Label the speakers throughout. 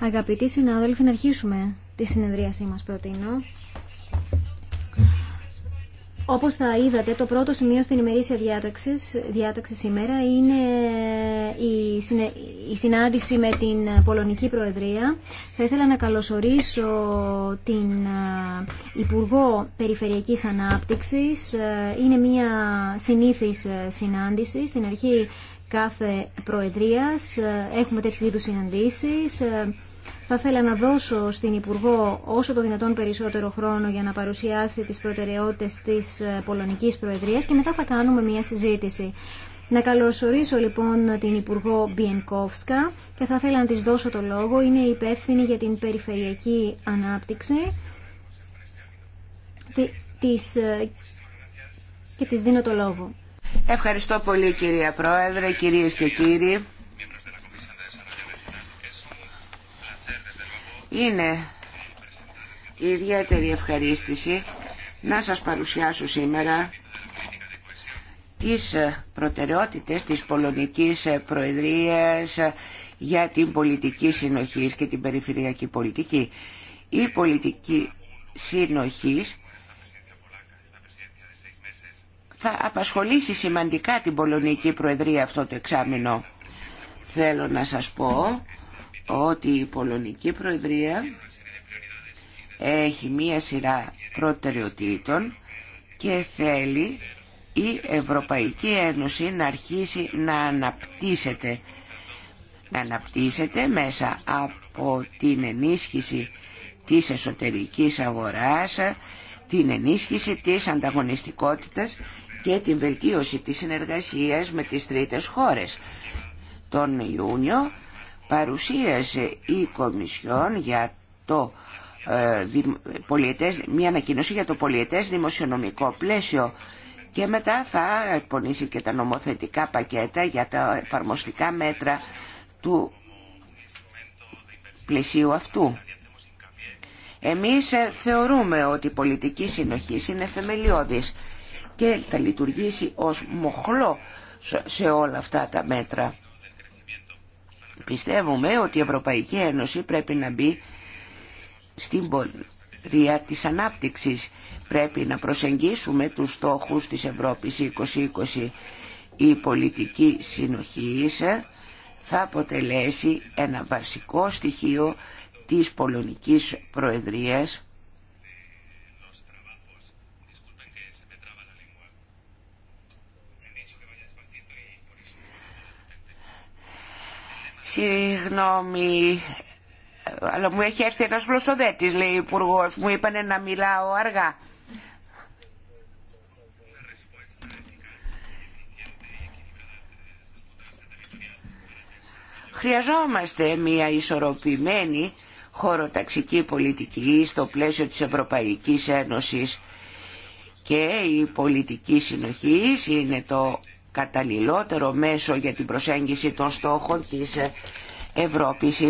Speaker 1: Αγαπητοί συνάδελφοι, να αρχίσουμε τη συνεδρίασή μας προτείνω. Όπως θα είδατε, το πρώτο σημείο στην ημερήσια διάταξη, διάταξη σήμερα είναι η, συνάντηση με την Πολωνική Προεδρία. Θα ήθελα να καλωσορίσω την Υπουργό Περιφερειακής Ανάπτυξης. Ε, είναι μια συνήθις ε, συνάντηση. Στην αρχή κάθε προεδρίας. Έχουμε τέτοιου είδους συναντήσεις. Θα ήθελα να δώσω στην Υπουργό όσο το δυνατόν περισσότερο χρόνο για να παρουσιάσει τις προτεραιότητες της ε, Πολωνικής Προεδρίας και μετά θα κάνουμε μια συζήτηση. Να καλωσορίσω λοιπόν την Υπουργό Μπιενκόφσκα και θα ήθελα να της δώσω το λόγο. Είναι υπεύθυνη για την περιφερειακή ανάπτυξη ε, και της δίνω το λόγο. Ευχαριστώ
Speaker 2: πολύ κυρία Πρόεδρε, κυρίες και κύριοι. Είναι ιδιαίτερη ευχαρίστηση να σας παρουσιάσω σήμερα τις προτεραιότητες της Πολωνικής Προεδρίας για την πολιτική συνοχή και την περιφερειακή πολιτική. Η πολιτική συνοχής θα απασχολήσει σημαντικά την Πολωνική Προεδρία αυτό το εξάμεινο. Θέλω να σας πω ότι η Πολωνική Προεδρία έχει μία σειρά προτεραιοτήτων και θέλει η Ευρωπαϊκή Ένωση να αρχίσει να αναπτύσσεται να αναπτύσσεται μέσα από την ενίσχυση της εσωτερικής αγοράς, την ενίσχυση της ανταγωνιστικότητας και την βελτίωση της συνεργασίας με τις τρίτες χώρες. Τον Ιούνιο παρουσίασε η Κομισιόν για το ε, πολιετές, μια ανακοίνωση για το πολιετές δημοσιονομικό πλαίσιο και μετά θα εκπονήσει και τα νομοθετικά πακέτα για τα εφαρμοστικά μέτρα του πλαισίου αυτού. Εμείς ε, θεωρούμε ότι η πολιτική συνοχή είναι θεμελιώδης και θα λειτουργήσει ως μοχλό σε όλα αυτά τα μέτρα. Πιστεύουμε ότι η Ευρωπαϊκή Ένωση πρέπει να μπει στην πορεία της ανάπτυξης. Πρέπει να προσεγγίσουμε τους στόχους της Ευρώπης 2020. Η πολιτική συνοχή θα αποτελέσει ένα βασικό στοιχείο της Πολωνικής Προεδρίας Συγγνώμη, αλλά μου έχει έρθει ένας γλωσσοδέτης, λέει ο υπουργό. Μου είπανε να μιλάω αργά. Χρειαζόμαστε μια ισορροπημένη χωροταξική πολιτική στο πλαίσιο της Ευρωπαϊκής Ένωσης και η πολιτική συνοχή είναι το καταλληλότερο μέσο για την προσέγγιση των στόχων της Ευρώπης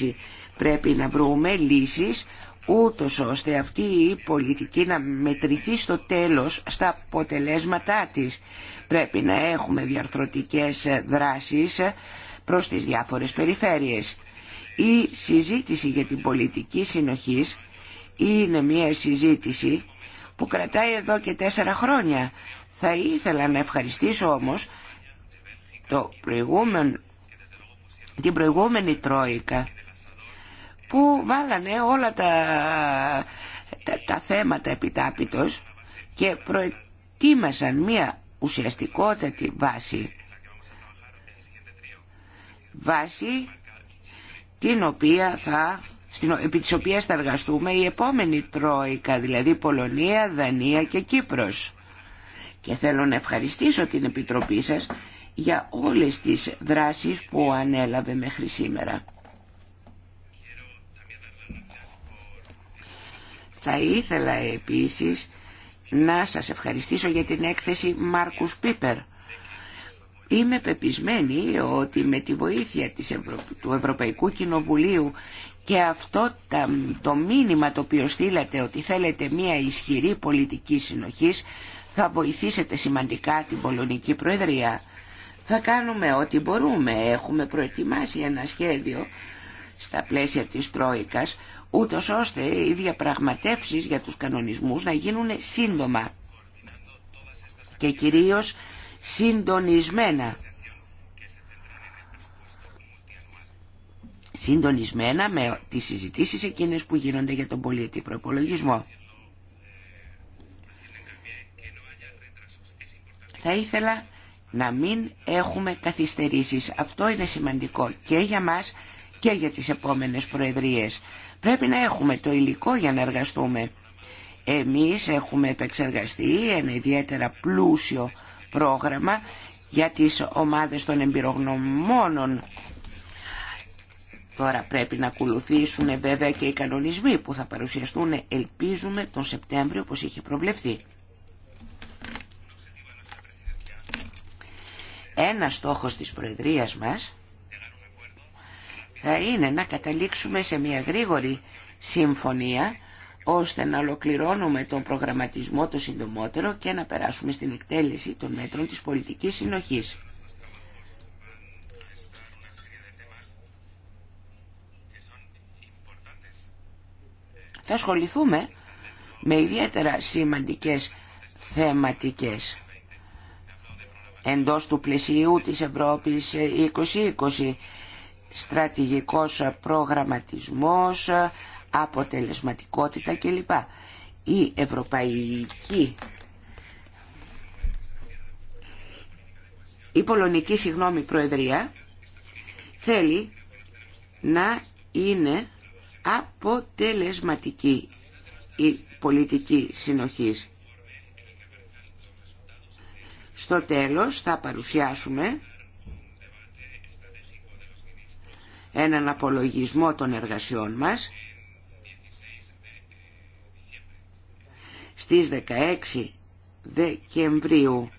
Speaker 2: 2020. Πρέπει να βρούμε λύσεις ούτως ώστε αυτή η πολιτική να μετρηθεί στο τέλος στα αποτελέσματά της. Πρέπει να έχουμε διαρθρωτικές δράσεις προς τις διάφορες περιφέρειες. Η συζήτηση για την πολιτική συνοχής είναι μια συζήτηση που κρατάει εδώ και τέσσερα χρόνια θα ήθελα να ευχαριστήσω όμως το προηγούμενο την προηγούμενη Τρόικα που βάλανε όλα τα, τα, θέματα επιτάπητος και προετοίμασαν μία ουσιαστικότατη βάση βάση την οποία θα, στην, επί της οποίας θα εργαστούμε η επόμενη Τρόικα, δηλαδή Πολωνία, Δανία και Κύπρος και θέλω να ευχαριστήσω την Επιτροπή σας για όλες τις δράσεις που ανέλαβε μέχρι σήμερα. Θα ήθελα επίσης να σας ευχαριστήσω για την έκθεση Μάρκους Πίπερ. Είμαι πεπισμένη ότι με τη βοήθεια του Ευρωπαϊκού Κοινοβουλίου και αυτό το μήνυμα το οποίο στείλατε ότι θέλετε μια ισχυρή πολιτική συνοχής θα βοηθήσετε σημαντικά την Πολωνική Προεδρία. Θα κάνουμε ό,τι μπορούμε. Έχουμε προετοιμάσει ένα σχέδιο στα πλαίσια της Τρόικας, ούτως ώστε οι διαπραγματεύσεις για τους κανονισμούς να γίνουν σύντομα και κυρίως συντονισμένα. Συντονισμένα με τις συζητήσεις εκείνες που γίνονται για τον πολιτικό προπολογισμό. Θα ήθελα να μην έχουμε καθυστερήσεις. Αυτό είναι σημαντικό και για μας και για τις επόμενες προεδρίες. Πρέπει να έχουμε το υλικό για να εργαστούμε. Εμείς έχουμε επεξεργαστεί ένα ιδιαίτερα πλούσιο πρόγραμμα για τις ομάδες των εμπειρογνωμόνων. Τώρα πρέπει να ακολουθήσουν βέβαια και οι κανονισμοί που θα παρουσιαστούν ελπίζουμε τον Σεπτέμβριο όπως είχε προβλεφθεί. Ένα στόχος της Προεδρίας μας θα είναι να καταλήξουμε σε μια γρήγορη συμφωνία ώστε να ολοκληρώνουμε τον προγραμματισμό το συντομότερο και να περάσουμε στην εκτέλεση των μέτρων της πολιτικής συνοχής. Θα ασχοληθούμε με ιδιαίτερα σημαντικές θεματικές εντός του πλαισίου της Ευρώπης 2020. Στρατηγικός προγραμματισμός, αποτελεσματικότητα κλπ. Η ευρωπαϊκή η πολωνική συγγνώμη προεδρία θέλει να είναι αποτελεσματική η πολιτική συνοχής. Στο τέλος θα παρουσιάσουμε έναν απολογισμό των εργασιών μας στις 16 Δεκεμβρίου.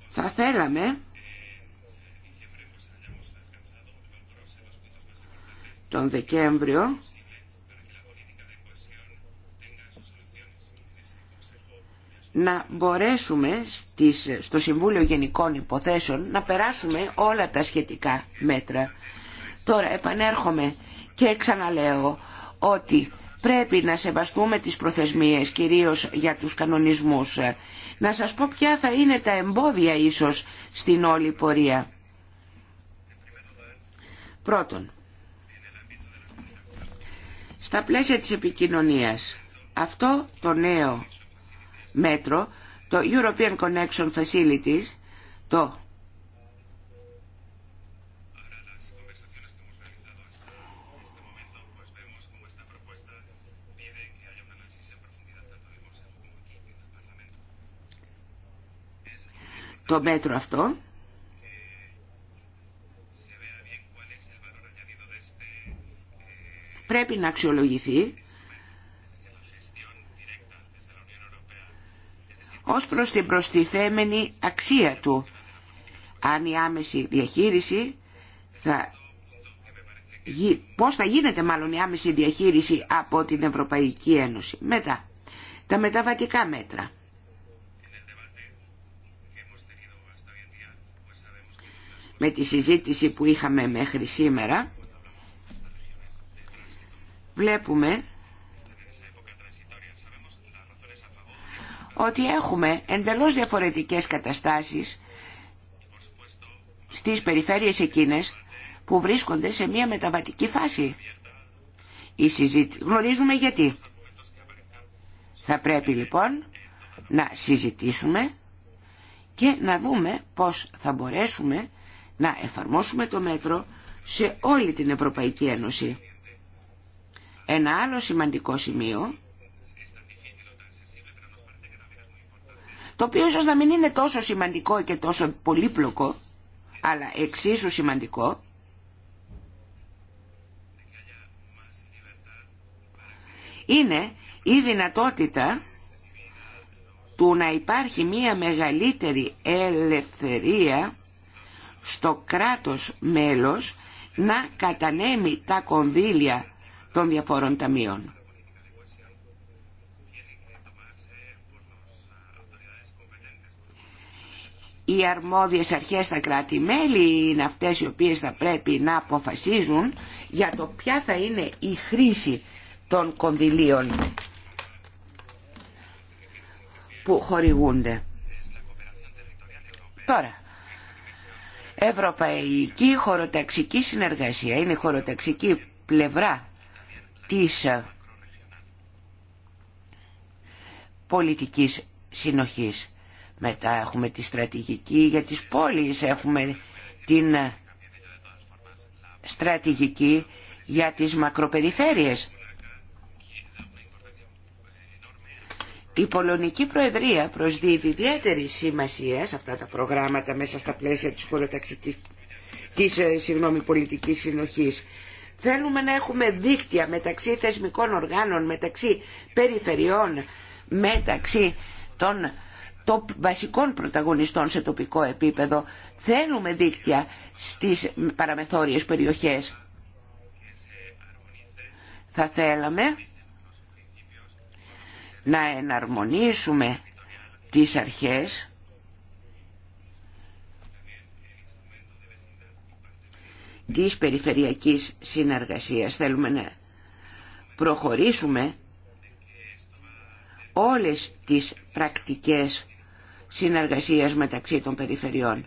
Speaker 2: Θα θέλαμε τον Δεκέμβριο να μπορέσουμε στις, στο Συμβούλιο Γενικών Υποθέσεων να περάσουμε όλα τα σχετικά μέτρα. Τώρα επανέρχομαι και ξαναλέω ότι πρέπει να σεβαστούμε τις προθεσμίες κυρίως για τους κανονισμούς. Να σας πω ποια θα είναι τα εμπόδια ίσως στην όλη πορεία. Πρώτον, στα πλαίσια της επικοινωνίας. Αυτό το νέο μέτρο, το European Connection Facilities, το το μέτρο αυτό πρέπει να αξιολογηθεί ως προς την προστιθέμενη αξία του. Αν η άμεση διαχείριση θα... Πώς θα γίνεται μάλλον η άμεση διαχείριση από την Ευρωπαϊκή Ένωση. Μετά, τα μεταβατικά μέτρα. Με τη συζήτηση που είχαμε μέχρι σήμερα, βλέπουμε ότι έχουμε εντελώς διαφορετικές καταστάσεις στις περιφέρειες εκείνες που βρίσκονται σε μια μεταβατική φάση. Η Γνωρίζουμε γιατί. Θα πρέπει λοιπόν να συζητήσουμε και να δούμε πώς θα μπορέσουμε να εφαρμόσουμε το μέτρο σε όλη την Ευρωπαϊκή Ένωση. Ένα άλλο σημαντικό σημείο, το οποίο ίσως να μην είναι τόσο σημαντικό και τόσο πολύπλοκο, αλλά εξίσου σημαντικό, είναι η δυνατότητα του να υπάρχει μία μεγαλύτερη ελευθερία στο κράτος μέλος να κατανέμει τα κονδύλια των διαφόρων ταμείων. Οι αρμόδιες αρχές στα κράτη-μέλη είναι αυτές οι οποίες θα πρέπει να αποφασίζουν για το ποια θα είναι η χρήση των κονδυλίων που χορηγούνται. Τώρα, Ευρωπαϊκή χωροταξική συνεργασία είναι η χωροταξική πλευρά της πολιτικής συνοχής. Μετά έχουμε τη στρατηγική για τις πόλεις, έχουμε την στρατηγική για τις μακροπεριφέρειες. Η Πολωνική Προεδρία προσδίδει ιδιαίτερη σημασία σε αυτά τα προγράμματα μέσα στα πλαίσια της χωροταξικής της ε, συγγνώμη, πολιτικής συνοχής Θέλουμε να έχουμε δίκτυα μεταξύ θεσμικών οργάνων, μεταξύ περιφερειών, μεταξύ των το βασικών πρωταγωνιστών σε τοπικό επίπεδο. Θέλουμε δίκτυα στις παραμεθόριες περιοχές. Θα θέλαμε να εναρμονίσουμε τις αρχές της περιφερειακής συνεργασίας. Θέλουμε να προχωρήσουμε όλες τις πρακτικές συνεργασίας μεταξύ των περιφερειών.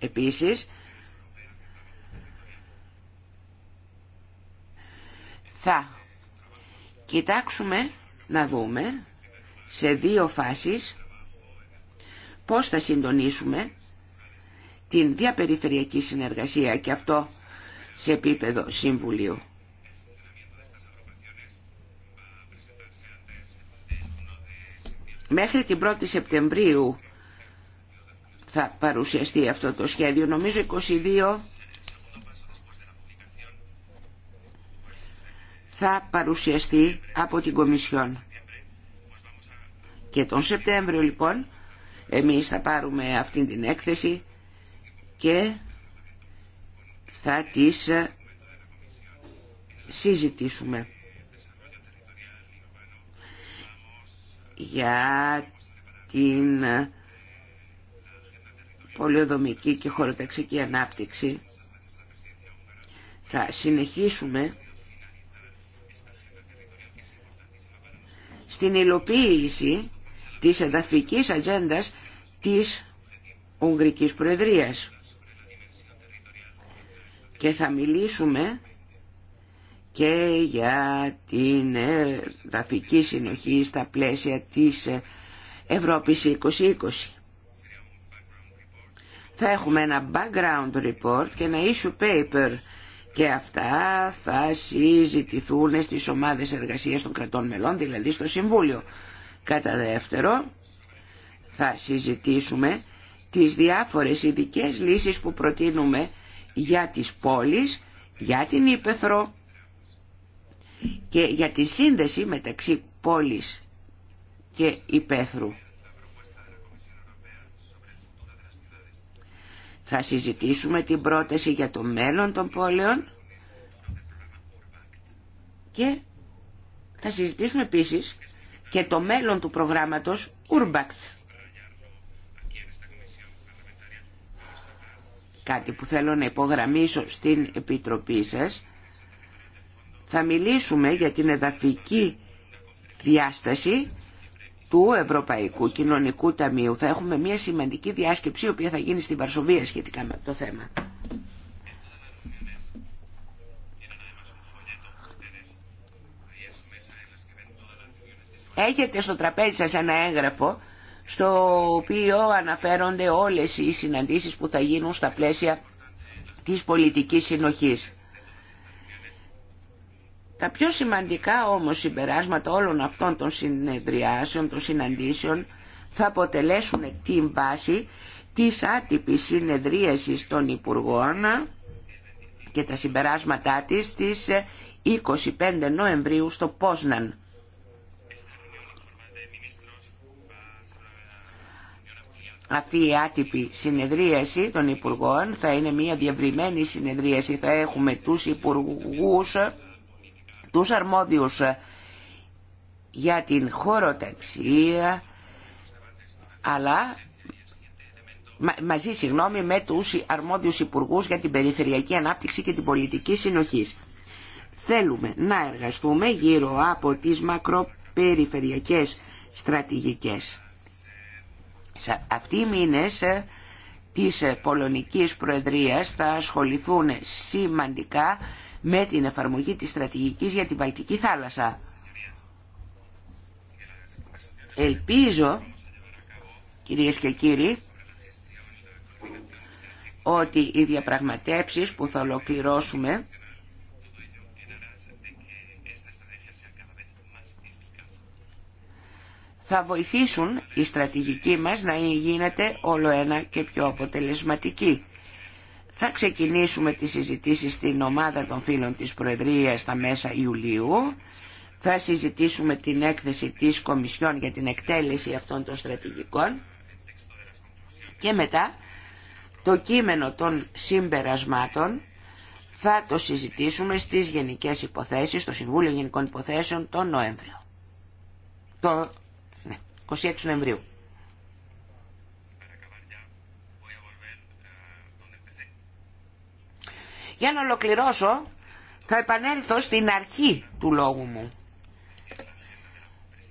Speaker 2: Επίσης, θα κοιτάξουμε να δούμε σε δύο φάσεις πώς θα συντονίσουμε την διαπεριφερειακή συνεργασία και αυτό σε επίπεδο Συμβουλίου. Μέχρι την 1η Σεπτεμβρίου θα παρουσιαστεί αυτό το σχέδιο. Νομίζω 22 θα παρουσιαστεί από την Κομισιόν. Και τον Σεπτέμβριο λοιπόν εμείς θα πάρουμε αυτή την έκθεση και θα τις ε, συζητήσουμε για την ε, πολιοδομική και χωροταξική ανάπτυξη θα συνεχίσουμε στην υλοποίηση της εδαφικής ατζέντα της Ουγγρικής Προεδρίας. Και θα μιλήσουμε και για την εδαφική συνοχή στα πλαίσια της Ευρώπης 2020. Θα έχουμε ένα background report και ένα issue paper και αυτά θα συζητηθούν στις ομάδες εργασίας των κρατών μελών, δηλαδή στο Συμβούλιο. Κατά δεύτερο, θα συζητήσουμε τις διάφορες ειδικέ λύσεις που προτείνουμε για τις πόλεις, για την Ήπεθρο και για τη σύνδεση μεταξύ πόλης και Ήπεθρου. Θα συζητήσουμε την πρόταση για το μέλλον των πόλεων και θα συζητήσουμε επίσης και το μέλλον του προγράμματος Ουρμπακτ. Κάτι που θέλω να υπογραμμίσω στην Επιτροπή σας. Θα μιλήσουμε για την εδαφική διάσταση του Ευρωπαϊκού Κοινωνικού Ταμείου. Θα έχουμε μια σημαντική διάσκεψη η οποία θα γίνει στη Βαρσοβία σχετικά με το θέμα. Έχετε στο τραπέζι σας ένα έγγραφο στο οποίο αναφέρονται όλες οι συναντήσεις που θα γίνουν στα πλαίσια της πολιτικής συνοχής. Τα πιο σημαντικά όμως συμπεράσματα όλων αυτών των συνεδριάσεων, των συναντήσεων θα αποτελέσουν την βάση της άτυπης συνεδρίασης των Υπουργών και τα συμπεράσματά της στις 25 Νοεμβρίου στο Πόσναν. αυτή η άτυπη συνεδρίαση των Υπουργών θα είναι μια διευρυμένη συνεδρίαση. Θα έχουμε τους Υπουργούς, τους αρμόδιους για την χωροταξία, αλλά μαζί συγγνώμη, με τους αρμόδιους Υπουργούς για την Περιφερειακή Ανάπτυξη και την Πολιτική Συνοχής. Θέλουμε να εργαστούμε γύρω από τις μακροπεριφερειακές στρατηγικές. Αυτοί οι μήνες ε, της ε, Πολωνικής Προεδρίας θα ασχοληθούν σημαντικά με την εφαρμογή της στρατηγικής για την Βαλτική θάλασσα. Ελπίζω, κυρίες και κύριοι, ότι οι διαπραγματεύσεις που θα ολοκληρώσουμε θα βοηθήσουν η στρατηγική μας να γίνεται όλο ένα και πιο αποτελεσματική. Θα ξεκινήσουμε τις συζητήσεις στην ομάδα των φίλων της Προεδρίας στα μέσα Ιουλίου. Θα συζητήσουμε την έκθεση της Κομισιόν για την εκτέλεση αυτών των στρατηγικών. Και μετά το κείμενο των συμπερασμάτων θα το συζητήσουμε στις γενικές υποθέσεις, στο Συμβούλιο Γενικών Υποθέσεων τον Νοέμβριο. 26 Νοεμβρίου. Για να ολοκληρώσω, θα επανέλθω στην αρχή του λόγου μου.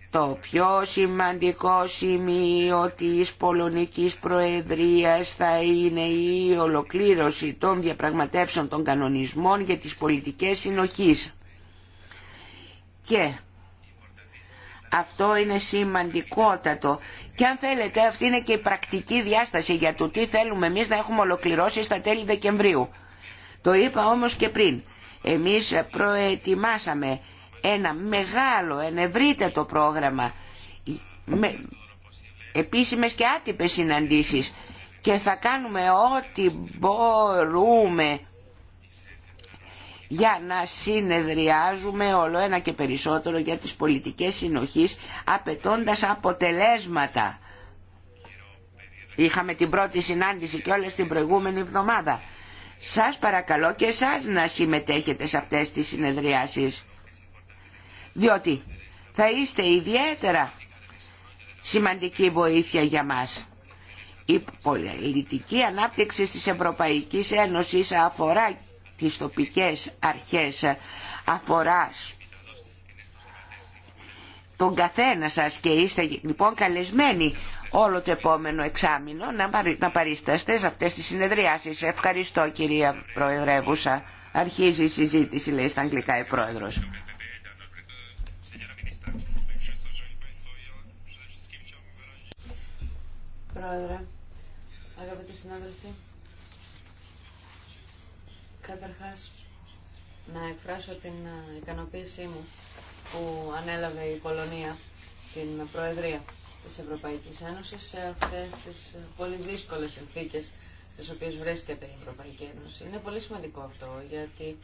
Speaker 2: Το πιο σημαντικό σημείο της Πολωνικής Προεδρίας θα είναι η ολοκλήρωση των διαπραγματεύσεων των κανονισμών για τις πολιτικές συνοχής. Και αυτό είναι σημαντικότατο. Και αν θέλετε αυτή είναι και η πρακτική διάσταση για το τι θέλουμε εμείς να έχουμε ολοκληρώσει στα τέλη Δεκεμβρίου. Το είπα όμως και πριν. Εμείς προετοιμάσαμε ένα μεγάλο, ένα το πρόγραμμα με επίσημες και άτυπες συναντήσεις και θα κάνουμε ό,τι μπορούμε για να συνεδριάζουμε όλο ένα και περισσότερο για τις πολιτικές συνοχής απαιτώντας αποτελέσματα. Είχαμε την πρώτη συνάντηση και όλες την προηγούμενη εβδομάδα. Σας παρακαλώ και σας να συμμετέχετε σε αυτές τις συνεδριάσεις. Διότι θα είστε ιδιαίτερα σημαντική βοήθεια για μας. Η πολιτική ανάπτυξη της Ευρωπαϊκής Ένωσης αφορά τις τοπικές αρχές αφορά τον καθένα σας και είστε λοιπόν καλεσμένοι όλο το επόμενο εξάμεινο να παρίσταστε σε αυτές τις συνεδριάσεις. Ευχαριστώ κυρία Προεδρεύουσα. Αρχίζει η συζήτηση λέει στα αγγλικά η Πρόεδρος.
Speaker 3: Πρόεδρε, αγαπητοί συνάδελφοι, Καταρχάς, να εκφράσω την ε, ικανοποίησή μου που ανέλαβε η Πολωνία την ε, Προεδρία της Ευρωπαϊκής Ένωσης σε αυτές τις ε, πολύ δύσκολες συνθήκες στις οποίες βρίσκεται η Ευρωπαϊκή Ένωση. Είναι πολύ σημαντικό αυτό γιατί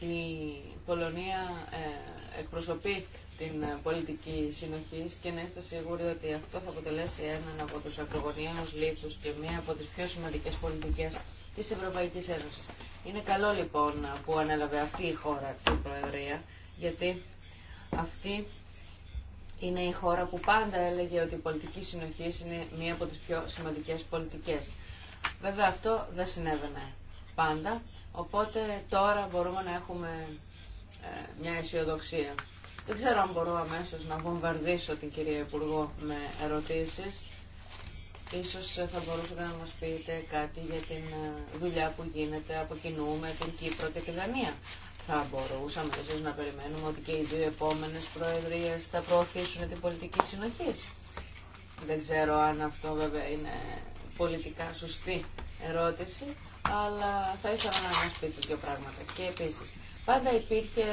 Speaker 3: η Πολωνία ε, εκπροσωπεί την πολιτική συνοχή και να είστε σίγουροι ότι αυτό θα αποτελέσει έναν από του ακρογωνιαίου λήθους και μία από τι πιο σημαντικέ πολιτικέ τη Ευρωπαϊκή Ένωση. Είναι καλό λοιπόν που ανέλαβε αυτή η χώρα την Προεδρία, γιατί αυτή είναι η χώρα που πάντα έλεγε ότι η πολιτική συνοχή είναι μία από τι πιο σημαντικέ πολιτικέ. Βέβαια αυτό δεν συνέβαινε πάντα. Οπότε τώρα μπορούμε να έχουμε ε, μια αισιοδοξία. Δεν ξέρω αν μπορώ αμέσως να βομβαρδίσω την κυρία Υπουργό με ερωτήσεις. Ίσως θα μπορούσατε να μας πείτε κάτι για την ε, δουλειά που γίνεται από κοινού με την Κύπρο και τη Δανία. Θα μπορούσαμε ίσως να περιμένουμε ότι και οι δύο επόμενες προεδρίες θα προωθήσουν την πολιτική συνοχή. Δεν ξέρω αν αυτό βέβαια είναι πολιτικά σωστή ερώτηση, αλλά θα ήθελα να μας πείτε δύο πράγματα. Και επίσης, πάντα υπήρχε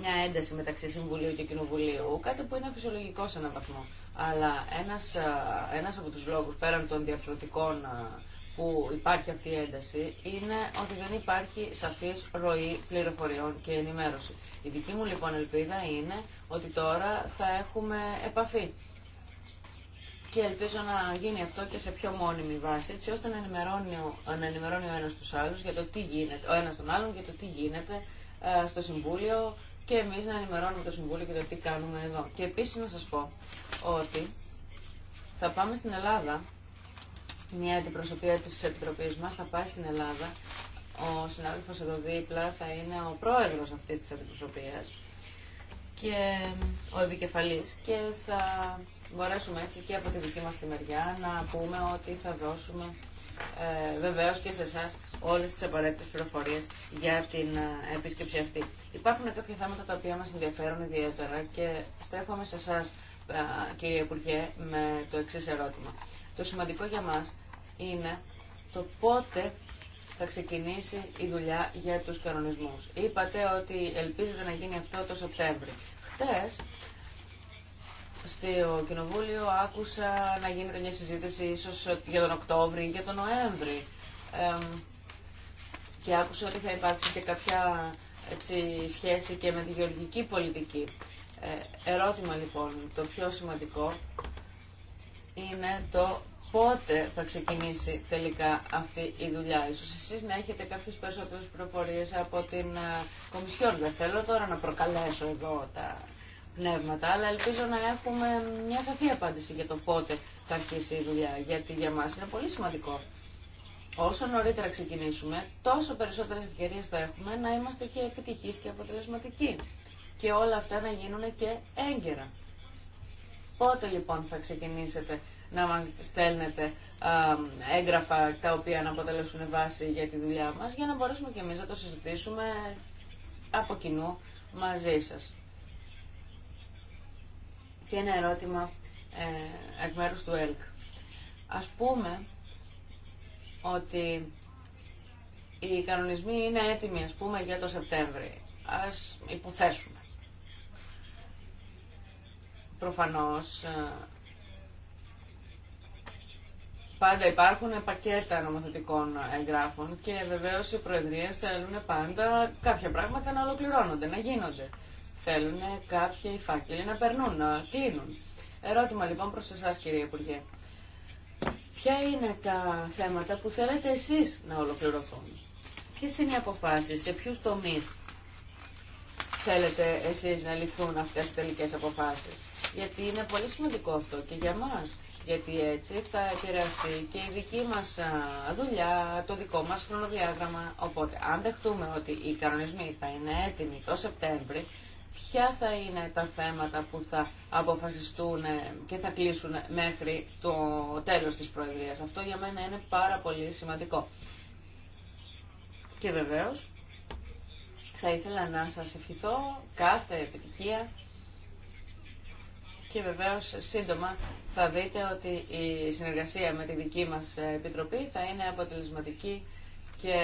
Speaker 3: μια ένταση μεταξύ Συμβουλίου και Κοινοβουλίου, κάτι που είναι φυσιολογικό σε έναν βαθμό. Αλλά ένας, ένας από τους λόγους, πέραν των διαφορετικών που υπάρχει αυτή η ένταση, είναι ότι δεν υπάρχει σαφής ροή πληροφοριών και ενημέρωση. Η δική μου λοιπόν ελπίδα είναι ότι τώρα θα έχουμε επαφή και ελπίζω να γίνει αυτό και σε πιο μόνιμη βάση, έτσι ώστε να ενημερώνει, να ενημερώνει ο ένας τους άλλους για το τι γίνεται, ο ένας τον άλλον για το τι γίνεται ε, στο Συμβούλιο και εμείς να ενημερώνουμε το Συμβούλιο για το τι κάνουμε εδώ. Και επίσης να σας πω ότι θα πάμε στην Ελλάδα, μια αντιπροσωπεία της Επιτροπής μας θα πάει στην Ελλάδα, ο συνάδελφος εδώ δίπλα θα είναι ο πρόεδρος αυτής της αντιπροσωπεία και ο επικεφαλής και θα μπορέσουμε έτσι και από τη δική μας τη μεριά να πούμε ότι θα δώσουμε ε, βεβαίως και σε εσά όλες τις απαραίτητες πληροφορίες για την ε, επίσκεψη αυτή. Υπάρχουν κάποια θέματα τα οποία μας ενδιαφέρουν ιδιαίτερα και στρέφομαι σε εσά, ε, κύριε Υπουργέ, με το εξή ερώτημα. Το σημαντικό για μας είναι το πότε θα ξεκινήσει η δουλειά για τους κανονισμούς. Είπατε ότι ελπίζετε να γίνει αυτό το Σεπτέμβρη. Χτες στο Κοινοβούλιο άκουσα να γίνεται μια συζήτηση ίσως για τον Οκτώβριο ή για τον Νοέμβρη. και άκουσα ότι θα υπάρξει και κάποια έτσι, σχέση και με τη γεωργική πολιτική. Ε, ερώτημα λοιπόν, το πιο σημαντικό είναι το πότε θα ξεκινήσει τελικά αυτή η δουλειά. Ίσως εσείς να έχετε κάποιες περισσότερες προφορίες από την ε, Κομισιόν. Δεν θέλω τώρα να προκαλέσω εδώ τα πνεύματα, αλλά ελπίζω να έχουμε μια σαφή απάντηση για το πότε θα αρχίσει η δουλειά, γιατί για μας είναι πολύ σημαντικό. Όσο νωρίτερα ξεκινήσουμε, τόσο περισσότερε ευκαιρίε θα έχουμε να είμαστε και επιτυχεί και αποτελεσματικοί. Και όλα αυτά να γίνουν και έγκαιρα. Πότε λοιπόν θα ξεκινήσετε να μα στέλνετε α, έγγραφα τα οποία να αποτελέσουν βάση για τη δουλειά μα, για να μπορέσουμε κι εμεί να το συζητήσουμε από κοινού μαζί σας και ένα ερώτημα ε, εκ μέρους του ΕΛΚ. Ας πούμε ότι οι κανονισμοί είναι έτοιμοι, ας πούμε, για το Σεπτέμβρη. Ας υποθέσουμε. Προφανώς, ε, πάντα υπάρχουν πακέτα νομοθετικών εγγράφων και βεβαίως οι προεδρίες θέλουν πάντα κάποια πράγματα να ολοκληρώνονται, να γίνονται θέλουν κάποιοι φάκελοι να περνούν, να κλείνουν. Ερώτημα λοιπόν προς εσάς κύριε Υπουργέ. Ποια είναι τα θέματα που θέλετε εσείς να ολοκληρωθούν. Ποιε είναι οι αποφάσεις, σε ποιους τομείς θέλετε εσείς να ληφθούν αυτές οι τελικές αποφάσεις. Γιατί είναι πολύ σημαντικό αυτό και για μας. Γιατί έτσι θα επηρεαστεί και η δική μας δουλειά, το δικό μας χρονοδιάγραμμα. Οπότε αν δεχτούμε ότι οι κανονισμοί θα είναι έτοιμοι το Σεπτέμβρη, ποια θα είναι τα θέματα που θα αποφασιστούν και θα κλείσουν μέχρι το τέλος της Προεδρίας. Αυτό για μένα είναι πάρα πολύ σημαντικό. Και βεβαίως θα ήθελα να σας ευχηθώ κάθε επιτυχία και βεβαίως σύντομα θα δείτε ότι η συνεργασία με τη δική μας Επιτροπή θα είναι αποτελεσματική και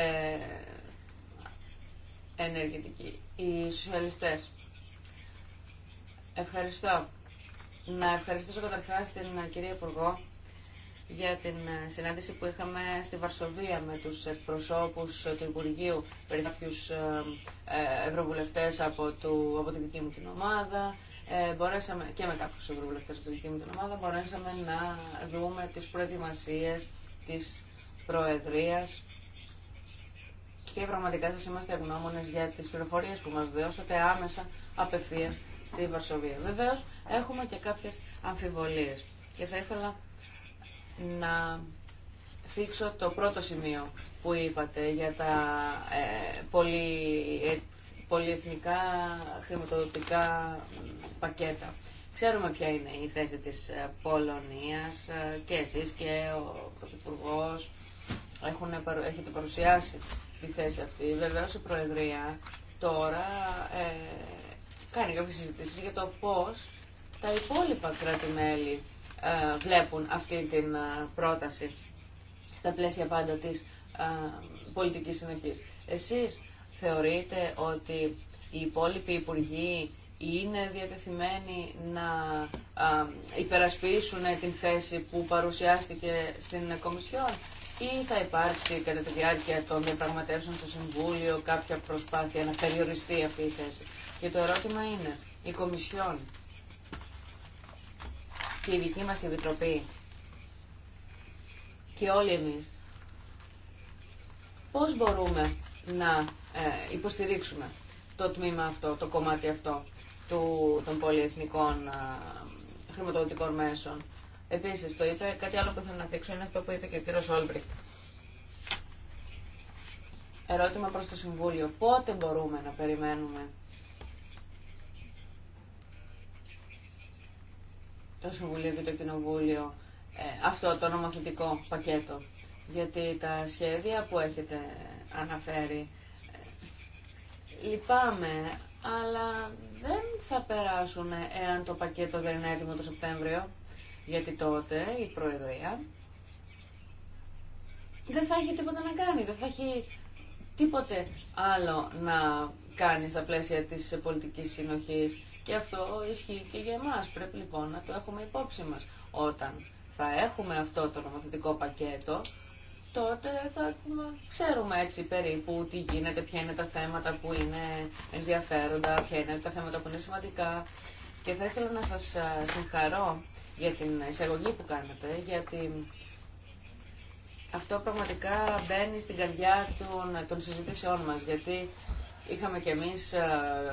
Speaker 3: ενεργητική. Οι σοσιαλιστές Ευχαριστώ. Να ευχαριστήσω καταρχά την κυρία Υπουργό για την συνάντηση που είχαμε στη Βαρσοβία με τους εκπροσώπους του Υπουργείου περί κάποιους ε, ε, ευρωβουλευτές από, του, από τη δική μου την ομάδα ε, μπορέσαμε, και με κάποιους ευρωβουλευτές από τη δική μου την ομάδα μπορέσαμε να δούμε τις προετοιμασίες της Προεδρίας και πραγματικά σας είμαστε ευγνώμονε για τις πληροφορίες που μας δώσατε άμεσα απευθείας στη Βαρσοβία. Βεβαίω έχουμε και κάποιε αμφιβολίε και θα ήθελα να φίξω το πρώτο σημείο που είπατε για τα ε, ε, πολυεθνικά χρηματοδοτικά πακέτα. Ξέρουμε ποια είναι η θέση της Πολωνίας ε, και εσείς και ο Πρωθυπουργό έχετε παρουσιάσει τη θέση αυτή. Βεβαίως η Προεδρία τώρα ε, κάνει κάποιες συζητήσει για το πώς τα υπόλοιπα κράτη-μέλη ε, βλέπουν αυτή την ε, πρόταση στα πλαίσια πάντα της ε, πολιτικής συνοχή. Εσείς θεωρείτε ότι οι υπόλοιποι υπουργοί είναι διατεθειμένοι να υπερασπίσουν την θέση που παρουσιάστηκε στην Κομισιόν ή θα υπάρξει κατά τη διάρκεια των διαπραγματεύσεων στο Συμβούλιο κάποια προσπάθεια να περιοριστεί αυτή η θέση. Και το ερώτημα είναι, η Κομισιόν και η δική μας Επιτροπή και όλοι εμείς, πώς μπορούμε να ε, υποστηρίξουμε το τμήμα αυτό, το κομμάτι αυτό του, των πολυεθνικών ε, χρηματοδοτικών μέσων Επίση, το είπε, κάτι άλλο που θέλω να θίξω είναι αυτό που είπε και ο κύριο Όλμπριχτ. Ερώτημα προς το Συμβούλιο. Πότε μπορούμε να περιμένουμε το Συμβουλίο και το Κοινοβούλιο ε, αυτό το νομοθετικό πακέτο. Γιατί τα σχέδια που έχετε αναφέρει ε, λυπάμαι, αλλά δεν θα περάσουν εάν το πακέτο δεν είναι έτοιμο το Σεπτέμβριο. Γιατί τότε η Προεδρία δεν θα έχει τίποτα να κάνει, δεν θα έχει τίποτε άλλο να κάνει στα πλαίσια της πολιτικής συνοχής και αυτό ισχύει και για εμάς. Πρέπει λοιπόν να το έχουμε υπόψη μας. Όταν θα έχουμε αυτό το νομοθετικό πακέτο, τότε θα ξέρουμε έτσι περίπου τι γίνεται, ποια είναι τα θέματα που είναι ενδιαφέροντα, ποια είναι τα θέματα που είναι σημαντικά. Και θα ήθελα να σας συγχαρώ για την εισαγωγή που κάνετε, γιατί αυτό πραγματικά μπαίνει στην καρδιά των, των συζητήσεών μας, γιατί είχαμε κι εμείς ε,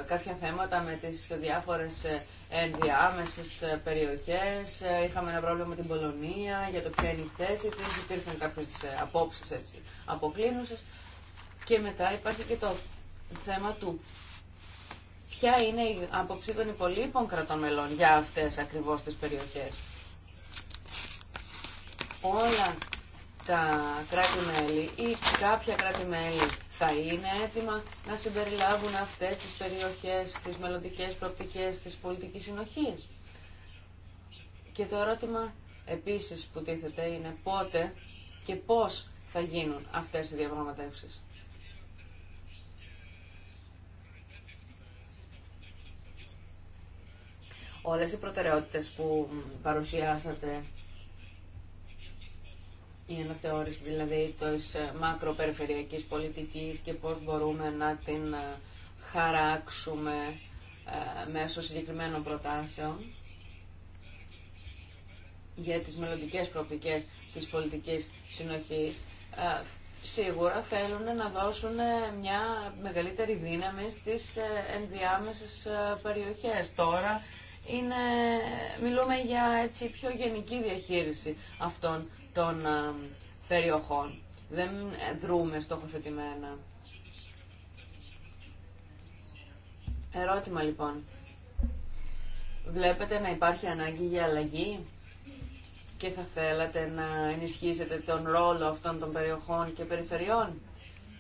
Speaker 3: κάποια θέματα με τις διάφορες ε, ενδιάμεσες ε, περιοχές, είχαμε ένα πρόβλημα με την Πολωνία για το ποια είναι η θέση της, υπήρχαν κάποιες απόψεις έτσι, αποκλίνουσες και μετά υπάρχει και το θέμα του ποια είναι η άποψη των υπολείπων κρατών μελών για αυτές ακριβώς τις περιοχές. Όλα τα κράτη-μέλη ή κάποια κράτη-μέλη θα είναι έτοιμα να συμπεριλάβουν αυτές τις περιοχές, τις μελλοντικές προοπτικές της πολιτικής συνοχής. Και το ερώτημα επίσης που τίθεται είναι πότε και πώς θα γίνουν αυτές οι διαπραγματεύσεις. όλες οι προτεραιότητες που παρουσιάσατε η αναθεώρηση δηλαδή της ε, μακροπεριφερειακής πολιτικής και πώς μπορούμε να την ε, χαράξουμε ε, μέσω συγκεκριμένων προτάσεων για τις μελλοντικέ προοπτικές της πολιτικής συνοχής σίγουρα θέλουν να δώσουν μια μεγαλύτερη δύναμη στις ενδιάμεσες περιοχές. Τώρα είναι, μιλούμε για έτσι πιο γενική διαχείριση αυτών των ε, περιοχών. Δεν ε, δρούμε στόχοθετημένα. Ερώτημα λοιπόν. Βλέπετε να υπάρχει ανάγκη για αλλαγή και θα θέλατε να ενισχύσετε τον ρόλο αυτών των περιοχών και περιφερειών.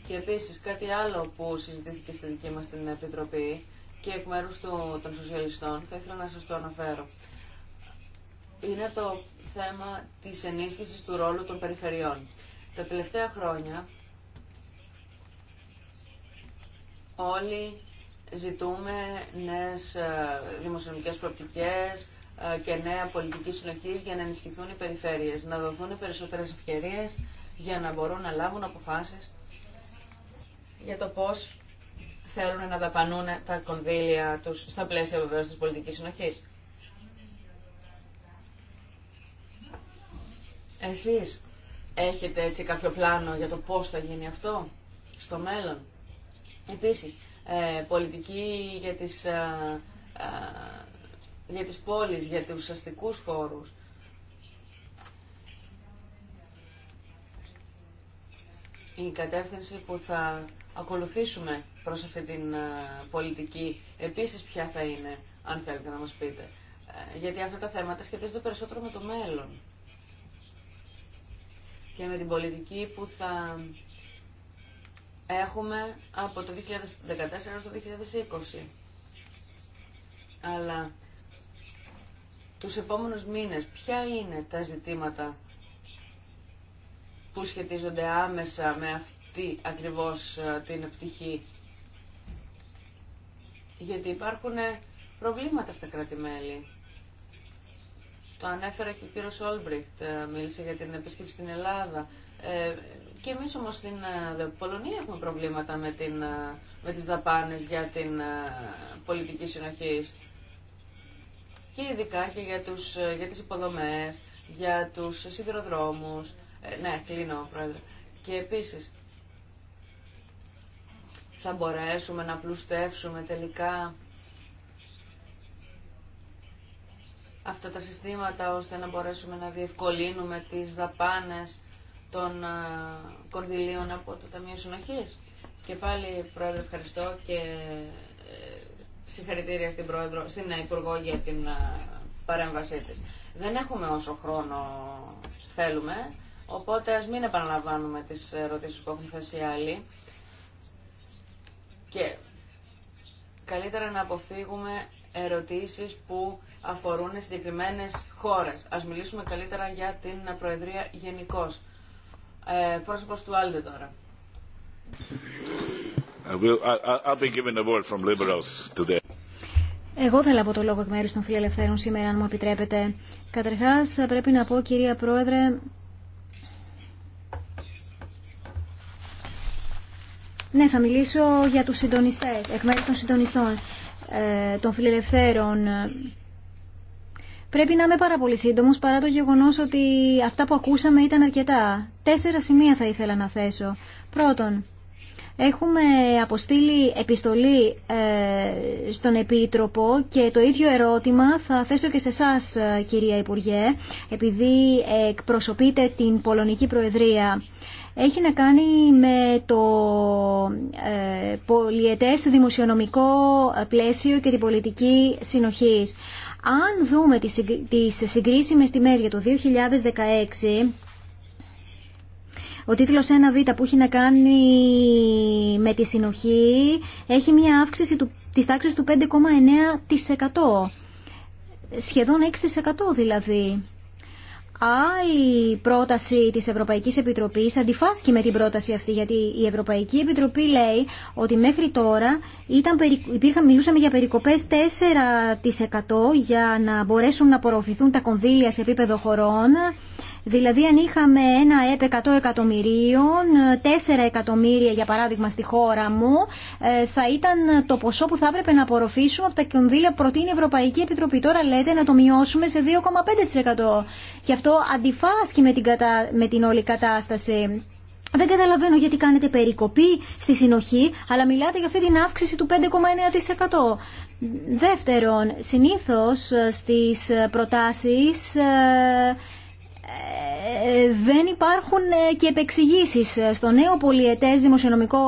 Speaker 3: Και επίσης κάτι άλλο που συζητήθηκε στη δική μας την Επιτροπή και εκ μέρου των σοσιαλιστών, θα ήθελα να σας το αναφέρω. Είναι το θέμα της ενίσχυση του ρόλου των περιφερειών. Τα τελευταία χρόνια όλοι ζητούμε νέες ε, δημοσιονομικές προοπτικές ε, και νέα πολιτική συνοχή για να ενισχυθούν οι περιφέρειες, να δοθούν περισσότερες ευκαιρίες για να μπορούν να λάβουν αποφάσεις για το πώς θέλουν να δαπανούν τα κονδύλια τους στα πλαίσια βεβαίω τη πολιτική συνοχή. Εσεί έχετε έτσι κάποιο πλάνο για το πώ θα γίνει αυτό στο μέλλον. Επίση, ε, πολιτική για τις, ε, ε, για τις πόλεις, για τους αστικούς χώρους. Η κατεύθυνση που θα ακολουθήσουμε προς αυτή την ε, πολιτική επίσης ποια θα είναι, αν θέλετε να μας πείτε. Ε, γιατί αυτά τα θέματα σχετίζονται περισσότερο με το μέλλον και με την πολιτική που θα έχουμε από το 2014 έως το 2020. Αλλά τους επόμενους μήνες ποια είναι τα ζητήματα που σχετίζονται άμεσα με αυτή αυτή ακριβώς ε, την πτυχή. Γιατί υπάρχουν ε, προβλήματα στα κράτη-μέλη. Το ανέφερε και ο κύριος Όλμπριχτ, ε, μίλησε για την επίσκεψη στην Ελλάδα. και εμείς όμως στην Πολωνία έχουμε προβλήματα με, την, με τις δαπάνες για την πολιτική συνοχή. Και ειδικά και για, τους, για τις υποδομές, για τους σιδηροδρόμους. ναι, κλείνω, Πρόεδρε. Και επίσης, θα μπορέσουμε να πλουστεύσουμε τελικά αυτά τα συστήματα ώστε να μπορέσουμε να διευκολύνουμε τις δαπάνες των ε, κορδιλίων από το Ταμείο Συνοχής. Και πάλι, Πρόεδρε, ευχαριστώ και ε, συγχαρητήρια στην, πρόεδρο, στην ε, Υπουργό για την παρέμβασή της. Δεν έχουμε όσο χρόνο θέλουμε, οπότε ας μην επαναλαμβάνουμε τις ερωτήσεις που έχουν θέσει άλλοι. Και καλύτερα να αποφύγουμε ερωτήσεις που αφορούν συγκεκριμένες χώρες. Ας μιλήσουμε καλύτερα για την Προεδρία γενικώ. Ε, πρόσωπος του Άλτε
Speaker 4: τώρα.
Speaker 1: Εγώ θέλω από το λόγο εκ μέρους των φιλελευθέρων σήμερα, αν μου επιτρέπετε. Καταρχάς, πρέπει να πω, κυρία Πρόεδρε, Ναι, θα μιλήσω για τους συντονιστές, εκ μέρους των συντονιστών, ε, των φιλελευθέρων. Πρέπει να είμαι πάρα πολύ σύντομο παρά το γεγονό ότι αυτά που ακούσαμε ήταν αρκετά. Τέσσερα σημεία θα ήθελα να θέσω. Πρώτον, έχουμε αποστείλει επιστολή ε, στον Επίτροπο και το ίδιο ερώτημα θα θέσω και σε εσά, ε, κυρία Υπουργέ, επειδή εκπροσωπείτε την Πολωνική Προεδρία έχει να κάνει με το ε, πολιετές δημοσιονομικό πλαίσιο και την πολιτική συνοχής. Αν δούμε τις συγκρίσιμες τιμές για το 2016... Ο τίτλος 1β που έχει να κάνει με τη συνοχή έχει μια αύξηση του, της τάξης του 5,9%. Σχεδόν 6% δηλαδή άλλη πρόταση της Ευρωπαϊκής Επιτροπής αντιφάσκει με την πρόταση αυτή γιατί η Ευρωπαϊκή Επιτροπή λέει ότι μέχρι τώρα ήταν, υπήρχαν, μιλούσαμε για περικοπές 4% για να μπορέσουν να απορροφηθούν τα κονδύλια σε επίπεδο χωρών Δηλαδή αν είχαμε ένα ΕΠ 100 εκατομμυρίων, 4 εκατομμύρια για παράδειγμα στη χώρα μου, ε, θα ήταν το ποσό που θα έπρεπε να απορροφήσουμε από τα κονδύλια που προτείνει η Ευρωπαϊκή Επιτροπή. Τώρα λέτε να το μειώσουμε σε 2,5%. Και αυτό αντιφάσκει με την, με την όλη κατάσταση. Δεν καταλαβαίνω γιατί κάνετε περικοπή στη συνοχή, αλλά μιλάτε για αυτή την αύξηση του 5,9%. Δεύτερον, συνήθως ε, στις ε, προτάσεις ε, δεν υπάρχουν ε, και επεξηγήσεις. Ε, στο νέο πολιετέ δημοσιονομικό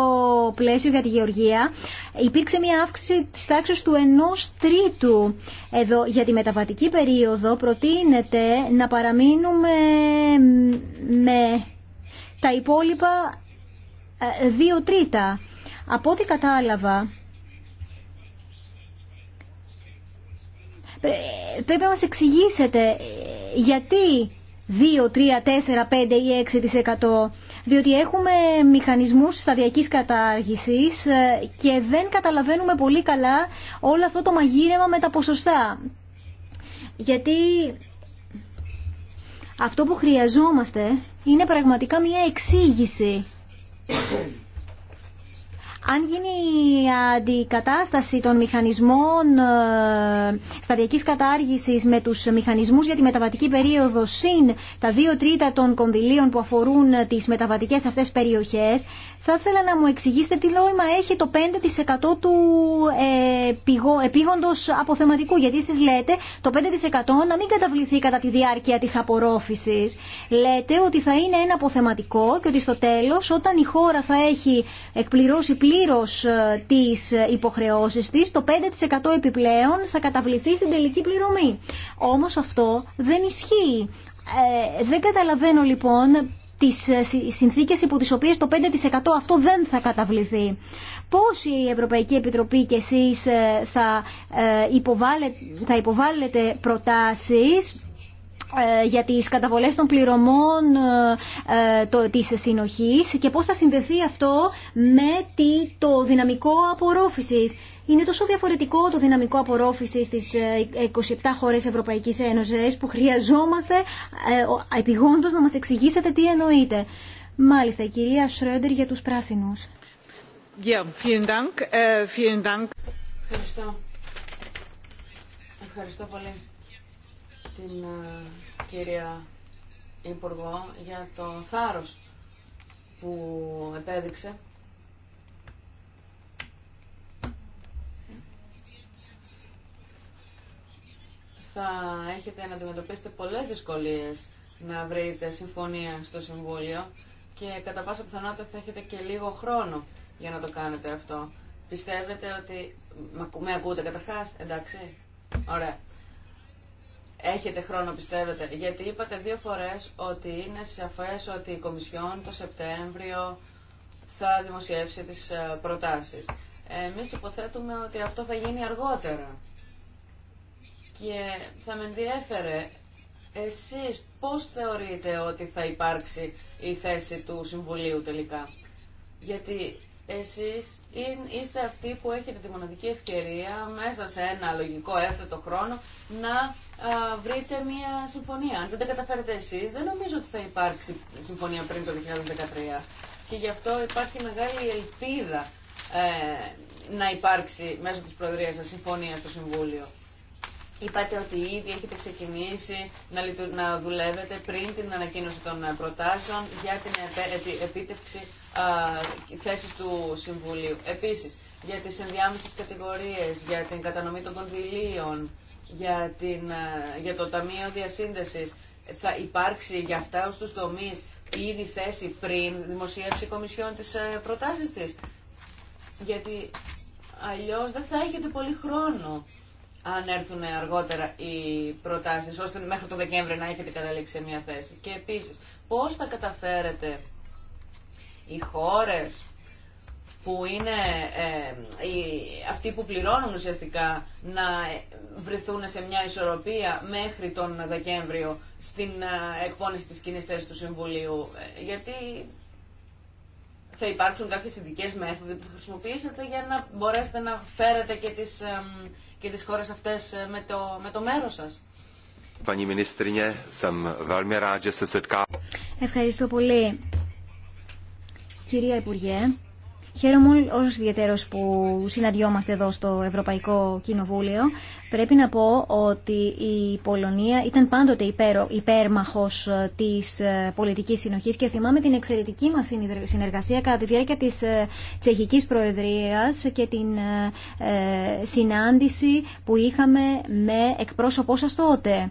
Speaker 1: πλαίσιο για τη Γεωργία υπήρξε μια αύξηση τη τάξη του 1 τρίτου. Εδώ για τη μεταβατική περίοδο προτείνεται να παραμείνουμε με τα υπόλοιπα 2 τρίτα. Από ό,τι κατάλαβα, πρέπει να μας εξηγήσετε γιατί 2, 3, 4, 5 ή 6% διότι έχουμε μηχανισμούς σταδιακής κατάργησης ε, και δεν καταλαβαίνουμε πολύ καλά όλο αυτό το μαγείρεμα με τα ποσοστά. Γιατί αυτό που χρειαζόμαστε είναι πραγματικά μια εξήγηση αν γίνει η αντικατάσταση των μηχανισμών ε, σταδιακής κατάργησης με τους μηχανισμούς για τη μεταβατική περίοδο συν τα δύο τρίτα των κονδυλίων που αφορούν τις μεταβατικές αυτές περιοχές, θα ήθελα να μου εξηγήσετε τι νόημα έχει το 5% του ε, επίγοντος αποθεματικού. Γιατί εσείς λέτε το 5% να μην καταβληθεί κατά τη διάρκεια της απορρόφησης. Λέτε ότι θα είναι ένα αποθεματικό και ότι στο τέλος όταν η χώρα θα έχει εκπληρώσει πλήρως ε, τις υποχρεώσεις της, το 5% επιπλέον θα καταβληθεί στην τελική πληρωμή. Όμως αυτό δεν ισχύει. Ε, δεν καταλαβαίνω λοιπόν τις ε, συνθήκες υπό τις οποίες το 5% αυτό δεν θα καταβληθεί. Πώς η Ευρωπαϊκή Επιτροπή και εσείς ε, θα, ε, υποβάλλετε, θα υποβάλλετε προτάσεις για τις καταβολές των πληρωμών το, της συνοχής και πώς θα συνδεθεί αυτό με το δυναμικό απορρόφησης. Είναι τόσο διαφορετικό το δυναμικό απορρόφηση ε, στι 27 χώρες Ευρωπαϊκής Ένωση που χρειαζόμαστε ε, επιγόντω να μας εξηγήσετε τι εννοείτε. Μάλιστα, η κυρία Σρόντερ για τους πράσινους. vielen Dank. Ε, vielen Dank.
Speaker 3: Ευχαριστώ. Ευχαριστώ πολύ την κυρία Υπουργό για το θάρρος που επέδειξε θα έχετε να αντιμετωπίσετε πολλές δυσκολίες να βρείτε συμφωνία στο Συμβούλιο και κατά πάσα πιθανότητα θα έχετε και λίγο χρόνο για να το κάνετε αυτό. Πιστεύετε ότι... Με ακούτε καταρχάς, εντάξει. Ωραία. Έχετε χρόνο, πιστεύετε. Γιατί είπατε δύο φορές ότι είναι σαφές ότι η Κομισιόν το Σεπτέμβριο θα δημοσιεύσει τις ε, προτάσεις. Εμείς υποθέτουμε ότι αυτό θα γίνει αργότερα. Και θα με ενδιέφερε εσείς πώς θεωρείτε ότι θα υπάρξει η θέση του Συμβουλίου τελικά. Γιατί εσείς είστε αυτοί που έχετε τη μοναδική ευκαιρία μέσα σε ένα λογικό έφθετο χρόνο να βρείτε μια συμφωνία. Αν δεν τα καταφέρετε εσείς, δεν νομίζω ότι θα υπάρξει συμφωνία πριν το 2013. Και γι' αυτό υπάρχει μεγάλη ελπίδα ε, να υπάρξει μέσω της Προεδρίας σας συμφωνία στο Συμβούλιο. Είπατε ότι ήδη έχετε ξεκινήσει να, δουλεύετε πριν την ανακοίνωση των ε, προτάσεων για την επίτευξη α, θέσης του Συμβουλίου. Επίσης, για τις ενδιάμεσες κατηγορίες, για την κατανομή των κονδυλίων, για, την, ε, για το Ταμείο Διασύνδεσης, θα υπάρξει για αυτά τους τομείς ήδη θέση πριν δημοσιεύσει η Κομισιόν α, ε, προτάσεις της. Γιατί αλλιώς δεν θα έχετε πολύ χρόνο αν έρθουν αργότερα οι προτάσεις, ώστε μέχρι τον Δεκέμβριο να έχετε καταλήξει σε μια θέση. Και επίσης, πώς θα καταφέρετε οι χώρες που είναι ε, αυτοί που πληρώνουν ουσιαστικά να βρεθούν σε μια ισορροπία μέχρι τον Δεκέμβριο στην ε, εκπόνηση της κοινής θέσης του Συμβουλίου. Ε, γιατί θα υπάρξουν κάποιες ειδικέ μέθοδοι που θα χρησιμοποιήσετε για να μπορέσετε να φέρετε και τις ε, και τις χώρες αυτές ε, με το, με το μέρος σας.
Speaker 1: Ευχαριστώ πολύ. Κυρία Υπουργέ, Χαίρομαι όλους ιδιαίτερο που συναντιόμαστε εδώ στο Ευρωπαϊκό Κοινοβούλιο. Πρέπει να πω ότι η Πολωνία ήταν πάντοτε υπέρο, υπέρμαχος της ε, πολιτικής συνοχής και θυμάμαι την εξαιρετική μας συνεργασία κατά τη διάρκεια της ε, Τσεχικής Προεδρίας και την ε, συνάντηση που είχαμε με εκπρόσωπό σας τότε.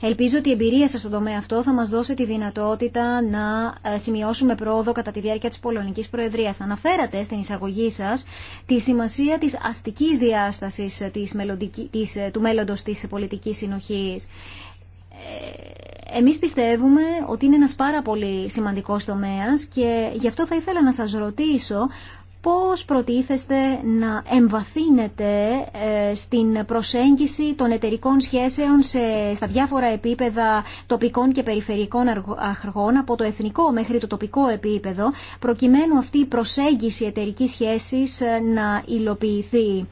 Speaker 1: Ελπίζω ότι η εμπειρία σας στον τομέα αυτό θα μας δώσει τη δυνατότητα να ε, σημειώσουμε πρόοδο κατά τη διάρκεια της Πολωνικής Προεδρίας. Αναφέρατε στην εισαγωγή σας τη σημασία της αστικής διάστασης ε, του μέλλοντο της πολιτικής συνοχής. Ε, εμείς πιστεύουμε ότι είναι ένας πάρα πολύ σημαντικός τομέας και γι' αυτό θα ήθελα να σα ρωτήσω πώς προτίθεστε να εμβαθύνετε ε, στην προσέγγιση των εταιρικών σχέσεων σε, στα διάφορα επίπεδα τοπικών και περιφερειακών αρχών από το εθνικό μέχρι το τοπικό επίπεδο προκειμένου αυτή η προσέγγιση εταιρικής σχέσης ε, να υλοποιηθεί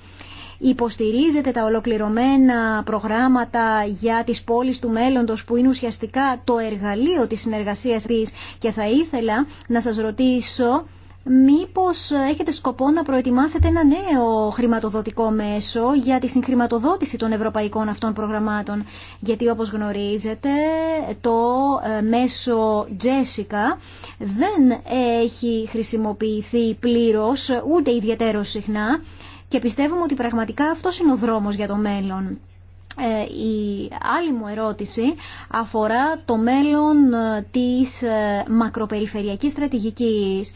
Speaker 1: υποστηρίζετε τα ολοκληρωμένα προγράμματα για τις πόλεις του μέλλοντος που είναι ουσιαστικά το εργαλείο της συνεργασίας της και θα ήθελα να σας ρωτήσω Μήπως έχετε σκοπό να προετοιμάσετε ένα νέο χρηματοδοτικό μέσο για τη συγχρηματοδότηση των ευρωπαϊκών αυτών προγραμμάτων. Γιατί όπως γνωρίζετε το ε, μέσο Jessica δεν έχει χρησιμοποιηθεί πλήρως ούτε ιδιαίτερο συχνά και πιστεύουμε ότι πραγματικά αυτό είναι ο δρόμος για το μέλλον. Ε, η άλλη μου ερώτηση αφορά το μέλλον ε, της μακροπεριφερειακής στρατηγικής.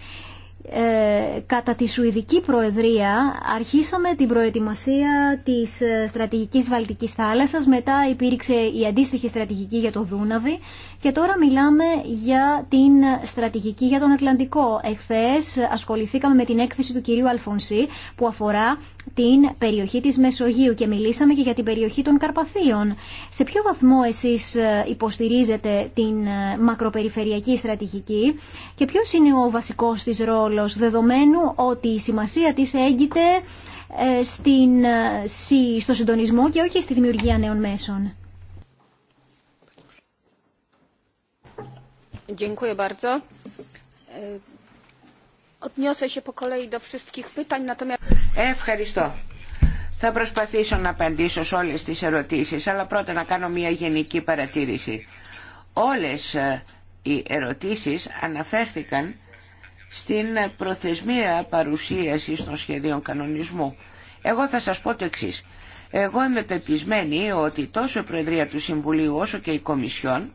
Speaker 1: Ε, κατά τη Σουηδική Προεδρία αρχίσαμε την προετοιμασία της ε, στρατηγικής Βαλτικής θάλασσας, μετά υπήρξε η αντίστοιχη στρατηγική για το Δούναβι και τώρα μιλάμε για την στρατηγική για τον Ατλαντικό. Εχθές ασχοληθήκαμε με την έκθεση του κυρίου Αλφονσί που αφορά την περιοχή της Μεσογείου και μιλήσαμε και για την περιοχή των Καρπαθίων. Σε ποιο βαθμό εσείς ε, υποστηρίζετε την μακροπεριφερειακή στρατηγική και ποιος είναι ο βασικός δεδομένου ότι η σημασία της έγκυται ε, στην, ε, στο συντονισμό και όχι στη δημιουργία νέων μέσων.
Speaker 5: Dziękuję
Speaker 2: Ευχαριστώ. Θα προσπαθήσω να απαντήσω σε όλες τις ερωτήσεις, αλλά πρώτα να κάνω μια γενική παρατήρηση. Όλες ε, οι ερωτήσεις αναφέρθηκαν στην προθεσμία παρουσίαση των σχεδίων κανονισμού. Εγώ θα σας πω το εξή: Εγώ είμαι πεπισμένη ότι τόσο η Προεδρία του Συμβουλίου όσο και η Κομισιόν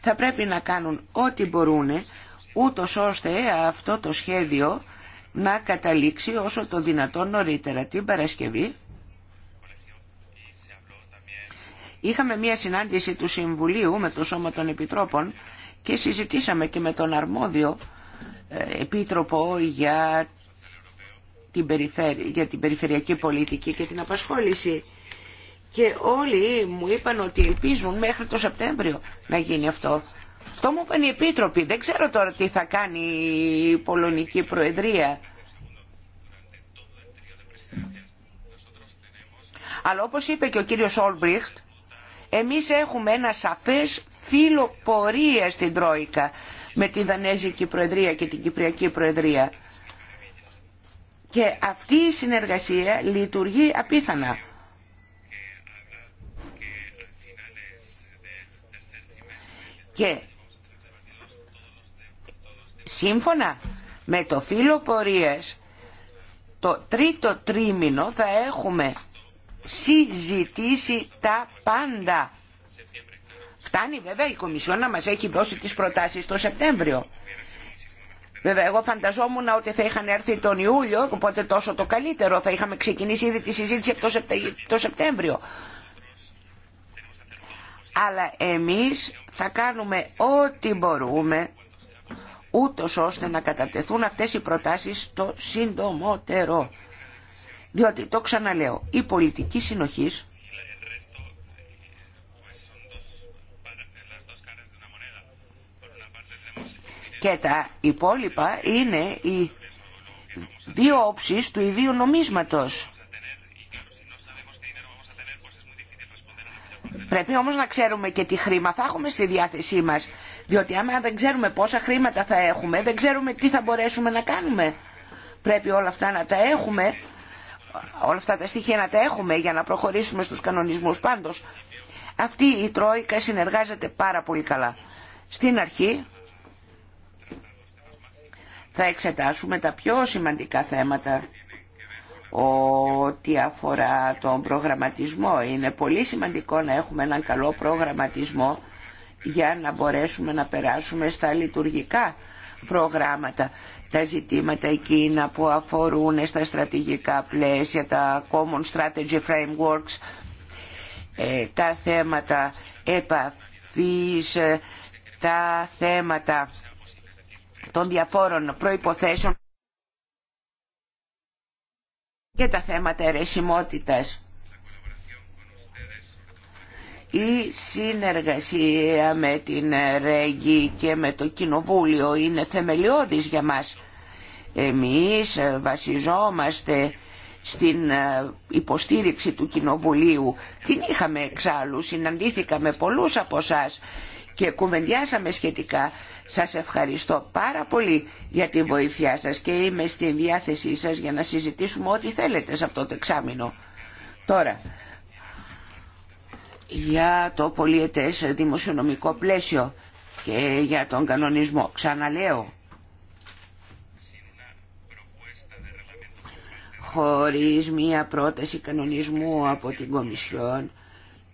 Speaker 2: θα πρέπει να κάνουν ό,τι μπορούν ούτω ώστε αυτό το σχέδιο να καταλήξει όσο το δυνατόν νωρίτερα την Παρασκευή. Είχαμε μία συνάντηση του Συμβουλίου με το Σώμα των Επιτρόπων και συζητήσαμε και με τον αρμόδιο Επίτροπο για την, για την περιφερειακή πολιτική και την απασχόληση. Και όλοι μου είπαν ότι ελπίζουν μέχρι το Σεπτέμβριο να γίνει αυτό. Αυτό μου είπαν οι επίτροποι. Δεν ξέρω τώρα τι θα κάνει η Πολωνική Προεδρία. Αλλά όπως είπε και ο κύριος Όλμπριχτ, εμείς έχουμε ένα σαφές φιλοπορία στην Τρόικα με τη Δανέζικη Προεδρία και την Κυπριακή Προεδρία. Και αυτή η συνεργασία λειτουργεί απίθανα. Και σύμφωνα με το φύλλο πορείας, το τρίτο τρίμηνο θα έχουμε συζητήσει τα πάντα Φτάνει βέβαια η Κομισιόν να μας έχει δώσει τις προτάσεις το Σεπτέμβριο. Βέβαια, εγώ φανταζόμουν ότι θα είχαν έρθει τον Ιούλιο, οπότε τόσο το καλύτερο. Θα είχαμε ξεκινήσει ήδη τη συζήτηση από το Σεπτέμβριο. Αλλά εμείς θα κάνουμε ό,τι μπορούμε, ούτω ώστε να κατατεθούν αυτές οι προτάσεις το συντομότερο. Διότι, το ξαναλέω, η πολιτική συνοχής και τα υπόλοιπα είναι οι δύο όψεις του ιδίου νομίσματος. Πρέπει όμως να ξέρουμε και τι χρήμα θα έχουμε στη διάθεσή μας, διότι άμα δεν ξέρουμε πόσα χρήματα θα έχουμε, δεν ξέρουμε τι θα μπορέσουμε να κάνουμε. Πρέπει όλα αυτά να τα έχουμε, όλα αυτά τα στοιχεία να τα έχουμε για να προχωρήσουμε στους κανονισμούς πάντως. Αυτή η Τρόικα συνεργάζεται πάρα πολύ καλά. Στην αρχή θα εξετάσουμε τα πιο σημαντικά θέματα ό,τι αφορά τον προγραμματισμό. Είναι πολύ σημαντικό να έχουμε έναν καλό προγραμματισμό για να μπορέσουμε να περάσουμε στα λειτουργικά προγράμματα. Τα ζητήματα εκείνα που αφορούν στα στρατηγικά πλαίσια, τα Common Strategy Frameworks, ε, τα θέματα επαφής, ε, τα θέματα των διαφόρων προϋποθέσεων και τα θέματα αιρεσιμότητας. Η συνεργασία με την ΡΕΓΙ και με το Κοινοβούλιο είναι θεμελιώδης για μας. Εμείς βασιζόμαστε στην υποστήριξη του Κοινοβουλίου. Την είχαμε εξάλλου, Συναντήθηκαμε με πολλούς από εσά και κουβεντιάσαμε σχετικά. Σας ευχαριστώ πάρα πολύ για τη βοήθειά σας και είμαι στη διάθεσή σας για να συζητήσουμε ό,τι θέλετε σε αυτό το εξάμεινο. Τώρα, για το πολιετές δημοσιονομικό πλαίσιο και για τον κανονισμό. Ξαναλέω, χωρίς μία πρόταση κανονισμού από την Κομισιόν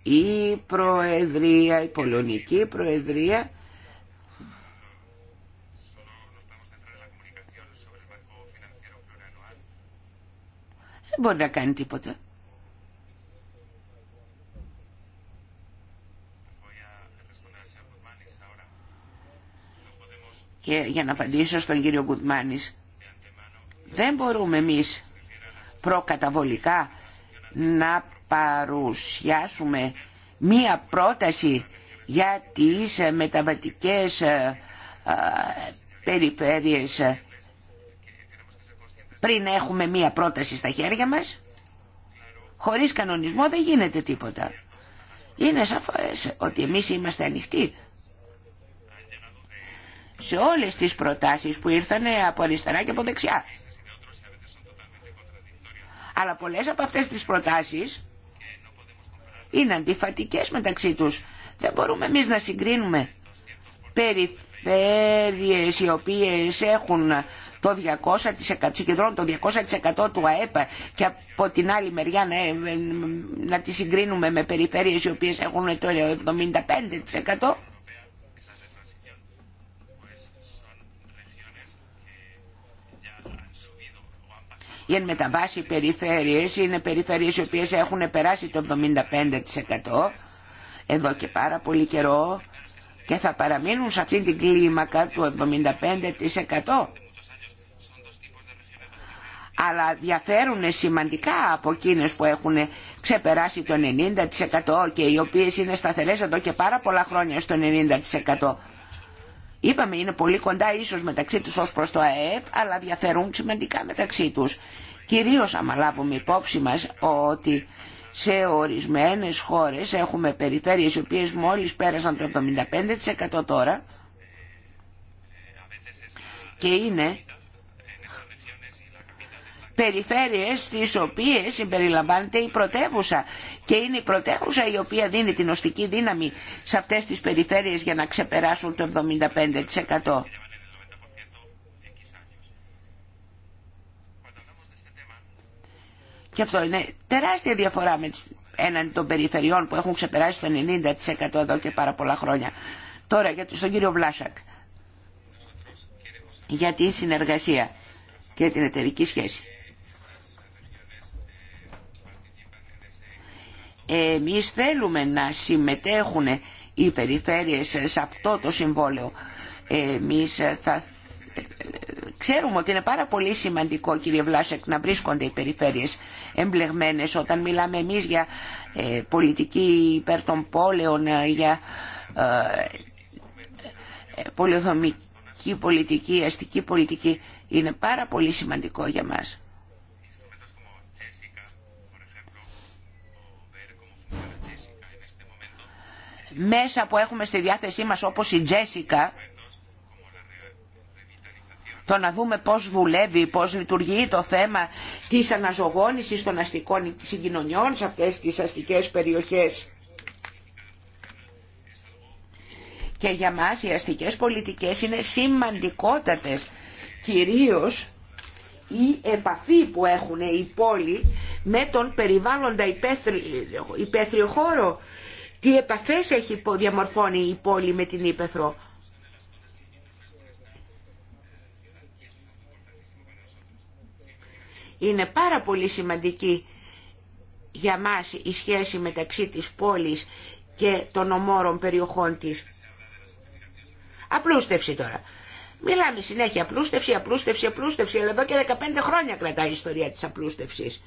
Speaker 2: η Προεδρία, η Πολωνική Προεδρία δεν μπορεί να κάνει τίποτα. Και για να απαντήσω στον κύριο Γκουτμάνης, δεν μπορούμε εμείς προκαταβολικά να παρουσιάσουμε μία πρόταση για τις ε, μεταβατικές ε, ε, περιφέρειες πριν έχουμε μία πρόταση στα χέρια μας χωρίς κανονισμό δεν γίνεται τίποτα είναι σαφές ότι εμείς είμαστε ανοιχτοί σε όλες τις προτάσεις που ήρθαν από αριστερά και από δεξιά αλλά πολλές από αυτές τις προτάσεις είναι αντιφατικές μεταξύ τους. Δεν μπορούμε εμείς να συγκρίνουμε περιφέρειες οι οποίες έχουν το 200%, συγκεντρώνουν το 200% του ΑΕΠ και από την άλλη μεριά να, να τις συγκρίνουμε με περιφέρειες οι οποίες έχουν το 75% οι εν μεταβάση περιφέρειες είναι περιφέρειες οι οποίες έχουν περάσει το 75% εδώ και πάρα πολύ καιρό και θα παραμείνουν σε αυτή την κλίμακα του 75%. Αλλά διαφέρουν σημαντικά από εκείνε που έχουν ξεπεράσει το 90% και οι οποίες είναι σταθερές εδώ και πάρα πολλά χρόνια στο 90%. Είπαμε είναι πολύ κοντά ίσως μεταξύ τους ως προς το ΑΕΠ, αλλά διαφέρουν σημαντικά μεταξύ τους. Κυρίως άμα λάβουμε υπόψη μας ότι σε ορισμένες χώρες έχουμε περιφέρειες οι οποίες μόλις πέρασαν το 75% τώρα και είναι περιφέρειες στις οποίες συμπεριλαμβάνεται η πρωτεύουσα και είναι η πρωτεύουσα η οποία δίνει την οστική δύναμη σε αυτές τις περιφέρειες για να ξεπεράσουν το 75%. Και αυτό είναι τεράστια διαφορά με έναν των περιφερειών που έχουν ξεπεράσει το 90% εδώ και πάρα πολλά χρόνια. Τώρα στον κύριο Βλάσακ για τη συνεργασία και την εταιρική σχέση. Εμείς θέλουμε να συμμετέχουν οι περιφέρειες σε αυτό το συμβόλαιο. Εμείς θα ξέρουμε ότι είναι πάρα πολύ σημαντικό κύριε Βλάσεκ να βρίσκονται οι περιφέρειες εμπλεγμένες όταν μιλάμε εμείς για ε, πολιτική υπέρ των πόλεων ε, για ε, ε πολιτική, αστική πολιτική είναι πάρα πολύ σημαντικό για μας. μέσα που έχουμε στη διάθεσή μας όπως η Τζέσικα το να δούμε πώς δουλεύει, πώς λειτουργεί το θέμα της αναζωγόνησης των αστικών συγκοινωνιών σε αυτές τις αστικές περιοχές. Και για μας οι αστικές πολιτικές είναι σημαντικότατες, κυρίως η επαφή που έχουν οι πόλοι με τον περιβάλλοντα υπαίθριο χώρο τι επαφές έχει διαμορφώνει η πόλη με την Ήπεθρο. Είναι πάρα πολύ σημαντική για μας η σχέση μεταξύ της πόλης και των ομόρων περιοχών της. Απλούστευση τώρα. Μιλάμε συνέχεια απλούστευση, απλούστευση, απλούστευση, αλλά εδώ και 15 χρόνια κρατάει η ιστορία της απλούστευσης.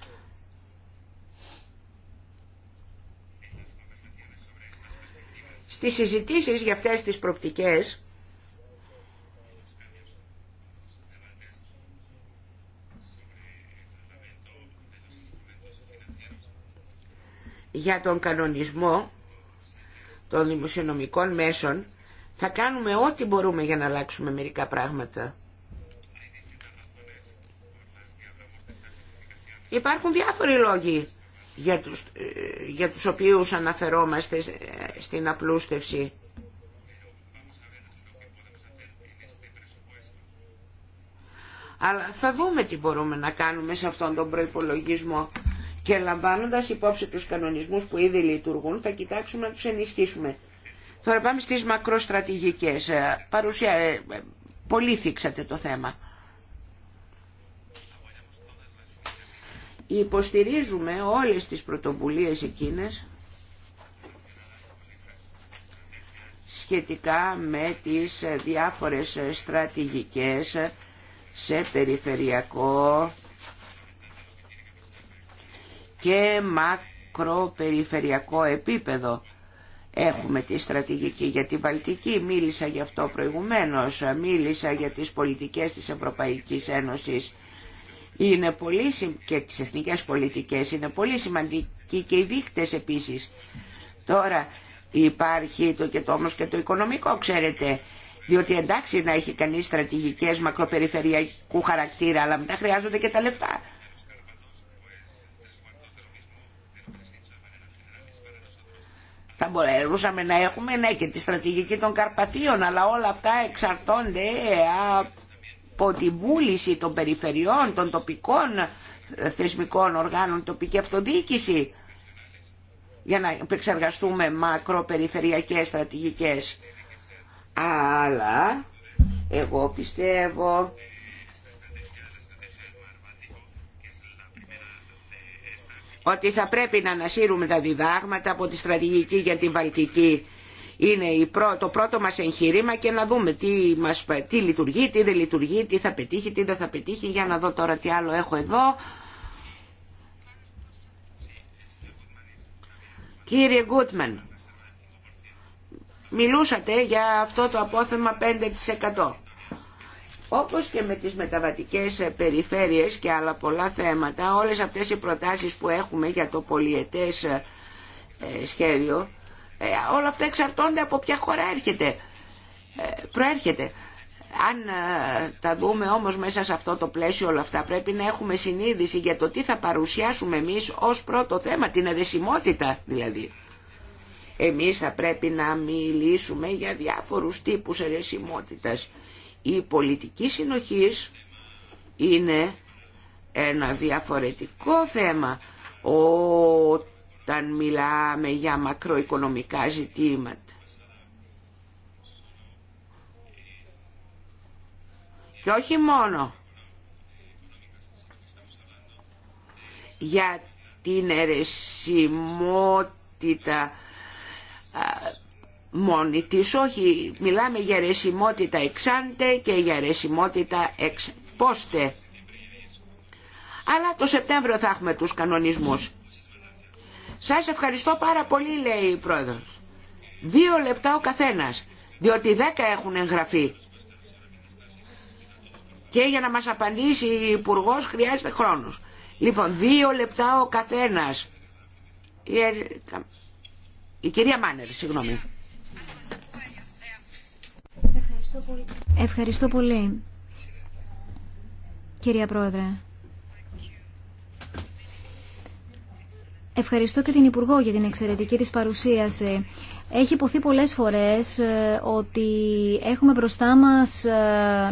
Speaker 2: στις συζητήσεις για αυτές τις προπτικές για τον κανονισμό των δημοσιονομικών μέσων θα κάνουμε ό,τι μπορούμε για να αλλάξουμε μερικά πράγματα. Υπάρχουν διάφοροι λόγοι για τους, ε, για τους οποίους αναφερόμαστε στην απλούστευση. Αλλά θα δούμε τι μπορούμε να κάνουμε σε αυτόν τον προϋπολογισμό και λαμβάνοντας υπόψη τους κανονισμούς που ήδη λειτουργούν θα κοιτάξουμε να τους ενισχύσουμε. Τώρα πάμε στις μακροστρατηγικές. Ε, Παρουσία, ε, πολύ θίξατε το θέμα. υποστηρίζουμε όλες τις πρωτοβουλίες εκείνες σχετικά με τις διάφορες στρατηγικές σε περιφερειακό και μακροπεριφερειακό επίπεδο. Έχουμε τη στρατηγική για τη Βαλτική, μίλησα γι' αυτό προηγουμένως, μίλησα για τις πολιτικές της Ευρωπαϊκής Ένωσης είναι πολύ, και τις εθνικές πολιτικές είναι πολύ σημαντικοί και οι δείχτες επίσης. Τώρα υπάρχει το και το όμως και το οικονομικό ξέρετε διότι εντάξει να έχει κανείς στρατηγικές μακροπεριφερειακού χαρακτήρα αλλά μετά χρειάζονται και τα λεφτά. Θα μπορούσαμε να έχουμε ναι και τη στρατηγική των Καρπαθίων αλλά όλα αυτά εξαρτώνται από ε, από τη βούληση των περιφερειών, των τοπικών ε, θεσμικών οργάνων, τοπική αυτοδιοίκηση για να επεξεργαστούμε μακροπεριφερειακές στρατηγικές. Αλλά εγώ πιστεύω ότι θα πρέπει να ανασύρουμε τα διδάγματα από τη στρατηγική για την Βαλτική είναι το πρώτο μας εγχειρήμα και να δούμε τι, μας, τι λειτουργεί, τι δεν λειτουργεί, τι θα πετύχει, τι δεν θα πετύχει. Για να δω τώρα τι άλλο έχω εδώ. Κύριε Γκούτμεν, μιλούσατε για αυτό το απόθεμα 5%. Όπως και με τις μεταβατικές περιφέρειες και άλλα πολλά θέματα, όλες αυτές οι προτάσεις που έχουμε για το πολιετές ε, σχέδιο, ε, όλα αυτά εξαρτώνται από ποια χώρα έρχεται, ε, προέρχεται. Αν ε, τα δούμε όμως μέσα σε αυτό το πλαίσιο όλα αυτά πρέπει να έχουμε συνείδηση για το τι θα παρουσιάσουμε εμείς ως πρώτο θέμα, την αιρεσιμότητα δηλαδή. Εμείς θα πρέπει να μιλήσουμε για διάφορους τύπους αιρεσιμότητας. Η πολιτική συνοχής είναι ένα διαφορετικό θέμα. Ο όταν μιλάμε για μακροοικονομικά ζητήματα. Και όχι μόνο για την αιρεσιμότητα μόνη της, όχι, μιλάμε για αιρεσιμότητα εξάντε και για αιρεσιμότητα εξ Αλλά το Σεπτέμβριο θα έχουμε τους κανονισμούς. Σας ευχαριστώ πάρα πολύ λέει η πρόεδρος. Δύο λεπτά ο καθένας, διότι δέκα έχουν εγγραφεί. Και για να μας απαντήσει η υπουργό χρειάζεται χρόνος. Λοιπόν, δύο λεπτά ο καθένας.
Speaker 1: Η, κυρία Μάνερ, συγγνώμη. Ευχαριστώ πολύ. Ευχαριστώ πολύ. Κυρία Πρόεδρε. Ευχαριστώ και την Υπουργό για την εξαιρετική της παρουσίαση. Έχει υποθεί πολλές φορές ε, ότι έχουμε μπροστά μας ε,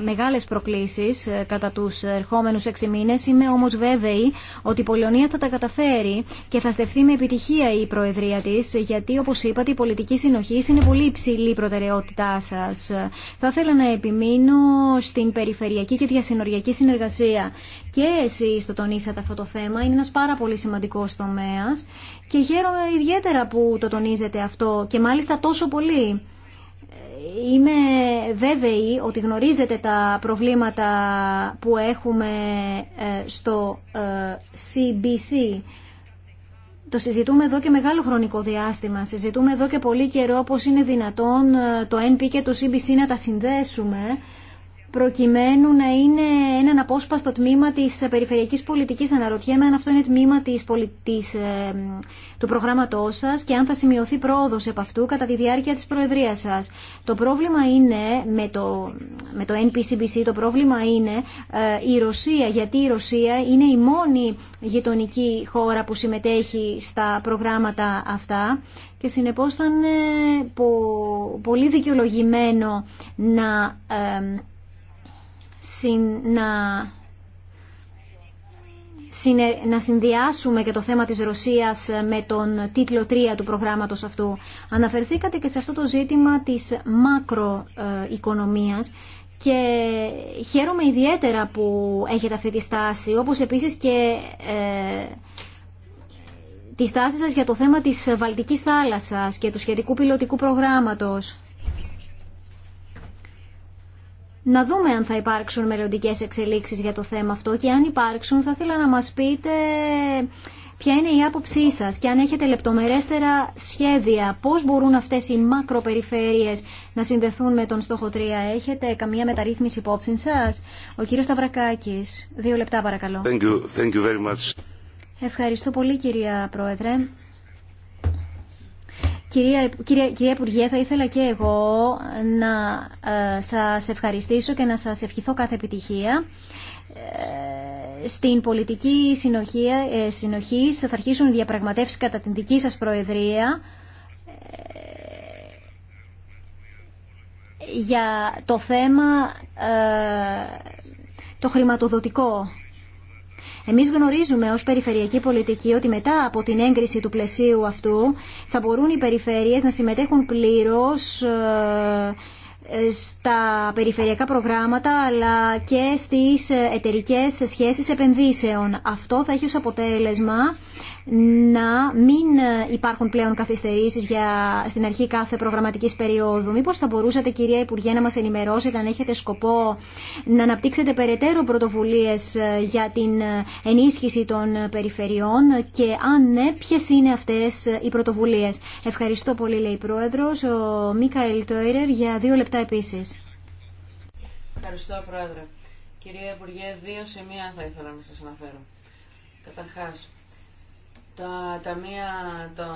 Speaker 1: μεγάλες προκλήσεις ε, κατά τους ερχόμενους έξι μήνες. Είμαι όμως βέβαιη ότι η Πολωνία θα τα καταφέρει και θα στεφθεί με επιτυχία η Προεδρία της, γιατί όπως είπατε η πολιτική συνοχή είναι πολύ υψηλή προτεραιότητά σας. Θα ήθελα να επιμείνω στην περιφερειακή και διασυνοριακή συνεργασία. Και εσείς το τονίσατε αυτό το θέμα, είναι ένας πάρα πολύ σημαντικός τομέας και χαίρομαι ιδιαίτερα που το τονίζετε αυτό και μάλιστα τόσο πολύ. Είμαι βέβαιη ότι γνωρίζετε τα προβλήματα που έχουμε ε, στο CBC. Ε, το συζητούμε εδώ και μεγάλο χρονικό διάστημα. Συζητούμε εδώ και πολύ καιρό πώς είναι δυνατόν ε, το NP και το CBC να τα συνδέσουμε προκειμένου να είναι έναν απόσπαστο τμήμα της περιφερειακής πολιτικής. Αναρωτιέμαι αν αυτό είναι τμήμα της, πολιτικής, ε, του προγράμματός σας και αν θα σημειωθεί πρόοδος επ' αυτού κατά τη διάρκεια της προεδρίας σας. Το πρόβλημα είναι με το, με το NPCBC, το πρόβλημα είναι ε, η Ρωσία, γιατί η Ρωσία είναι η μόνη γειτονική χώρα που συμμετέχει στα προγράμματα αυτά και συνεπώς θα είναι πολύ δικαιολογημένο να ε, να συνδυάσουμε και το θέμα της Ρωσίας με τον τίτλο 3 του προγράμματος αυτού. Αναφερθήκατε και σε αυτό το ζήτημα της μακροοικονομίας και χαίρομαι ιδιαίτερα που έχετε αυτή τη στάση, όπως επίσης και ε, τη στάση σας για το θέμα της Βαλτικής θάλασσας και του σχετικού πιλωτικού προγράμματος να δούμε αν θα υπάρξουν μελλοντικέ εξελίξεις για το θέμα αυτό και αν υπάρξουν θα ήθελα να μας πείτε ποια είναι η άποψή σας και αν έχετε λεπτομερέστερα σχέδια πώς μπορούν αυτές οι μακροπεριφέρειες να συνδεθούν με τον στόχο 3. Έχετε καμία μεταρρύθμιση υπόψη σας. Ο κύριος Σταυρακάκης, δύο λεπτά παρακαλώ.
Speaker 5: Thank you. Thank you very
Speaker 1: much. Ευχαριστώ πολύ κυρία Πρόεδρε. Κυρία, κυρία, κυρία Υπουργέ, θα ήθελα και εγώ να ε, σας ευχαριστήσω και να σας ευχηθώ κάθε επιτυχία. Ε, στην πολιτική ε, συνοχή, θα αρχίσουν διαπραγματεύσεις κατά την δική σας προεδρία ε, για το θέμα το χρηματοδοτικό. Εμείς γνωρίζουμε ως περιφερειακή πολιτική ότι μετά από την έγκριση του πλαισίου αυτού θα μπορούν οι περιφέρειες να συμμετέχουν πλήρως ε, ε, στα περιφερειακά προγράμματα αλλά και στις ε, εταιρικέ σχέσεις επενδύσεων. Αυτό θα έχει ω αποτέλεσμα να μην υπάρχουν πλέον καθυστερήσεις για, στην αρχή κάθε προγραμματικής περίοδου. Μήπως θα μπορούσατε κυρία Υπουργέ να μας ενημερώσετε αν έχετε σκοπό να αναπτύξετε περαιτέρω πρωτοβουλίες ε, για την ε, ενίσχυση των ε, περιφερειών και αν ναι, ποιες είναι αυτές οι πρωτοβουλίες. Ευχαριστώ πολύ λέει η Πρόεδρος, ο Μίκαελ Τόιρερ για δύο λεπτά επίσης.
Speaker 3: Ευχαριστώ Πρόεδρε. Κυρία Υπουργέ, δύο σημεία θα ήθελα να σας αναφέρω. Καταρχάς, τα ταμεία, το,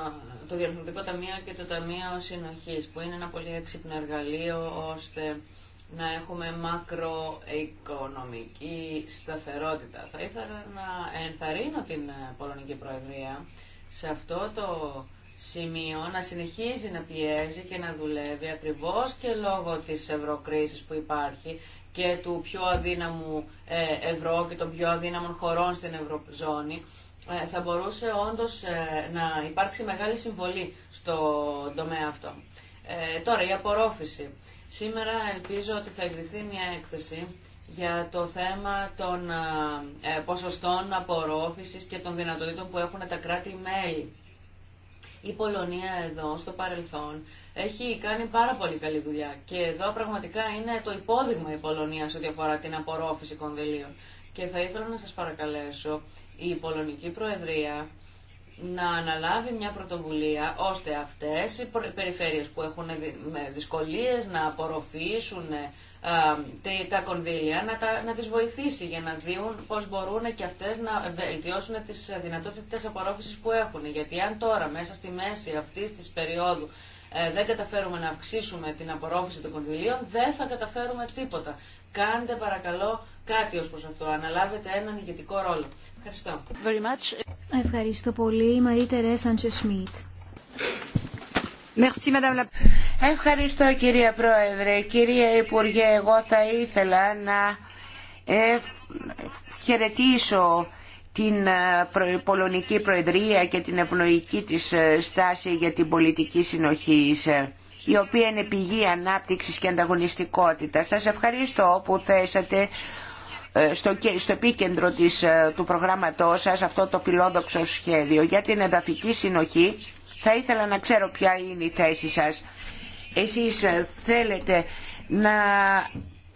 Speaker 3: το Διαρθρωτικό Ταμείο και το Ταμείο Συνοχής, που είναι ένα πολύ έξυπνο εργαλείο ώστε να έχουμε μακροοικονομική σταθερότητα. Θα ήθελα να ενθαρρύνω την ε, Πολωνική Προεδρία σε αυτό το σημείο να συνεχίζει να πιέζει και να δουλεύει ακριβώς και λόγω της ευρωκρίσης που υπάρχει και του πιο αδύναμου ε, ευρώ και των πιο αδύναμων χωρών στην ευρωζώνη ε, θα μπορούσε όντως ε, να υπάρξει μεγάλη συμβολή στο τομέα αυτό. Ε, τώρα, η απορρόφηση. Σήμερα ελπίζω ότι θα εκδηθεί μια έκθεση για το θέμα των ε, ε, ποσοστών απορρόφησης και των δυνατοτήτων που έχουν τα κράτη-μέλη. Η Πολωνία εδώ, στο παρελθόν, έχει κάνει πάρα πολύ καλή δουλειά και εδώ πραγματικά είναι το υπόδειγμα η Πολωνία σε ό,τι αφορά την απορρόφηση κονδυλίων. Και θα ήθελα να σας παρακαλέσω η Πολωνική Προεδρία να αναλάβει μια πρωτοβουλία ώστε αυτές οι περιφέρειες που έχουν δυσκολίες να απορροφήσουν ε, τα κονδύλια να, τα, να τις βοηθήσει για να δουν πώς μπορούν και αυτές να βελτιώσουν τις δυνατότητες απορρόφησης που έχουν. Γιατί αν τώρα μέσα στη μέση αυτής της περίοδου ε, δεν καταφέρουμε να αυξήσουμε την απορρόφηση των κονδυλίων, δεν θα καταφέρουμε τίποτα. Κάντε παρακαλώ κάτι ως προς αυτό. Αναλάβετε έναν ηγετικό ρόλο. Ευχαριστώ. Very much.
Speaker 1: Ευχαριστώ πολύ, Μαρή Τερέσαντσε Σμιτ.
Speaker 2: Ευχαριστώ κυρία Πρόεδρε. Κυρία Υπουργέ, εγώ θα ήθελα να χαιρετήσω την ε, Πολωνική Προεδρία και την ευνοϊκή της ε, στάση για την πολιτική συνοχή ε, η οποία είναι πηγή ανάπτυξης και ανταγωνιστικότητας. Σας ευχαριστώ που θέσατε στο, στο επίκεντρο της, του προγράμματός σας αυτό το φιλόδοξο σχέδιο για την εδαφική συνοχή. Θα ήθελα να ξέρω ποια είναι η θέση σας. Εσείς θέλετε να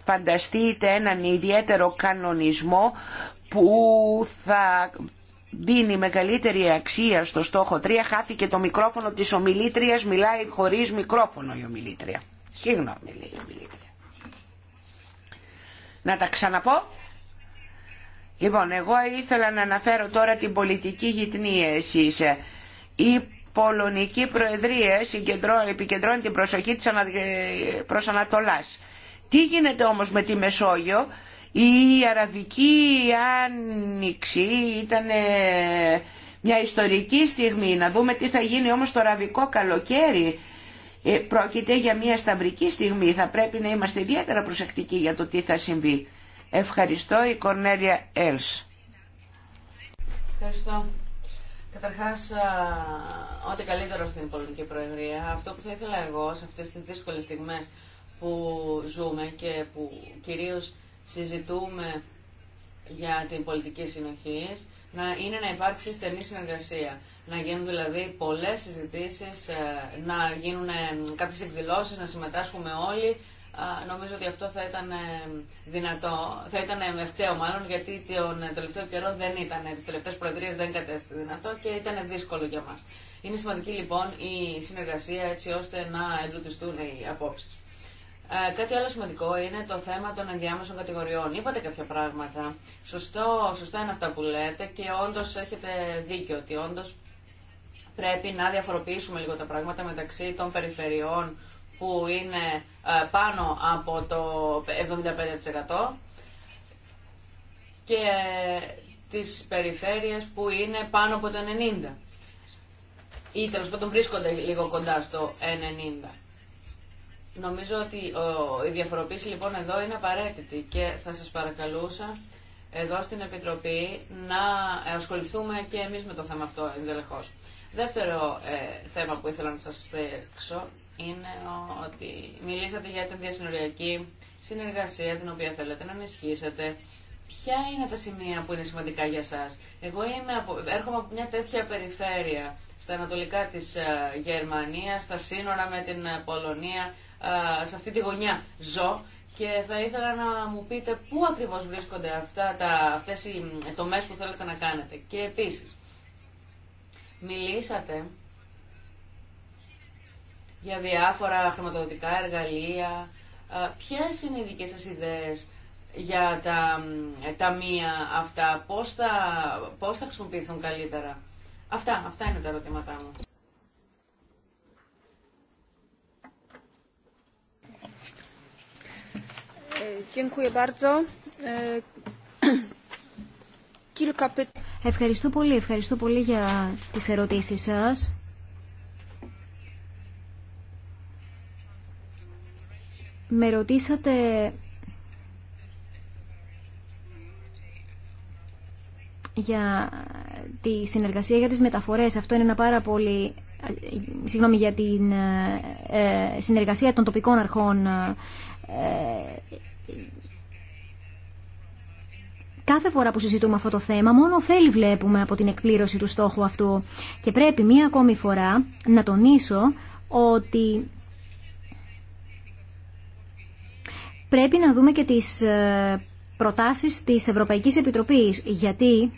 Speaker 2: φανταστείτε έναν ιδιαίτερο κανονισμό που θα δίνει μεγαλύτερη αξία στο στόχο 3 χάθηκε το μικρόφωνο της ομιλήτριας μιλάει χωρίς μικρόφωνο η ομιλήτρια συγγνώμη λέει η ομιλήτρια να τα ξαναπώ λοιπόν εγώ ήθελα να αναφέρω τώρα την πολιτική γυτνία εσείς η Πολωνική Προεδρία επικεντρώνει την προσοχή της ε, προς Ανατολάς. Τι γίνεται όμως με τη Μεσόγειο η Αραβική Άνοιξη ήταν ε, μια ιστορική στιγμή. Να δούμε τι θα γίνει όμως το αραβικό καλοκαίρι. Ε, πρόκειται για μια σταυρική στιγμή. Θα πρέπει να είμαστε ιδιαίτερα προσεκτικοί για το τι θα συμβεί. Ευχαριστώ η Κορνέλια Έλς.
Speaker 3: Ευχαριστώ. Καταρχά, ό,τι καλύτερο στην πολιτική προεδρία. Αυτό που θα ήθελα εγώ σε αυτέ τι δύσκολε στιγμέ που ζούμε και που κυρίω συζητούμε για την πολιτική συνοχή να είναι να υπάρξει στενή συνεργασία. Να γίνουν δηλαδή πολλές συζητήσεις, ε, να γίνουν ε, κάποιες εκδηλώσει, να συμμετάσχουμε όλοι. Νομίζω ότι αυτό θα ήταν ε, δυνατό, θα ήταν ευθέω μάλλον, γιατί τον τελευταίο καιρό δεν ήταν, τι τελευταίες προεδρίες δεν κατέστη δυνατό και ήταν δύσκολο για μα. Είναι σημαντική λοιπόν η συνεργασία έτσι ώστε να εμπλουτιστούν οι απόψει. Ε, κάτι άλλο σημαντικό είναι το θέμα των ενδιάμεσων κατηγοριών. Είπατε κάποια πράγματα. Σωστό, σωστά είναι αυτά που λέτε και όντω έχετε δίκιο ότι όντω πρέπει να διαφοροποιήσουμε λίγο τα πράγματα μεταξύ των περιφερειών που είναι ε, πάνω από το 75% και τις περιφέρειες που είναι πάνω από το 90% ή τέλος πάντων βρίσκονται λίγο κοντά στο 90%. Νομίζω ότι ε, η διαφοροποίηση λοιπόν εδώ είναι απαραίτητη και θα σας παρακαλούσα εδώ στην Επιτροπή να ε, ασχοληθούμε και εμείς με το θέμα αυτό ενδελεχώς. Δεύτερο ε, θέμα που ήθελα να σας θέξω είναι ότι μιλήσατε για την διασυνοριακή συνεργασία την οποία θέλετε να ενισχύσετε. Ποια είναι τα σημεία που είναι σημαντικά για σας. Εγώ είμαι έρχομαι από μια τέτοια περιφέρεια στα ανατολικά της Γερμανίας, στα σύνορα με την Πολωνία σε αυτή τη γωνιά ζω και θα ήθελα να μου πείτε πού ακριβώς βρίσκονται αυτά τα, αυτές οι τομές που θέλετε να κάνετε. Και επίσης, μιλήσατε για διάφορα χρηματοδοτικά εργαλεία. Ποιες είναι οι δικές σας ιδέες για τα ταμεία αυτά, πώς θα, πώς θα χρησιμοποιηθούν καλύτερα. Αυτά, αυτά είναι τα ερωτήματά μου.
Speaker 1: E, ευχαριστώ πολύ, ευχαριστώ πολύ για τις ερωτήσεις σας. Με ρωτήσατε για τη συνεργασία για τις μεταφορές. Αυτό είναι ένα πάρα πολύ... Ε, συγγνώμη για την ε, ε, συνεργασία των τοπικών αρχών κάθε φορά που συζητούμε αυτό το θέμα, μόνο ωφέλη βλέπουμε από την εκπλήρωση του στόχου αυτού. Και πρέπει μία ακόμη φορά να τονίσω ότι πρέπει να δούμε και τις ε, προτάσεις της Ευρωπαϊκής Επιτροπής, γιατί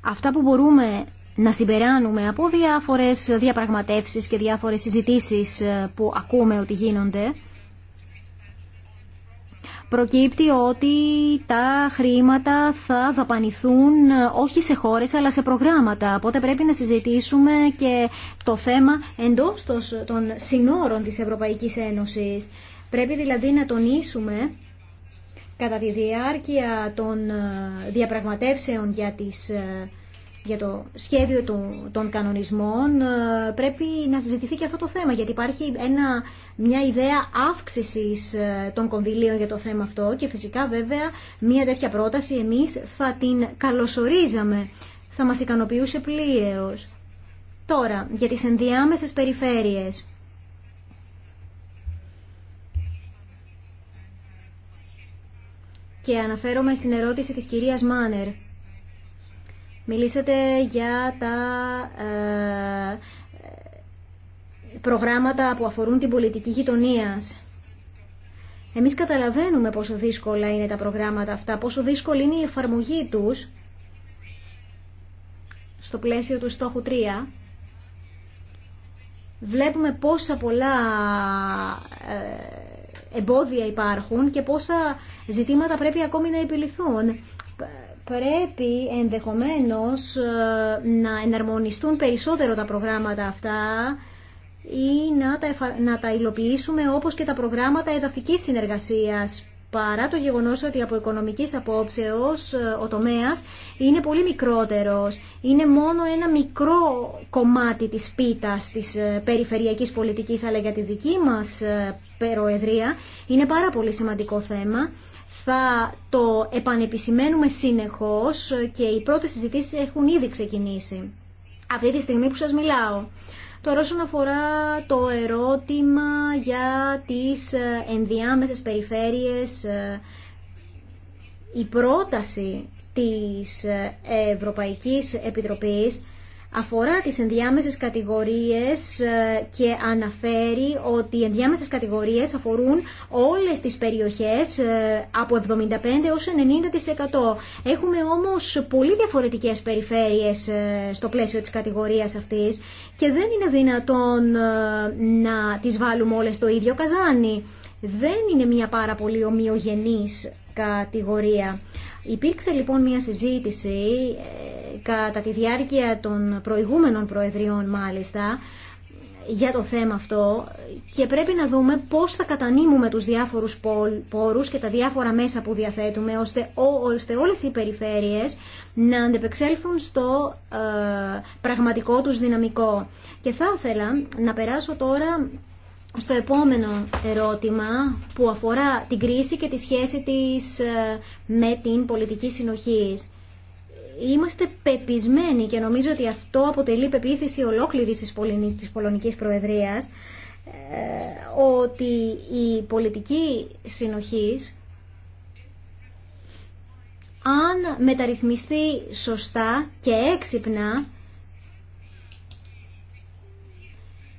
Speaker 1: αυτά που μπορούμε να συμπεράνουμε από διάφορες διαπραγματεύσεις και διάφορες συζητήσεις ε, που ακούμε ότι γίνονται προκύπτει ότι τα χρήματα θα δαπανηθούν ε, όχι σε χώρες αλλά σε προγράμματα. Οπότε πρέπει να συζητήσουμε και το θέμα εντός των συνόρων της Ευρωπαϊκής Ένωσης. Πρέπει δηλαδή να τονίσουμε κατά τη διάρκεια των ε, διαπραγματεύσεων για τις για το σχέδιο των κανονισμών ε, πρέπει να συζητηθεί και αυτό το θέμα γιατί υπάρχει ένα, μια ιδέα αύξησης ε, των κονδυλίων για το θέμα αυτό και φυσικά βέβαια μια τέτοια πρόταση εμείς θα την καλωσορίζαμε, θα μας ικανοποιούσε πλήρως. Τώρα, για τις ενδιάμεσες περιφέρειες. Και αναφέρομαι στην ερώτηση της κυρίας Μάνερ. Μιλήσατε για τα ε, προγράμματα που αφορούν την πολιτική γειτονία. Εμείς καταλαβαίνουμε πόσο δύσκολα είναι τα προγράμματα αυτά, πόσο δύσκολη είναι η εφαρμογή τους στο πλαίσιο του στόχου 3. Βλέπουμε πόσα πολλά ε, εμπόδια υπάρχουν και πόσα ζητήματα πρέπει ακόμη να επιληθούν πρέπει ενδεχομένως ε, να εναρμονιστούν περισσότερο τα προγράμματα αυτά ή να τα, τα υλοποιήσουμε όπως και τα προγράμματα εδαφικής συνεργασίας παρά το γεγονός ότι από οικονομικής απόψεως ε, ο τομέας είναι πολύ μικρότερος. Είναι μόνο ένα μικρό κομμάτι της πίτας της ε, περιφερειακής πολιτικής, αλλά για τη δική μας Περοεδρία είναι πάρα πολύ σημαντικό θέμα θα το επανεπισημαίνουμε συνεχώς και οι πρώτες συζητήσεις έχουν ήδη ξεκινήσει. Αυτή τη στιγμή που σας μιλάω. Τώρα όσον αφορά το ερώτημα για τις ε, ενδιάμεσες περιφέρειες, ε, η πρόταση της ε, Ευρωπαϊκής Επιτροπής αφορά τις ενδιάμεσες κατηγορίες ε, και αναφέρει ότι οι ενδιάμεσες κατηγορίες αφορούν όλες τις περιοχές ε, από 75% έως 90%. Έχουμε όμως πολύ διαφορετικές περιφέρειες ε, στο πλαίσιο της κατηγορίας αυτής και δεν είναι δυνατόν να τις βάλουμε όλες στο ίδιο καζάνι. Δεν είναι μια πάρα πολύ ομοιογενής κατηγορία. Υπήρξε λοιπόν μια συζήτηση ε, κατά τη διάρκεια των προηγούμενων προεδριών μάλιστα για το θέμα αυτό και πρέπει να δούμε πώς θα κατανείμουμε τους διάφορους πόρους και τα διάφορα μέσα που διαθέτουμε ώστε, ώστε όλες οι περιφέρειες να αντεπεξέλθουν στο ε, πραγματικό τους δυναμικό. Και θα ήθελα να περάσω τώρα στο επόμενο ερώτημα που αφορά την κρίση και τη σχέση της ε, με την πολιτική συνοχής. Είμαστε πεπισμένοι και νομίζω ότι αυτό αποτελεί πεποίθηση ολόκληρη της Πολωνικής Προεδρίας ε, ότι η πολιτική συνοχής αν μεταρρυθμιστεί σωστά και έξυπνα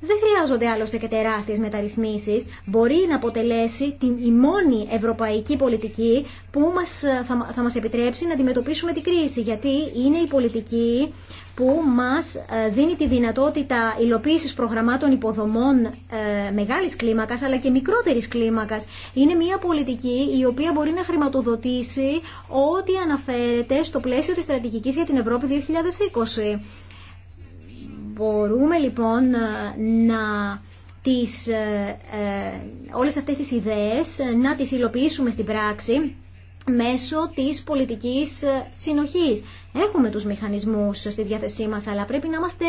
Speaker 1: δεν χρειάζονται άλλωστε και τεράστιες μεταρρυθμίσεις. Μπορεί να αποτελέσει την, η μόνη ευρωπαϊκή πολιτική που μας, ε, θα, θα μας επιτρέψει να αντιμετωπίσουμε την κρίση. Γιατί είναι η πολιτική που μας ε, δίνει τη δυνατότητα υλοποίησης προγραμμάτων υποδομών ε, μεγάλης κλίμακας αλλά και μικρότερης κλίμακας. Είναι μια πολιτική η οποία μπορεί να χρηματοδοτήσει ό,τι αναφέρεται στο πλαίσιο της στρατηγικής για την Ευρώπη 2020. Μπορούμε λοιπόν ε, να τις, ε, ε, όλες αυτές τις ιδέες να τις υλοποιήσουμε στην πράξη μέσω της πολιτικής συνοχής. Έχουμε τους μηχανισμούς στη διάθεσή μας, αλλά πρέπει να είμαστε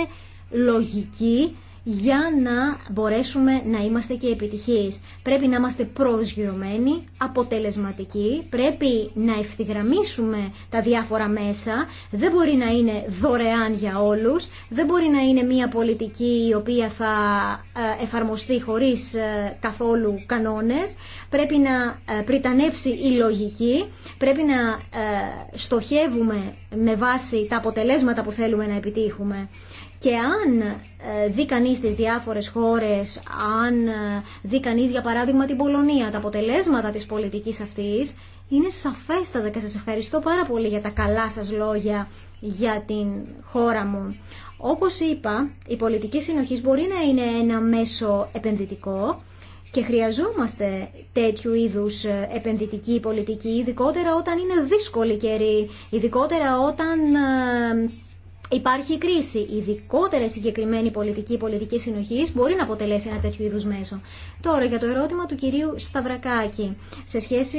Speaker 1: λογικοί για να μπορέσουμε να είμαστε και επιτυχείς. Πρέπει να είμαστε προσγειωμένοι, αποτελεσματικοί, πρέπει να ευθυγραμμίσουμε τα διάφορα μέσα, δεν μπορεί να είναι δωρεάν για όλους, δεν μπορεί να είναι μια πολιτική η οποία θα ε, εφαρμοστεί χωρίς ε, καθόλου κανόνες, πρέπει να ε, πριτανεύσει η λογική, πρέπει να στοχεύουμε με βάση τα αποτελέσματα που θέλουμε να επιτύχουμε. Και αν ε, δει κανείς τις διάφορες χώρες, αν ε, δει κανείς για παράδειγμα την Πολωνία, τα αποτελέσματα της πολιτικής αυτής είναι σαφέστατα και σας ευχαριστώ πάρα πολύ για τα καλά σας λόγια για την χώρα μου. Όπως είπα, η πολιτική συνοχής μπορεί να είναι ένα μέσο επενδυτικό και χρειαζόμαστε τέτοιου είδους ε, επενδυτική πολιτική, ειδικότερα όταν είναι δύσκολη καιρή, ειδικότερα όταν υπάρχει κρίση. Ειδικότερα συγκεκριμένη πολιτική πολιτική συνοχή μπορεί να αποτελέσει ένα τέτοιο είδου μέσο. Τώρα για το ερώτημα του κυρίου Σταυρακάκη σε σχέση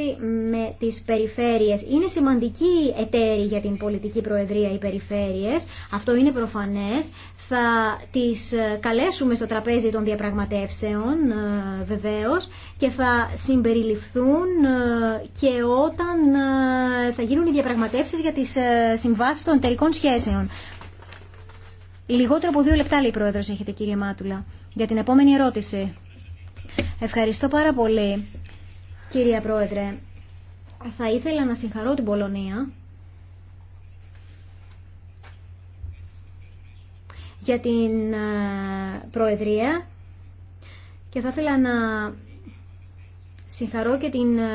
Speaker 1: με τι περιφέρειες. Είναι σημαντική εταίρη για την πολιτική προεδρία οι περιφέρειε, Αυτό είναι προφανέ. Θα τι ε, καλέσουμε στο τραπέζι των διαπραγματεύσεων ε, βεβαίω και θα συμπεριληφθούν ε, και όταν θα γίνουν οι διαπραγματεύσει για τι συμβάσει των εταιρικών σχέσεων. Λιγότερο από δύο λεπτά, λέει η Πρόεδρος, έχετε κύριε Μάτουλα, για την επόμενη ερώτηση. Ευχαριστώ πάρα πολύ, κύριε Πρόεδρε. Θα ήθελα να συγχαρώ την Πολωνία για την ε, Προεδρία και θα ήθελα να συγχαρώ και την ε,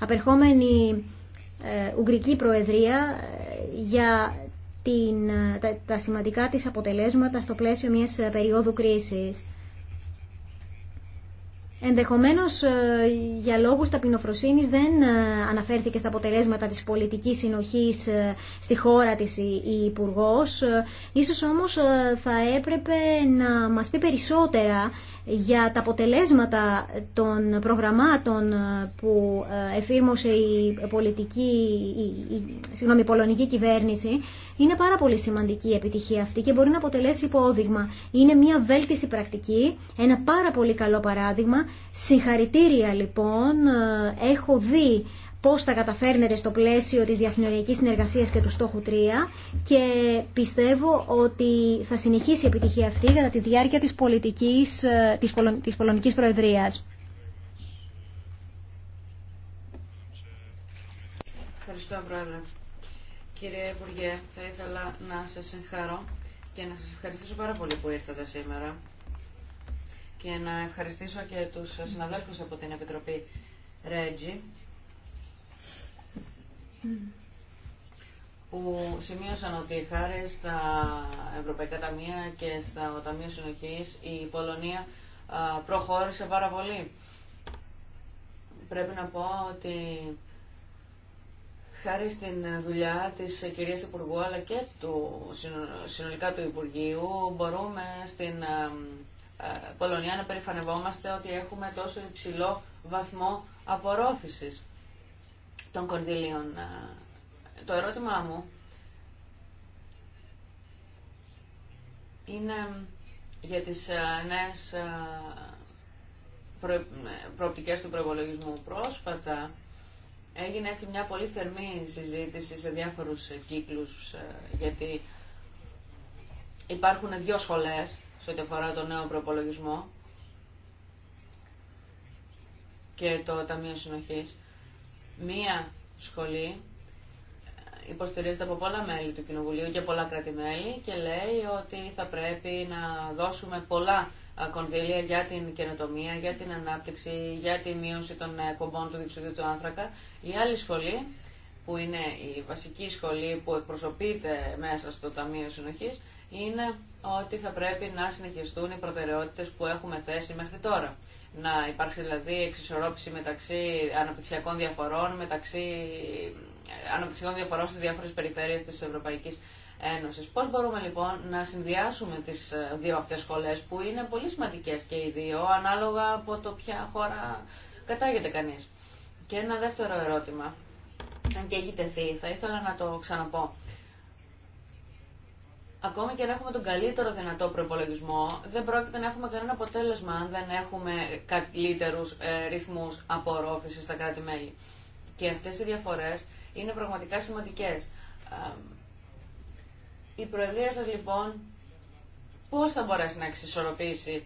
Speaker 1: απερχόμενη ε, Ουγγρική Προεδρία για την, τα, σημαντικά της αποτελέσματα στο πλαίσιο μιας περίοδου κρίσης. Ενδεχομένως ε, για λόγους ταπεινοφροσύνης δεν ε, αναφέρθηκε στα αποτελέσματα της πολιτικής συνοχής ε, στη χώρα της η υπουργό. Ίσως όμως θα έπρεπε να μας πει περισσότερα για τα αποτελέσματα των προγραμμάτων που ε, εφήρμοσε η, πολιτική, η, η, συγγνώμη, η πολωνική κυβέρνηση είναι πάρα πολύ σημαντική η επιτυχία αυτή και μπορεί να αποτελέσει υπόδειγμα. Είναι μια βέλτιση πρακτική, ένα πάρα πολύ καλό παράδειγμα. Συγχαρητήρια λοιπόν, ε, έχω δει πώς θα καταφέρνετε στο πλαίσιο της διασυνοριακής συνεργασίας και του στόχου 3 και πιστεύω ότι θα συνεχίσει η επιτυχία αυτή κατά τη διάρκεια της, πολιτικής, ε, της, Πολων, της Πολωνικής Προεδρίας.
Speaker 3: Ευχαριστώ, Πρόεδρε. Κύριε Υπουργέ, θα ήθελα να σας συγχαρώ και να σας ευχαριστήσω πάρα πολύ που ήρθατε σήμερα και να ευχαριστήσω και τους συναδέλφους από την Επιτροπή Ρέτζι που σημείωσαν ότι χάρη στα Ευρωπαϊκά Ταμεία και στα Ταμεία Συνοχής η Πολωνία προχώρησε πάρα πολύ. Πρέπει να πω ότι χάρη στην δουλειά της κυρίας Υπουργού αλλά και του συνολικά του Υπουργείου μπορούμε στην Πολωνία να περηφανευόμαστε ότι έχουμε τόσο υψηλό βαθμό απορρόφησης των κορδιλίων. Ε, το ερώτημά μου είναι για τις ε, νέες ε, προ... προοπτικές του προϋπολογισμού πρόσφατα. Έγινε έτσι μια πολύ θερμή συζήτηση σε διάφορους κύκλους, γιατί υπάρχουν δύο σχολές σε ό,τι αφορά το νέο προπολογισμό και το Ταμείο Συνοχής μία σχολή ε, υποστηρίζεται από πολλά μέλη του Κοινοβουλίου και πολλά και λέει ότι θα πρέπει να δώσουμε πολλά ε, κονδύλια για την καινοτομία, για την ανάπτυξη, για τη μείωση των ε, κομπών του διεξουδίου του άνθρακα. Η άλλη σχολή, που είναι η βασική σχολή που εκπροσωπείται μέσα στο Ταμείο Συνοχής, είναι ότι θα πρέπει να συνεχιστούν οι προτεραιότητες που έχουμε θέσει μέχρι τώρα να υπάρξει δηλαδή εξισορρόπηση μεταξύ αναπτυξιακών διαφορών, μεταξύ ε, αναπτυξιακών διαφορών στις διάφορες περιφέρειες της Ευρωπαϊκής Ένωσης. Πώς μπορούμε λοιπόν να συνδυάσουμε τις ε, δύο αυτές σχολές που είναι πολύ σημαντικές και οι δύο ανάλογα από το ποια χώρα κατάγεται κανείς. Και ένα δεύτερο ερώτημα, αν και έχει τεθεί, θα ήθελα να το ξαναπώ. Ακόμη και να έχουμε τον καλύτερο δυνατό προπολογισμό, δεν πρόκειται να έχουμε κανένα αποτέλεσμα αν δεν έχουμε καλύτερου ε, ρυθμού απορρόφηση στα κράτη-μέλη. Και αυτέ οι διαφορέ είναι πραγματικά σημαντικέ. Η Προεδρία σα, λοιπόν πώς θα μπορέσει να εξισορροπήσει,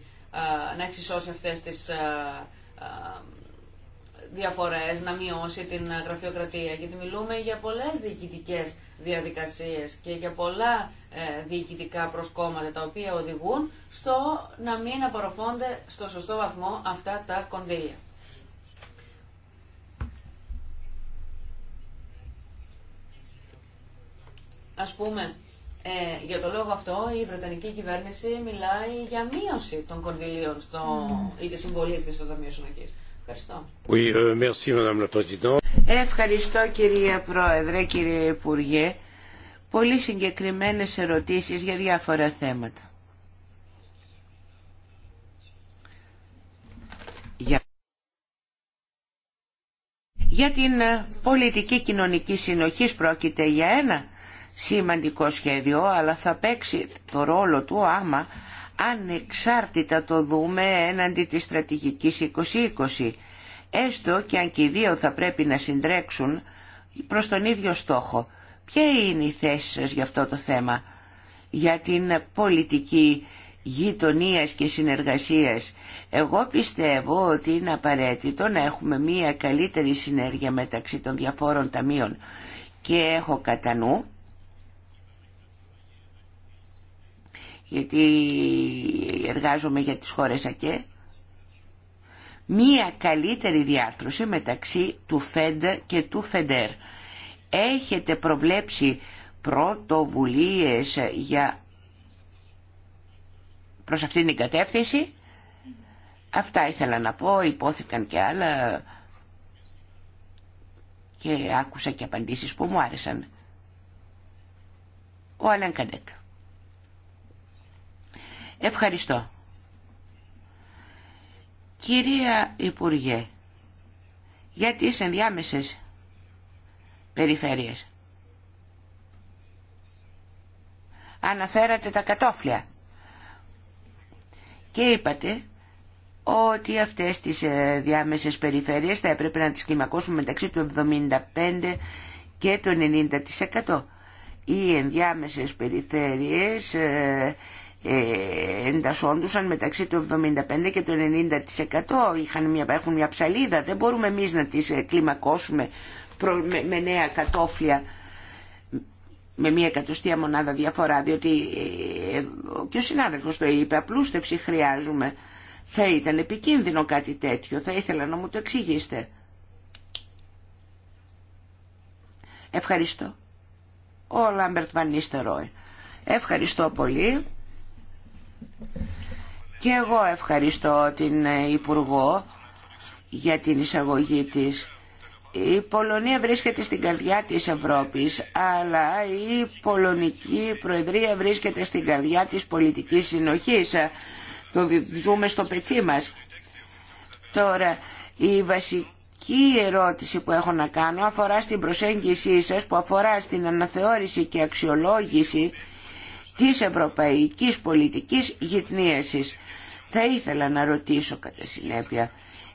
Speaker 3: να εξισώσει αυτές τις διαφορές, να μειώσει την γραφειοκρατία, γιατί μιλούμε για πολλές διοικητικές διαδικασίες και για πολλά ε, διοικητικά προσκόμματα τα οποία οδηγούν στο να μην απορροφώνται στο σωστό βαθμό αυτά τα κονδύλια. Ας πούμε, ε, για το λόγο αυτό η Βρετανική κυβέρνηση μιλάει για μείωση των κονδυλίων στο, mm. ή της συμβολής της στο Ταμείο Συνοχής. Ευχαριστώ.
Speaker 5: Euh,
Speaker 2: Ευχαριστώ κυρία Πρόεδρε, κύριε Υπουργέ πολύ συγκεκριμένες ερωτήσεις για διάφορα θέματα. Για, για την ε, πολιτική κοινωνική συνοχή πρόκειται για ένα σημαντικό σχέδιο, αλλά θα παίξει το ρόλο του άμα ανεξάρτητα το δούμε έναντι της στρατηγικής 2020, έστω και αν και οι δύο θα πρέπει να συντρέξουν προς τον ίδιο στόχο Ποια είναι η θέση σας για αυτό το θέμα, για την πολιτική γειτονία και συνεργασίας. Εγώ πιστεύω ότι είναι απαραίτητο να έχουμε μία καλύτερη συνέργεια μεταξύ των διαφόρων ταμείων και έχω κατά νου, γιατί εργάζομαι για τις χώρες ΑΚΕ, μία καλύτερη διάρθρωση μεταξύ του ΦΕΝΤ και του ΦΕΝΤΕΡ έχετε προβλέψει πρωτοβουλίες για προς αυτήν την κατεύθυνση. Αυτά ήθελα να πω, υπόθηκαν και άλλα και άκουσα και απαντήσεις που μου άρεσαν. Ο Αλέν Καντέκ. Ευχαριστώ. Κυρία Υπουργέ, γιατί τις ενδιάμεσες περιφέρειες. Αναφέρατε τα κατόφλια και είπατε ότι αυτές τις ε, διάμεσες περιφέρειες θα έπρεπε να τις κλιμακώσουμε μεταξύ του 75% και του 90%. Οι ενδιάμεσες περιφέρειες ε, ε, εντασσόντουσαν μεταξύ του 75% και του 90%. Είχαν μια, έχουν μια ψαλίδα, δεν μπορούμε εμείς να τις κλιμακώσουμε με νέα κατόφλια με μία εκατοστία μονάδα διαφορά, διότι ε, και ο συνάδελφος το είπε, απλούστευση χρειάζομαι. Θα ήταν επικίνδυνο κάτι τέτοιο, θα ήθελα να μου το εξηγήσετε. Ευχαριστώ. Ο Λάμπερτ Ευχαριστώ πολύ. Και εγώ ευχαριστώ την ε, Υπουργό για την εισαγωγή της. Η Πολωνία βρίσκεται στην καρδιά της Ευρώπης, αλλά η Πολωνική Προεδρία βρίσκεται στην καρδιά της πολιτικής συνοχής. Το ζούμε στο πετσί μας. Τώρα, η βασική ερώτηση που έχω να κάνω αφορά στην προσέγγιση σας που αφορά στην αναθεώρηση και αξιολόγηση της ευρωπαϊκής πολιτικής γυτνίασης. Θα ήθελα να ρωτήσω κατά συνέπεια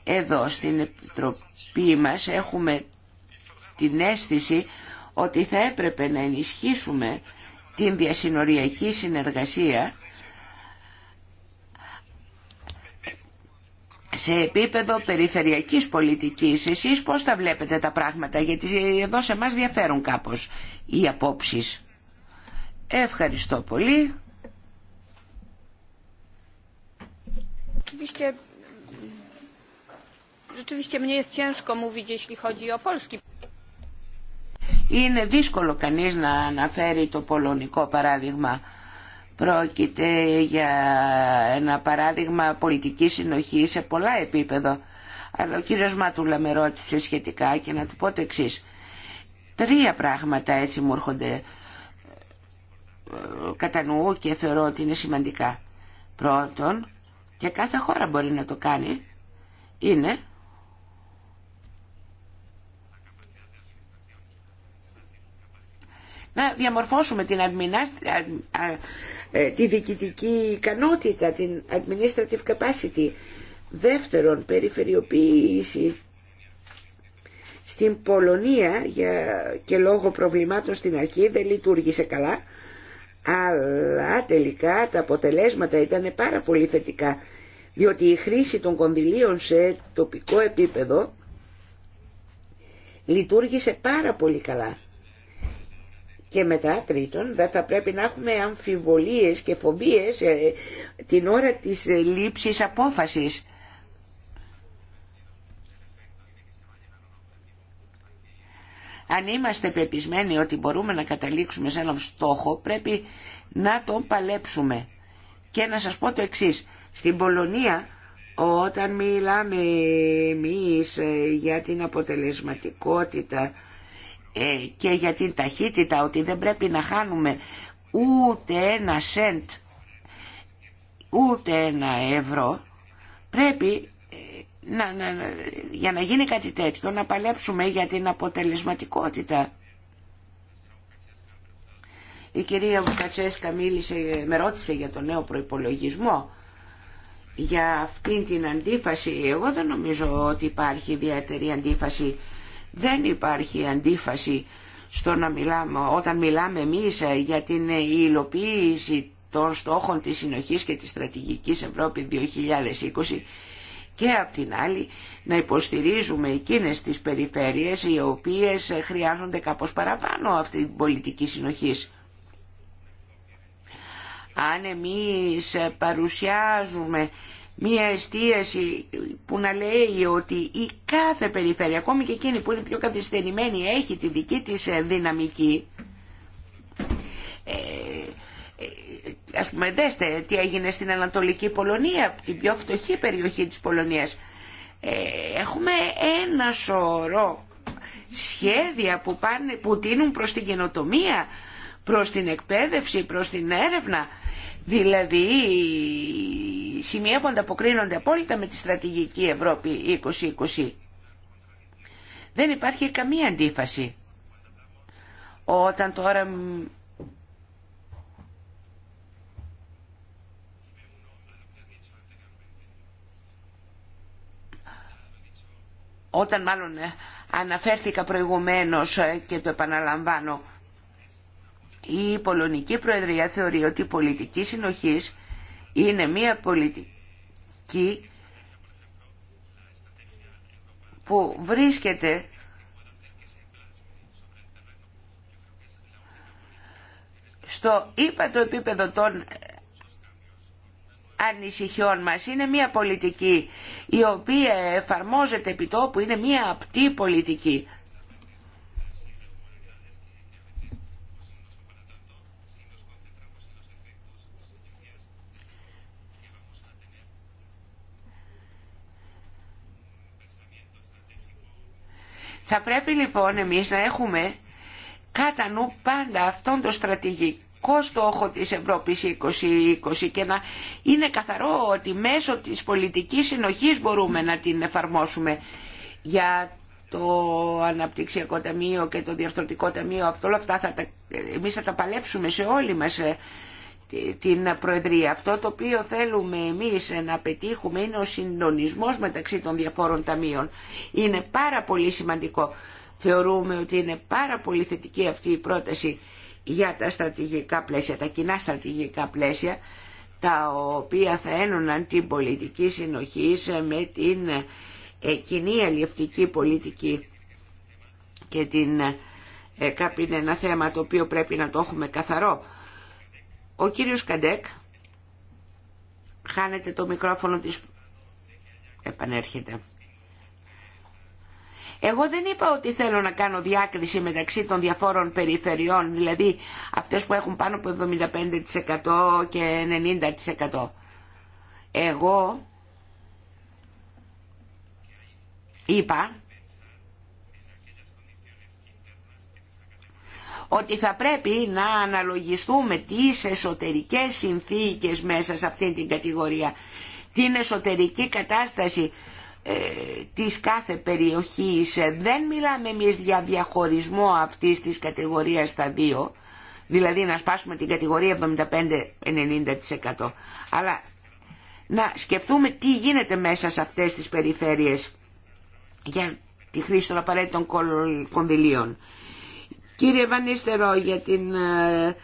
Speaker 2: εδώ στην Επιτροπή μας έχουμε την αίσθηση ότι θα έπρεπε να ενισχύσουμε την διασυνοριακή συνεργασία σε επίπεδο περιφερειακής πολιτικής. Εσείς πώς τα βλέπετε τα πράγματα, γιατί εδώ σε μας διαφέρουν κάπως οι απόψεις. Ευχαριστώ πολύ. Είναι δύσκολο κανείς να αναφέρει το πολωνικό παράδειγμα. Πρόκειται για ένα παράδειγμα πολιτικής συνοχής σε πολλά επίπεδα. Αλλά ο κύριος Μάτουλα με ρώτησε σχετικά και να του πω το εξή. Τρία πράγματα έτσι μου έρχονται ε, κατά νου και θεωρώ ότι είναι σημαντικά. Πρώτον, και κάθε χώρα μπορεί να το κάνει, είναι να διαμορφώσουμε την ε, τη διοικητική ικανότητα, την administrative capacity. Δεύτερον, περιφερειοποίηση στην Πολωνία για, και λόγω προβλημάτων στην αρχή δεν λειτουργήσε καλά, αλλά τελικά τα αποτελέσματα ήταν πάρα πολύ θετικά, διότι η χρήση των κονδυλίων σε τοπικό επίπεδο λειτουργήσε πάρα πολύ καλά. Και μετά τρίτον δεν θα πρέπει να έχουμε αμφιβολίες και φοβίες ε, την ώρα της ε, λήψης απόφασης. Αν είμαστε πεπισμένοι ότι μπορούμε να καταλήξουμε σε έναν στόχο πρέπει να τον παλέψουμε. Και να σας πω το εξής. Στην Πολωνία όταν μιλάμε εμείς ε, για την αποτελεσματικότητα ε, και για την ταχύτητα ότι δεν πρέπει να χάνουμε ούτε ένα σεντ, ούτε ένα ευρώ, πρέπει ε, να, για να γίνει κάτι τέτοιο να παλέψουμε για την αποτελεσματικότητα. Η κυρία Βουκατσέσκα μίλησε, με ρώτησε για το νέο προϋπολογισμό. Για αυτήν την αντίφαση, εγώ δεν νομίζω ότι υπάρχει ιδιαίτερη αντίφαση δεν υπάρχει αντίφαση στο να μιλάμε, όταν μιλάμε εμείς ε, για την ε, υλοποίηση των στόχων της συνοχής και της στρατηγικής Ευρώπη 2020 και απ' την άλλη να υποστηρίζουμε εκείνες τις περιφέρειες οι οποίες ε, χρειάζονται κάπως παραπάνω αυτή την πολιτική συνοχής. Αν εμείς παρουσιάζουμε μία εστίαση που να λέει ότι η κάθε περιφέρεια, ακόμη και εκείνη που είναι πιο καθυστερημένη, έχει τη δική της ε, δυναμική. Ε, ε, ας πούμε, δέστε τι έγινε στην Ανατολική Πολωνία, την πιο φτωχή περιοχή της Πολωνίας. Ε, έχουμε ένα σωρό σχέδια που, πάνε, που τίνουν προς την καινοτομία, προς την εκπαίδευση, προς την έρευνα Δηλαδή σημεία που ανταποκρίνονται απόλυτα με τη στρατηγική Ευρώπη 2020. Δεν υπάρχει καμία αντίφαση. Όταν τώρα όταν μάλλον ε, αναφέρθηκα προηγουμένως ε, και το επαναλαμβάνω η Πολωνική Προεδρία θεωρεί ότι η πολιτική συνοχής είναι μια πολιτική που βρίσκεται στο ύπατο επίπεδο των ανησυχιών μας. Είναι μια πολιτική η οποία εφαρμόζεται επί τόπου, είναι μια απτή πολιτική. Θα πρέπει λοιπόν εμείς να έχουμε κατά νου πάντα αυτόν τον στρατηγικό στόχο της Ευρώπης 2020 και να είναι καθαρό ότι μέσω της πολιτικής συνοχής μπορούμε να την εφαρμόσουμε για το Αναπτυξιακό Ταμείο και το Διαρθρωτικό Ταμείο. Αυτό όλα αυτά θα τα, εμείς θα τα παλέψουμε σε όλη μας ε, την Προεδρία. Αυτό το οποίο θέλουμε εμείς να πετύχουμε είναι ο συντονισμός μεταξύ των διαφόρων ταμείων. Είναι πάρα πολύ σημαντικό. Θεωρούμε ότι είναι πάρα πολύ θετική αυτή η πρόταση για τα στρατηγικά πλαίσια, τα κοινά στρατηγικά πλαίσια, τα οποία θα ένωναν την πολιτική συνοχή με την ε, κοινή αλλιευτική πολιτική και την ε, είναι ένα θέμα το οποίο πρέπει να το έχουμε καθαρό ο κύριος Καντέκ, χάνεται το μικρόφωνο της, επανέρχεται. Εγώ δεν είπα ότι θέλω να κάνω διάκριση μεταξύ των διαφόρων περιφερειών, δηλαδή αυτές που έχουν πάνω από 75% και 90%. Εγώ είπα ότι θα πρέπει να αναλογιστούμε τις εσωτερικές συνθήκες μέσα σε αυτήν την κατηγορία, την εσωτερική κατάσταση ε, της κάθε περιοχής. Δεν μιλάμε εμεί για διαχωρισμό αυτής της κατηγορίας στα δύο, δηλαδή να σπάσουμε την κατηγορία 75-90%. Αλλά να σκεφτούμε τι γίνεται μέσα σε αυτές τις περιφέρειες για τη χρήση των απαραίτητων κονδυλίων. Κύριε Βανίστερο για την ε,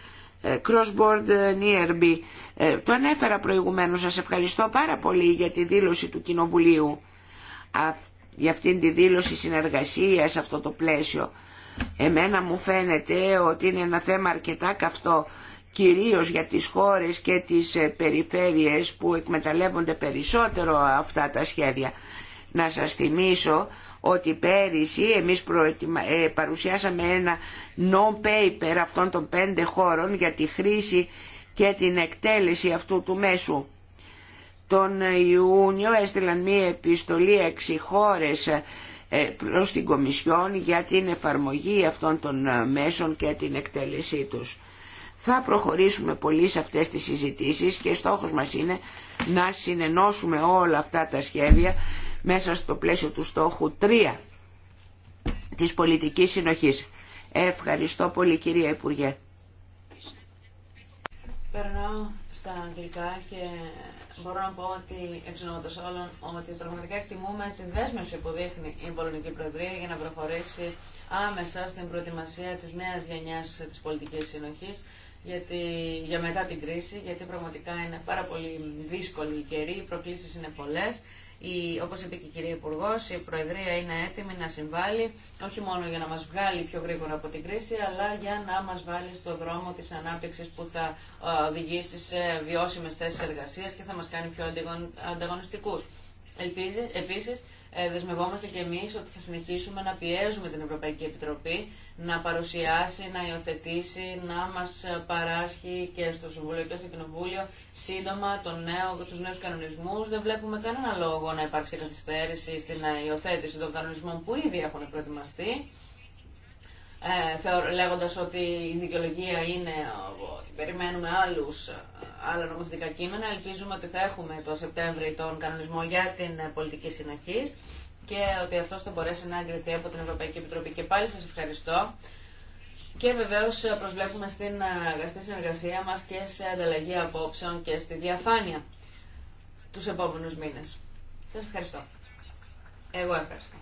Speaker 2: ε, cross-board nearby. Ε, το ανέφερα προηγουμένως. Σας ευχαριστώ πάρα πολύ για τη δήλωση του Κοινοβουλίου. Για αυτήν τη δήλωση συνεργασίας, αυτό το πλαίσιο. Εμένα μου φαίνεται ότι είναι ένα θέμα αρκετά καυτό κυρίως για τις χώρες και τις περιφέρειες που εκμεταλλεύονται περισσότερο αυτά τα σχέδια. Να σας θυμίσω ότι πέρυσι εμείς παρουσιάσαμε ένα non-paper αυτών των πέντε χώρων για τη χρήση και την εκτέλεση αυτού του μέσου. Τον Ιούνιο έστειλαν μία επιστολή έξι χώρες ε, προς την Κομισιόν για την εφαρμογή αυτών των ε, μέσων και την εκτέλεσή τους. Θα προχωρήσουμε πολύ σε αυτές τις συζητήσεις και στόχος μας είναι να συνενώσουμε όλα αυτά τα σχέδια μέσα στο πλαίσιο του στόχου 3 της πολιτικής συνοχής. Ευχαριστώ πολύ κυρία Υπουργέ.
Speaker 3: Περνάω στα αγγλικά και μπορώ να πω ότι εξονότως όλων ότι πραγματικά εκτιμούμε τη δέσμευση που δείχνει η Πολωνική Προεδρία για να προχωρήσει άμεσα στην προετοιμασία της νέας γενιάς τη πολιτική συνοχή γιατί, για μετά την κρίση, γιατί πραγματικά είναι πάρα πολύ δύσκολη η καιρή, οι προκλήσεις είναι πολλέ η, όπως είπε και η κυρία Υπουργό, η Προεδρία είναι έτοιμη να συμβάλλει, όχι μόνο για να μας βγάλει πιο γρήγορα από την κρίση, αλλά για να μας βάλει στο δρόμο της ανάπτυξης που θα ε, οδηγήσει σε βιώσιμες θέσεις εργασίας και θα μας κάνει πιο ανταγωνιστικούς. επίσης, ε, δεσμευόμαστε και εμείς ότι θα συνεχίσουμε να πιέζουμε την Ευρωπαϊκή Επιτροπή να παρουσιάσει, να υιοθετήσει, να μας παράσχει και στο Συμβούλιο και στο Κοινοβούλιο σύντομα τον νέο, τους νέους κανονισμούς. Δεν βλέπουμε κανένα λόγο να υπάρξει καθυστέρηση στην υιοθέτηση των κανονισμών που ήδη έχουν προετοιμαστεί ε, λέγοντας ότι η δικαιολογία είναι ότι περιμένουμε άλλους, ε, άλλα νομοθετικά κείμενα. Ελπίζουμε ότι θα έχουμε το Σεπτέμβρη τον κανονισμό για την ε, πολιτική συνοχή και ότι αυτό θα μπορέσει να εγκριθεί από την Ευρωπαϊκή Επιτροπή. Και πάλι σας ευχαριστώ. Και βεβαίω ε, προσβλέπουμε στην αγαστή συνεργασία μα και σε ανταλλαγή απόψεων και στη διαφάνεια του επόμενου μήνε. Σα ευχαριστώ. Εγώ ευχαριστώ.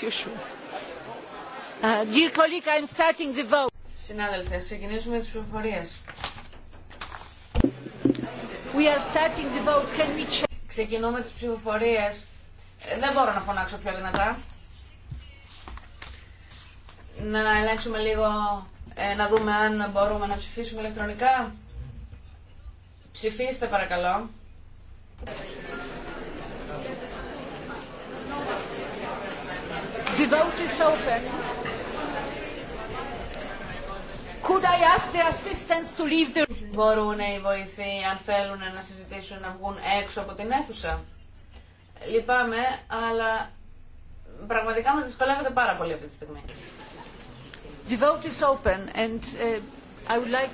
Speaker 3: Uh, ξεκινήσουμε τις προφορίες. Ξεκινούμε τις ψηφοφορίες. Ε, δεν μπορώ να φωνάξω πιο δυνατά. Να ελέγξουμε λίγο, ε, να δούμε αν μπορούμε να ψηφίσουμε ηλεκτρονικά. Ψηφίστε παρακαλώ. The vote is open. Could I ask the assistants to leave the... Μπορούν οι βοηθοί, αν θέλουν να συζητήσουν, να βγουν έξω από την αίθουσα. Λυπάμαι, αλλά πραγματικά μας δυσκολεύεται πάρα πολύ αυτή τη στιγμή. The vote is open and uh, I would like...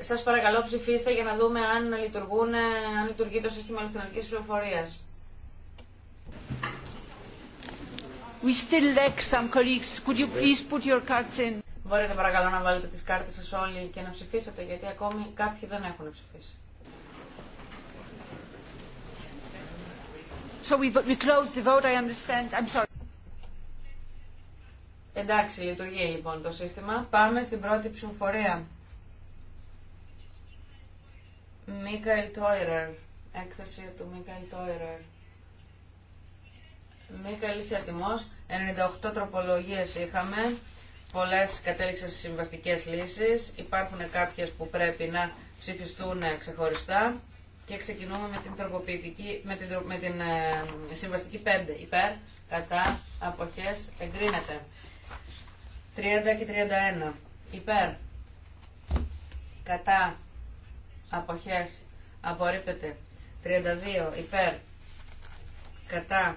Speaker 3: Σας παρακαλώ ψηφίστε για να δούμε αν, λειτουργούν, αν λειτουργεί το σύστημα ηλεκτρονικής πληροφορίας.
Speaker 2: We still lack some colleagues. Could you please
Speaker 3: put your cards in? Μπορείτε παρακαλώ να βάλετε τις κάρτες σας όλοι και να ψηφίσετε, γιατί ακόμη κάποιοι δεν έχουν ψηφίσει. So we, we close the vote, I understand. I'm sorry. Εντάξει, λειτουργεί λοιπόν το σύστημα. Πάμε στην πρώτη ψηφοφορία. Μίκαελ Τόιρερ. Έκθεση του Μίκαελ Τόιρερ σε Ατιμός, 98 τροπολογίες είχαμε, πολλές κατέληξαν σε συμβαστικές λύσεις, υπάρχουν κάποιες που πρέπει να ψηφιστούν ε, ξεχωριστά και ξεκινούμε με την, τροποποιητική, με την, με την ε, συμβαστική 5 υπέρ, κατά, αποχές, εγκρίνεται. 30 και 31 υπέρ, κατά, αποχές, απορρίπτεται. 32 υπέρ, κατά,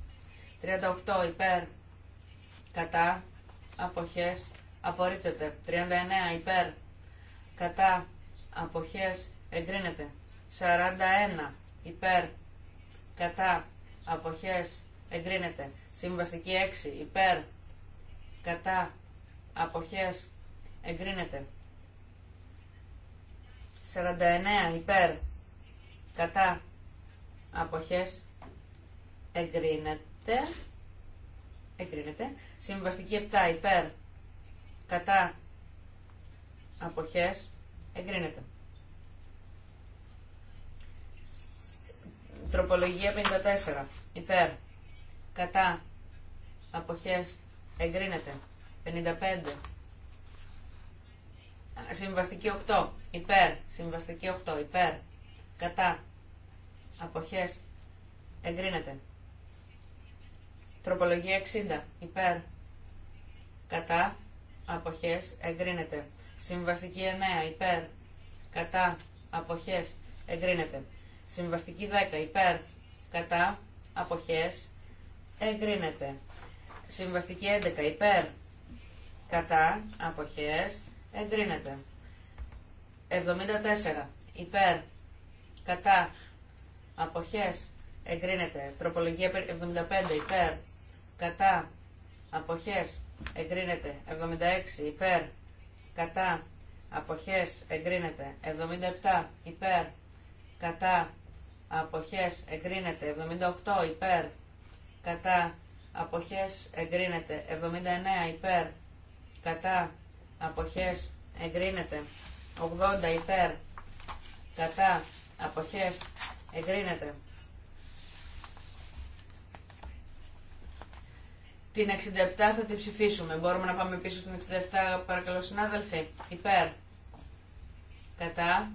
Speaker 3: 38 υπέρ κατά αποχές απορρίπτεται. 39 υπέρ κατά αποχές εγκρίνεται. 41 υπέρ κατά αποχές εγκρίνεται. Συμβαστική 6 υπέρ κατά αποχές εγκρίνεται. 49 υπέρ κατά αποχές εγκρίνεται. Τε, Συμβαστική 7 υπέρ κατά αποχές εγκρίνεται. Τροπολογία 54 υπέρ κατά αποχές εγκρίνεται. 55 Συμβαστική 8 υπέρ, συμβαστική 8 υπέρ, κατά, αποχές, εγκρίνεται. Τροπολογία 60. Υπέρ. Κατά. Αποχές. Εγκρίνεται. Συμβαστική 9. Υπέρ. Κατά. Αποχές. Εγκρίνεται. Συμβαστική 10. Υπέρ. Κατά. Αποχές. Εγκρίνεται. Συμβαστική 11. Υπέρ. Κατά. Αποχές. Εγκρίνεται. 74. Υπέρ. Κατά. Αποχές. Εγκρίνεται. Τροπολογία 75. Υπέρ κατά, αποχές, εγκρίνεται. 76 υπέρ, κατά, αποχές, εγκρίνεται. 77 υπέρ, κατά, αποχές, εγκρίνεται. 78 υπέρ, κατά, αποχές, εγκρίνεται. 79 υπέρ, κατά, αποχές, εγκρίνεται. 80 υπέρ, κατά, αποχές, εγκρίνεται. Την 67 θα την ψηφίσουμε. Μπορούμε να πάμε πίσω στην 67, παρακαλώ συνάδελφοι. Υπέρ. Κατά.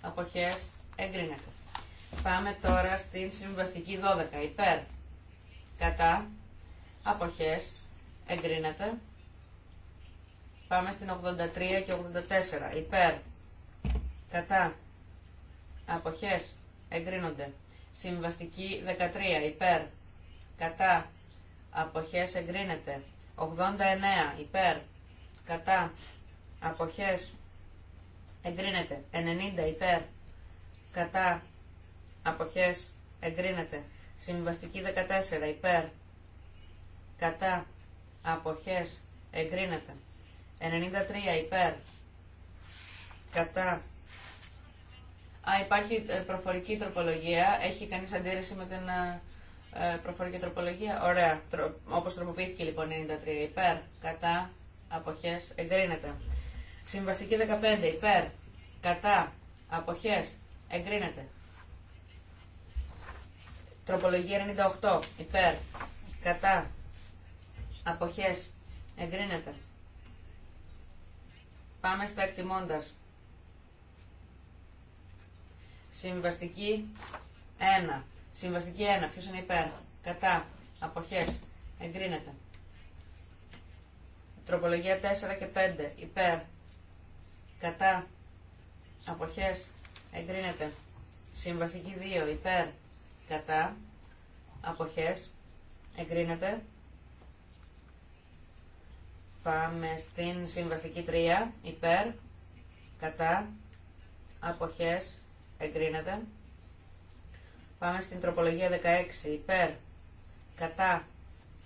Speaker 3: Αποχές. Εγκρίνεται. Πάμε τώρα στην συμβαστική 12. Υπέρ. Κατά. Αποχές. Εγκρίνεται. Πάμε στην 83 και 84. Υπέρ. Κατά. Αποχές. Εγκρίνονται. Συμβαστική 13. Υπέρ. Κατά αποχές εγκρίνεται. 89 υπέρ, κατά, αποχές εγκρίνεται. 90 υπέρ, κατά, αποχές εγκρίνεται. Συμβαστική 14 υπέρ, κατά, αποχές εγκρίνεται. 93 υπέρ, κατά, Α, υπάρχει ε, προφορική τροπολογία. Έχει κανείς αντίρρηση με την ε, ε, προφορική τροπολογία. Ωραία. Όπω τροποποιήθηκε λοιπόν 93 υπέρ, κατά, αποχέ, εγκρίνεται. Συμβαστική 15 υπέρ, κατά, αποχέ. εγκρίνεται. Τροπολογία 98 υπέρ, κατά, αποχέ. εγκρίνεται. Πάμε στα εκτιμώντα. Συμβαστική 1 Συμβαστική 1. Ποιος είναι υπέρ. Κατά. Αποχές. Εγκρίνεται. Τροπολογία 4 και 5. Υπέρ. Κατά. Αποχές. Εγκρίνεται. Συμβαστική 2. Υπέρ. Κατά. Αποχές. Εγκρίνεται. Πάμε στην συμβαστική 3. Υπέρ. Κατά. Αποχές. Εγκρίνεται. Πάμε στην τροπολογία 16. Υπέρ. Κατά.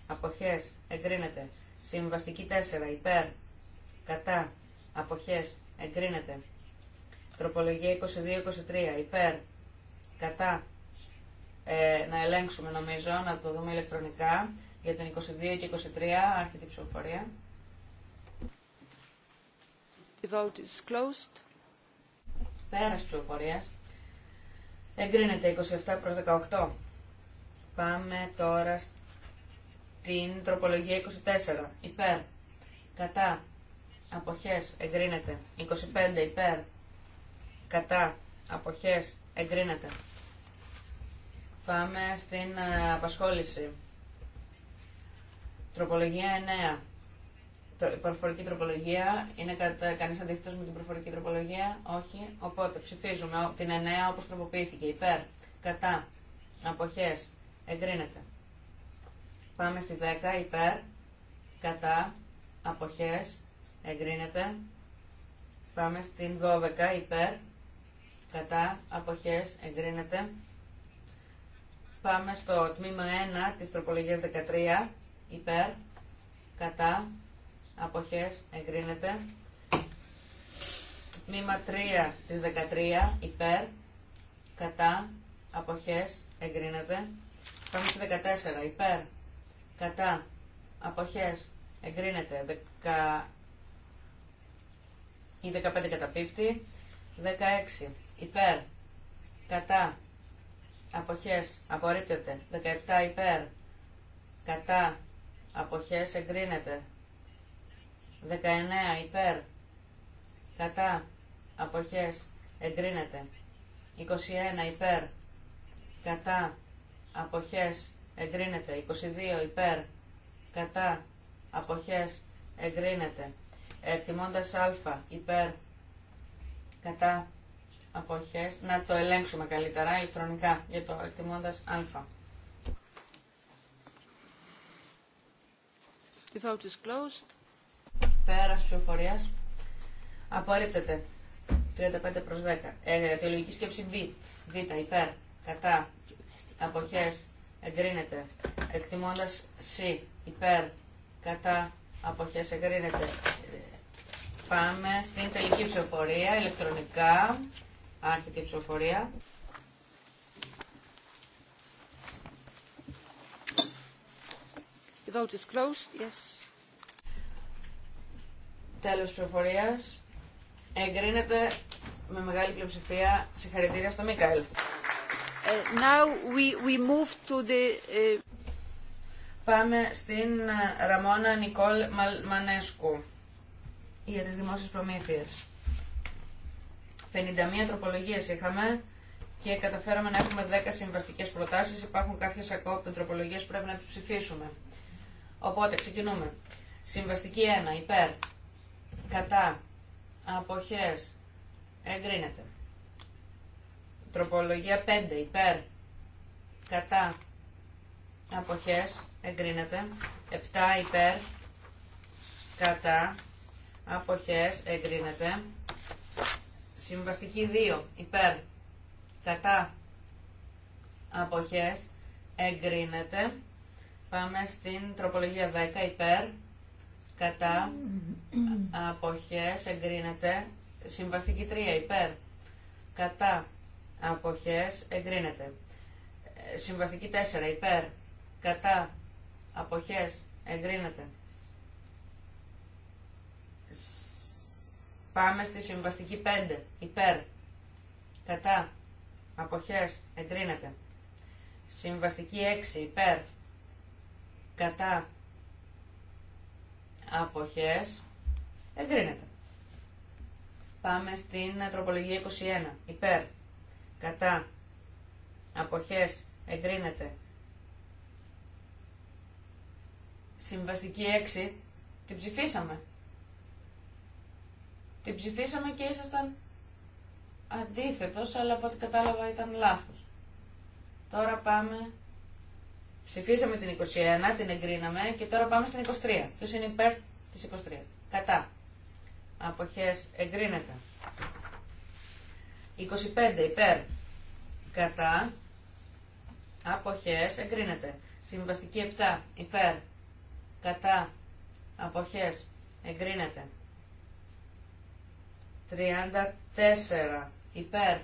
Speaker 3: Αποχές. Εγκρίνεται. Συμβαστική 4. Υπέρ. Κατά. Αποχές. Εγκρίνεται. Τροπολογία 22-23. Υπέρ. Κατά. Ε, να ελέγξουμε νομίζω, να το δούμε ηλεκτρονικά. Για την 22 και 23 άρχεται η ψηφοφορία. The vote Πέρας ψηφοφορίας. Εγκρίνεται 27 προς 18. Πάμε τώρα στην τροπολογία 24. Υπέρ. Κατά. Αποχές. Εγκρίνεται. 25. Υπέρ. Κατά. Αποχές. Εγκρίνεται. Πάμε στην ε, απασχόληση. Τροπολογία 9 προφορική τροπολογία. Είναι κανεί αντίθετο με την προφορική τροπολογία. Όχι. Οπότε ψηφίζουμε την 9 όπω τροποποιήθηκε. Υπέρ. Κατά. Αποχέ. Εγκρίνεται. Πάμε στη 10. Υπέρ. Κατά. Αποχέ. Εγκρίνεται. Πάμε στην 12. Υπέρ. Κατά. Αποχέ. Εγκρίνεται. Πάμε στο τμήμα 1 της τροπολογίας 13, υπέρ, κατά, αποχές εγκρίνεται. μήμα 3 της 13 υπέρ, κατά, αποχές εγκρίνεται. Πάμε στη 14 υπέρ, κατά, αποχές εγκρίνεται. Δεκα... Η 15 καταπίπτει. 16 υπέρ, κατά, αποχές απορρίπτεται. 17 υπέρ, κατά, αποχές εγκρίνεται. 19 υπέρ κατά αποχές εγκρίνεται 21 υπέρ κατά αποχές εγκρίνεται 22 υπέρ κατά αποχές εγκρίνεται εκτιμώντας α υπέρ κατά αποχές να το ελέγξουμε καλύτερα ηλεκτρονικά για το εκτιμώντας α The is closed. Πέρας ψηφοφορίας. Απορρίπτεται. 35 προς 10. Ε, σκέψη Β. Β. Υπέρ. Κατά. Αποχές. Εγκρίνεται. Εκτιμώντα Σ. Υπέρ. Κατά. Αποχές. Εγκρίνεται. Πάμε στην τελική ψηφοφορία. Ηλεκτρονικά. Άρχεται η ψηφοφορία. The vote is closed. Yes. Τέλος προφορίας. Εγκρίνεται με μεγάλη πλειοψηφία. Συγχαρητήρια στο Μίκαελ. Ε, ε, Πάμε στην ε, Ραμόνα Νικόλ Μανέσκου για τις δημόσιες προμήθειες. 51 τροπολογίες είχαμε και καταφέραμε να έχουμε 10 συμβαστικές προτάσεις. Υπάρχουν κάποιες ακόμα τροπολογίες που πρέπει να τις ψηφίσουμε. Οπότε ξεκινούμε. Συμβαστική 1. Υπέρ κατά, αποχές, εγκρίνεται. Τροπολογία 5, υπέρ, κατά, αποχές, εγκρίνεται. 7, υπέρ, κατά, αποχές, εγκρίνεται. Συμβαστική 2, υπέρ, κατά, αποχές, εγκρίνεται. Πάμε στην τροπολογία 10, υπέρ, κατά αποχές εγκρίνεται συμβαστική 3 ε, υπέρ κατά αποχές εγκρίνεται συμβαστική 4 υπέρ κατά αποχές εγκρίνεται πάμε στη συμβαστική 5 υπέρ κατά αποχές εγκρίνεται συμβαστική 6 υπέρ κατά αποχές εγκρίνεται. Πάμε στην τροπολογία 21. Υπέρ, κατά, αποχές εγκρίνεται. Συμβαστική 6, την ψηφίσαμε. Την ψηφίσαμε και ήσασταν αντίθετος, αλλά από ό,τι κατάλαβα ήταν λάθος. Τώρα πάμε Ψηφίσαμε την 21, την εγκρίναμε και τώρα πάμε στην 23. Ποιο είναι υπέρ τη 23. Κατά. Αποχέ, εγκρίνεται. 25 υπέρ. Κατά. απόχέ, εγκρίνεται. Συμβαστική 7 υπέρ. Κατά. αποχέ. εγκρίνεται. 34 υπέρ.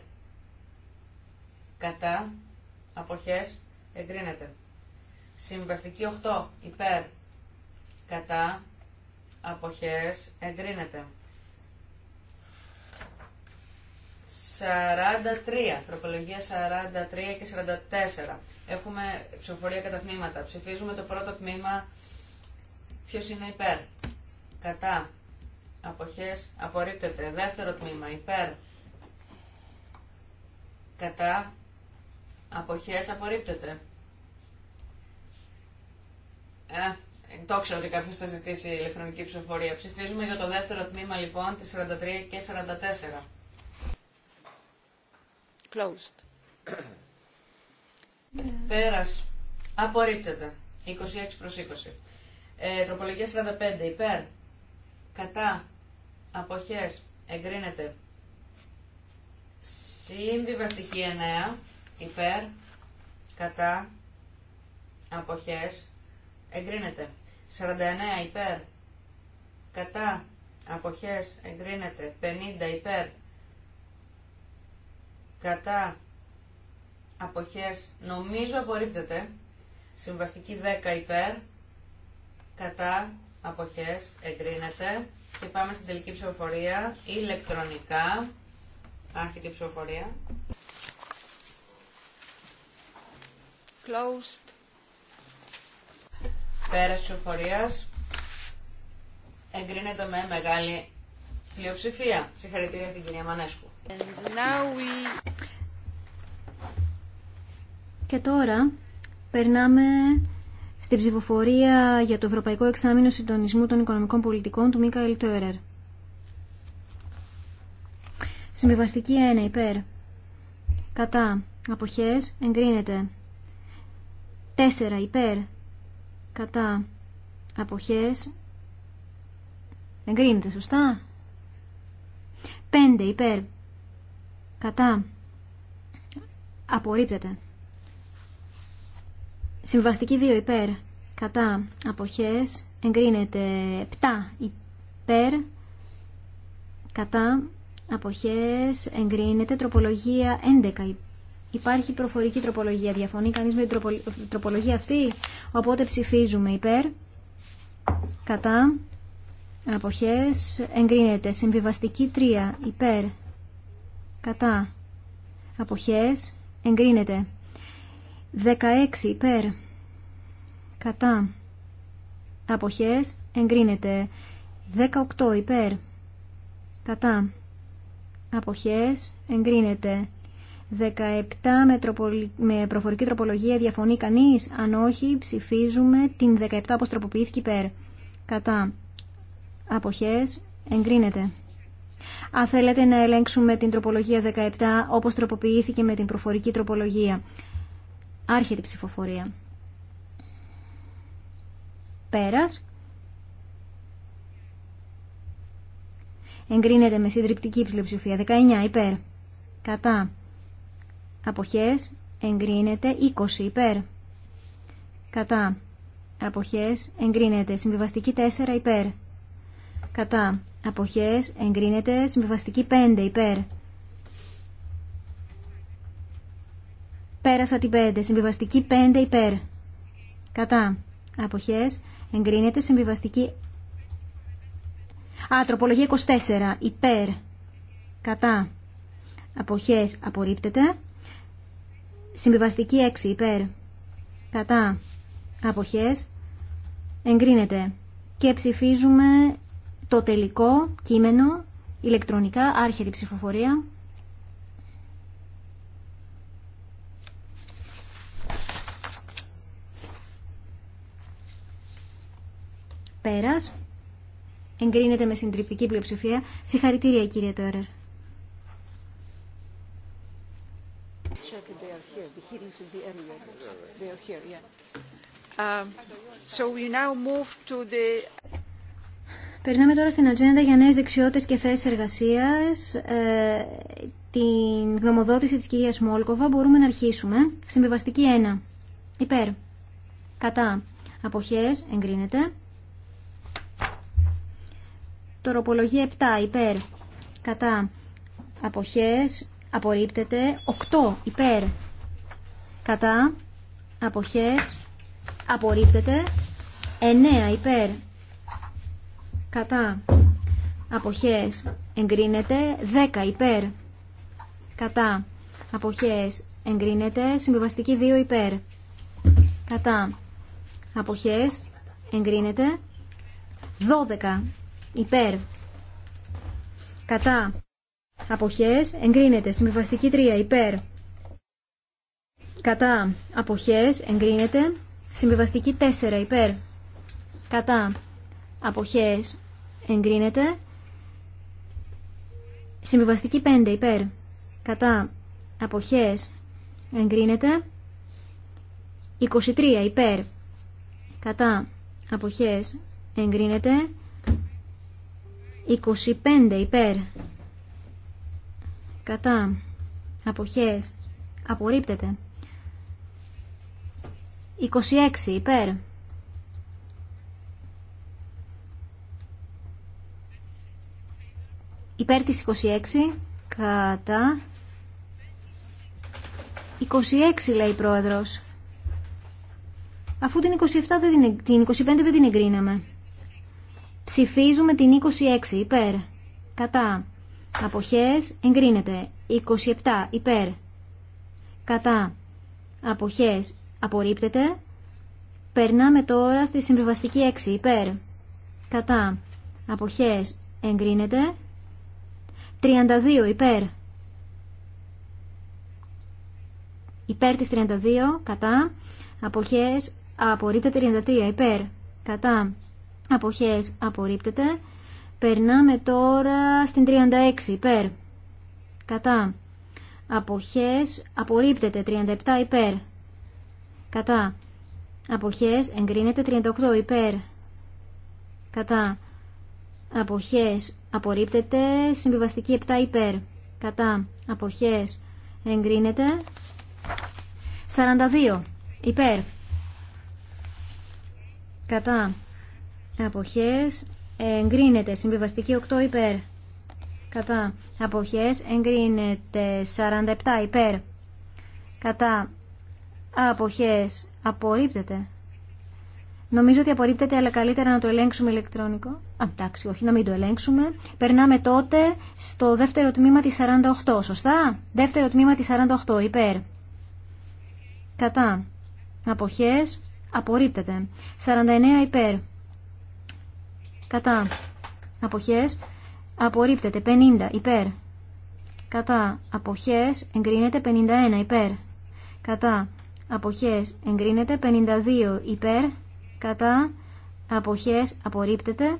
Speaker 3: Κατά. απόχέ, εγκρίνεται. Συμβαστική 8 υπέρ κατά αποχές εγκρίνεται. 43, τροπολογία 43 και 44. Έχουμε ψηφοφορία κατά τμήματα. Ψηφίζουμε το πρώτο τμήμα. Ποιος είναι υπέρ. Κατά. Αποχές. Απορρίπτεται. Δεύτερο τμήμα. Υπέρ. Κατά. Αποχές. Απορρίπτεται. Ε, το ξέρω ότι κάποιο θα ζητήσει ηλεκτρονική ψηφοφορία. Ψηφίζουμε για το δεύτερο τμήμα λοιπόν τη 43 και 44. Closed. Πέρας. Απορρίπτεται. 26 προς 20. Ε, τροπολογία 45. Υπέρ. Κατά. Αποχές. Εγκρίνεται. Συμβιβαστική 9. Υπέρ. Κατά. Αποχές εγκρίνεται. 49 υπέρ, κατά, αποχές, εγκρίνεται. 50 υπέρ, κατά, αποχές, νομίζω απορρίπτεται. Συμβαστική 10 υπέρ, κατά, αποχές, εγκρίνεται. Και πάμε στην τελική ψηφοφορία, ηλεκτρονικά, άρχιτη ψηφοφορία. Closed. Πέρας ψηφοφορία εγκρίνεται με μεγάλη πλειοψηφία. Συγχαρητήρια στην κυρία Μανέσκου. We...
Speaker 1: Και τώρα περνάμε στην ψηφοφορία για το Ευρωπαϊκό Εξάμεινο Συντονισμού των Οικονομικών Πολιτικών του Μίκαελ Τόρερ. Συμβιβαστική 1 υπέρ. Κατά. Αποχές. Εγκρίνεται. 4 υπέρ κατά αποχές εγκρίνεται σωστά 5 υπέρ κατά απορρίπτεται συμβαστική 2 υπέρ κατά αποχές εγκρίνεται 7 υπέρ κατά αποχές εγκρίνεται τροπολογία 11 υπέρ Υπάρχει προφορική τροπολογία. Διαφωνεί κανείς με την τροπολογία αυτή. Οπότε ψηφίζουμε υπέρ, κατά, αποχές, εγκρίνεται. Συμβιβαστική 3, υπέρ, κατά, αποχές, εγκρίνεται. 16 υπέρ, κατά, αποχές, εγκρίνεται. 18 υπέρ, κατά, αποχές, εγκρίνεται. 17 με προφορική τροπολογία διαφωνεί κανείς. Αν όχι, ψηφίζουμε την 17 όπως τροποποιήθηκε υπέρ. Κατά αποχές εγκρίνεται. Αν θέλετε να ελέγξουμε την τροπολογία 17 όπως τροποποιήθηκε με την προφορική τροπολογία. Άρχεται η ψηφοφορία. Πέρας. Εγκρίνεται με συντριπτική ψηφοφορία. 19 υπέρ. Κατά αποχές εγκρίνεται 20 υπέρ. Κατά. Αποχές εγκρίνεται συμβιβαστική 4 υπέρ. Κατά. Αποχές εγκρίνεται συμβιβαστική 5 υπέρ. Πέρασα την 5. Συμβιβαστική 5 υπέρ. Κατά. Αποχές εγκρίνεται συμβιβαστική... Α, τροπολογία 24 υπέρ. Κατά. Αποχές απορρίπτεται. Συμβιβαστική 6 υπέρ. Κατά. Αποχές. Εγκρίνεται. Και ψηφίζουμε το τελικό κείμενο ηλεκτρονικά άρχεται ψηφοφορία. Πέρας. Εγκρίνεται με συντριπτική πλειοψηφία. Συγχαρητήρια κύριε Τόρερ. Περνάμε τώρα στην ατζέντα για νέες δεξιότητες και θέσεις εργασίας. Ε, την γνωμοδότηση της κυρίας Μόλκοβα μπορούμε να αρχίσουμε. Συμβιβαστική 1. Υπέρ. Κατά. Αποχές. Εγκρίνεται. Τροπολογία 7. Υπέρ. Κατά. Αποχές. Απορρίπτεται. 8. Υπέρ κατά αποχές απορρίπτεται 9 υπέρ κατά αποχές εγκρίνεται 10 υπέρ κατά αποχές εγκρίνεται συμβιβαστική 2 υπέρ κατά αποχές εγκρίνεται 12 υπέρ κατά αποχές εγκρίνεται συμβιβαστική 3 υπέρ κατά αποχές εγκρίνεται συμβιβαστική 4 υπέρ κατά αποχές εγκρίνεται συμβιβαστική 5 υπέρ κατά αποχές εγκρίνεται 23 υπέρ κατά αποχές εγκρίνεται 25 υπέρ κατά αποχές απορρίπτεται 26 υπέρ. Υπέρ της 26, κατά. 26 λέει η πρόεδρος. Αφού την 27 δεν την, 25 δεν την εγκρίναμε. Ψηφίζουμε την 26 υπέρ. Κατά. Αποχές εγκρίνεται. 27 υπέρ. Κατά. Αποχές απορρίπτεται. Περνάμε τώρα στη συμβιβαστική 6 υπέρ. Κατά. Αποχές εγκρίνεται. 32 υπέρ. Υπέρ της 32 κατά. Αποχές απορρίπτεται 33 υπέρ. Κατά. Αποχές απορρίπτεται. Περνάμε τώρα στην 36 υπέρ. Κατά. Αποχές απορρίπτεται 37 υπέρ κατά αποχές εγκρίνεται 38 υπέρ κατά αποχές απορρίπτεται συμβιβαστική 7 υπέρ κατά αποχές εγκρίνεται 42 υπέρ κατά αποχές εγκρίνεται συμβιβαστική 8 υπέρ κατά αποχές εγκρίνεται 47 υπέρ κατά αποχές απορρίπτεται. Νομίζω ότι απορρίπτεται, αλλά καλύτερα να το ελέγξουμε ηλεκτρονικό. Α, εντάξει, όχι, να μην το ελέγξουμε. Περνάμε τότε στο δεύτερο τμήμα της 48, σωστά? Δεύτερο τμήμα της 48, υπέρ. Κατά. Αποχές, απορρίπτεται. 49, υπέρ. Κατά. Αποχές, απορρίπτεται. 50, υπέρ. Κατά. Αποχές, εγκρίνεται. 51, υπέρ. Κατά αποχές εγκρίνεται 52 υπέρ κατά αποχές απορρίπτεται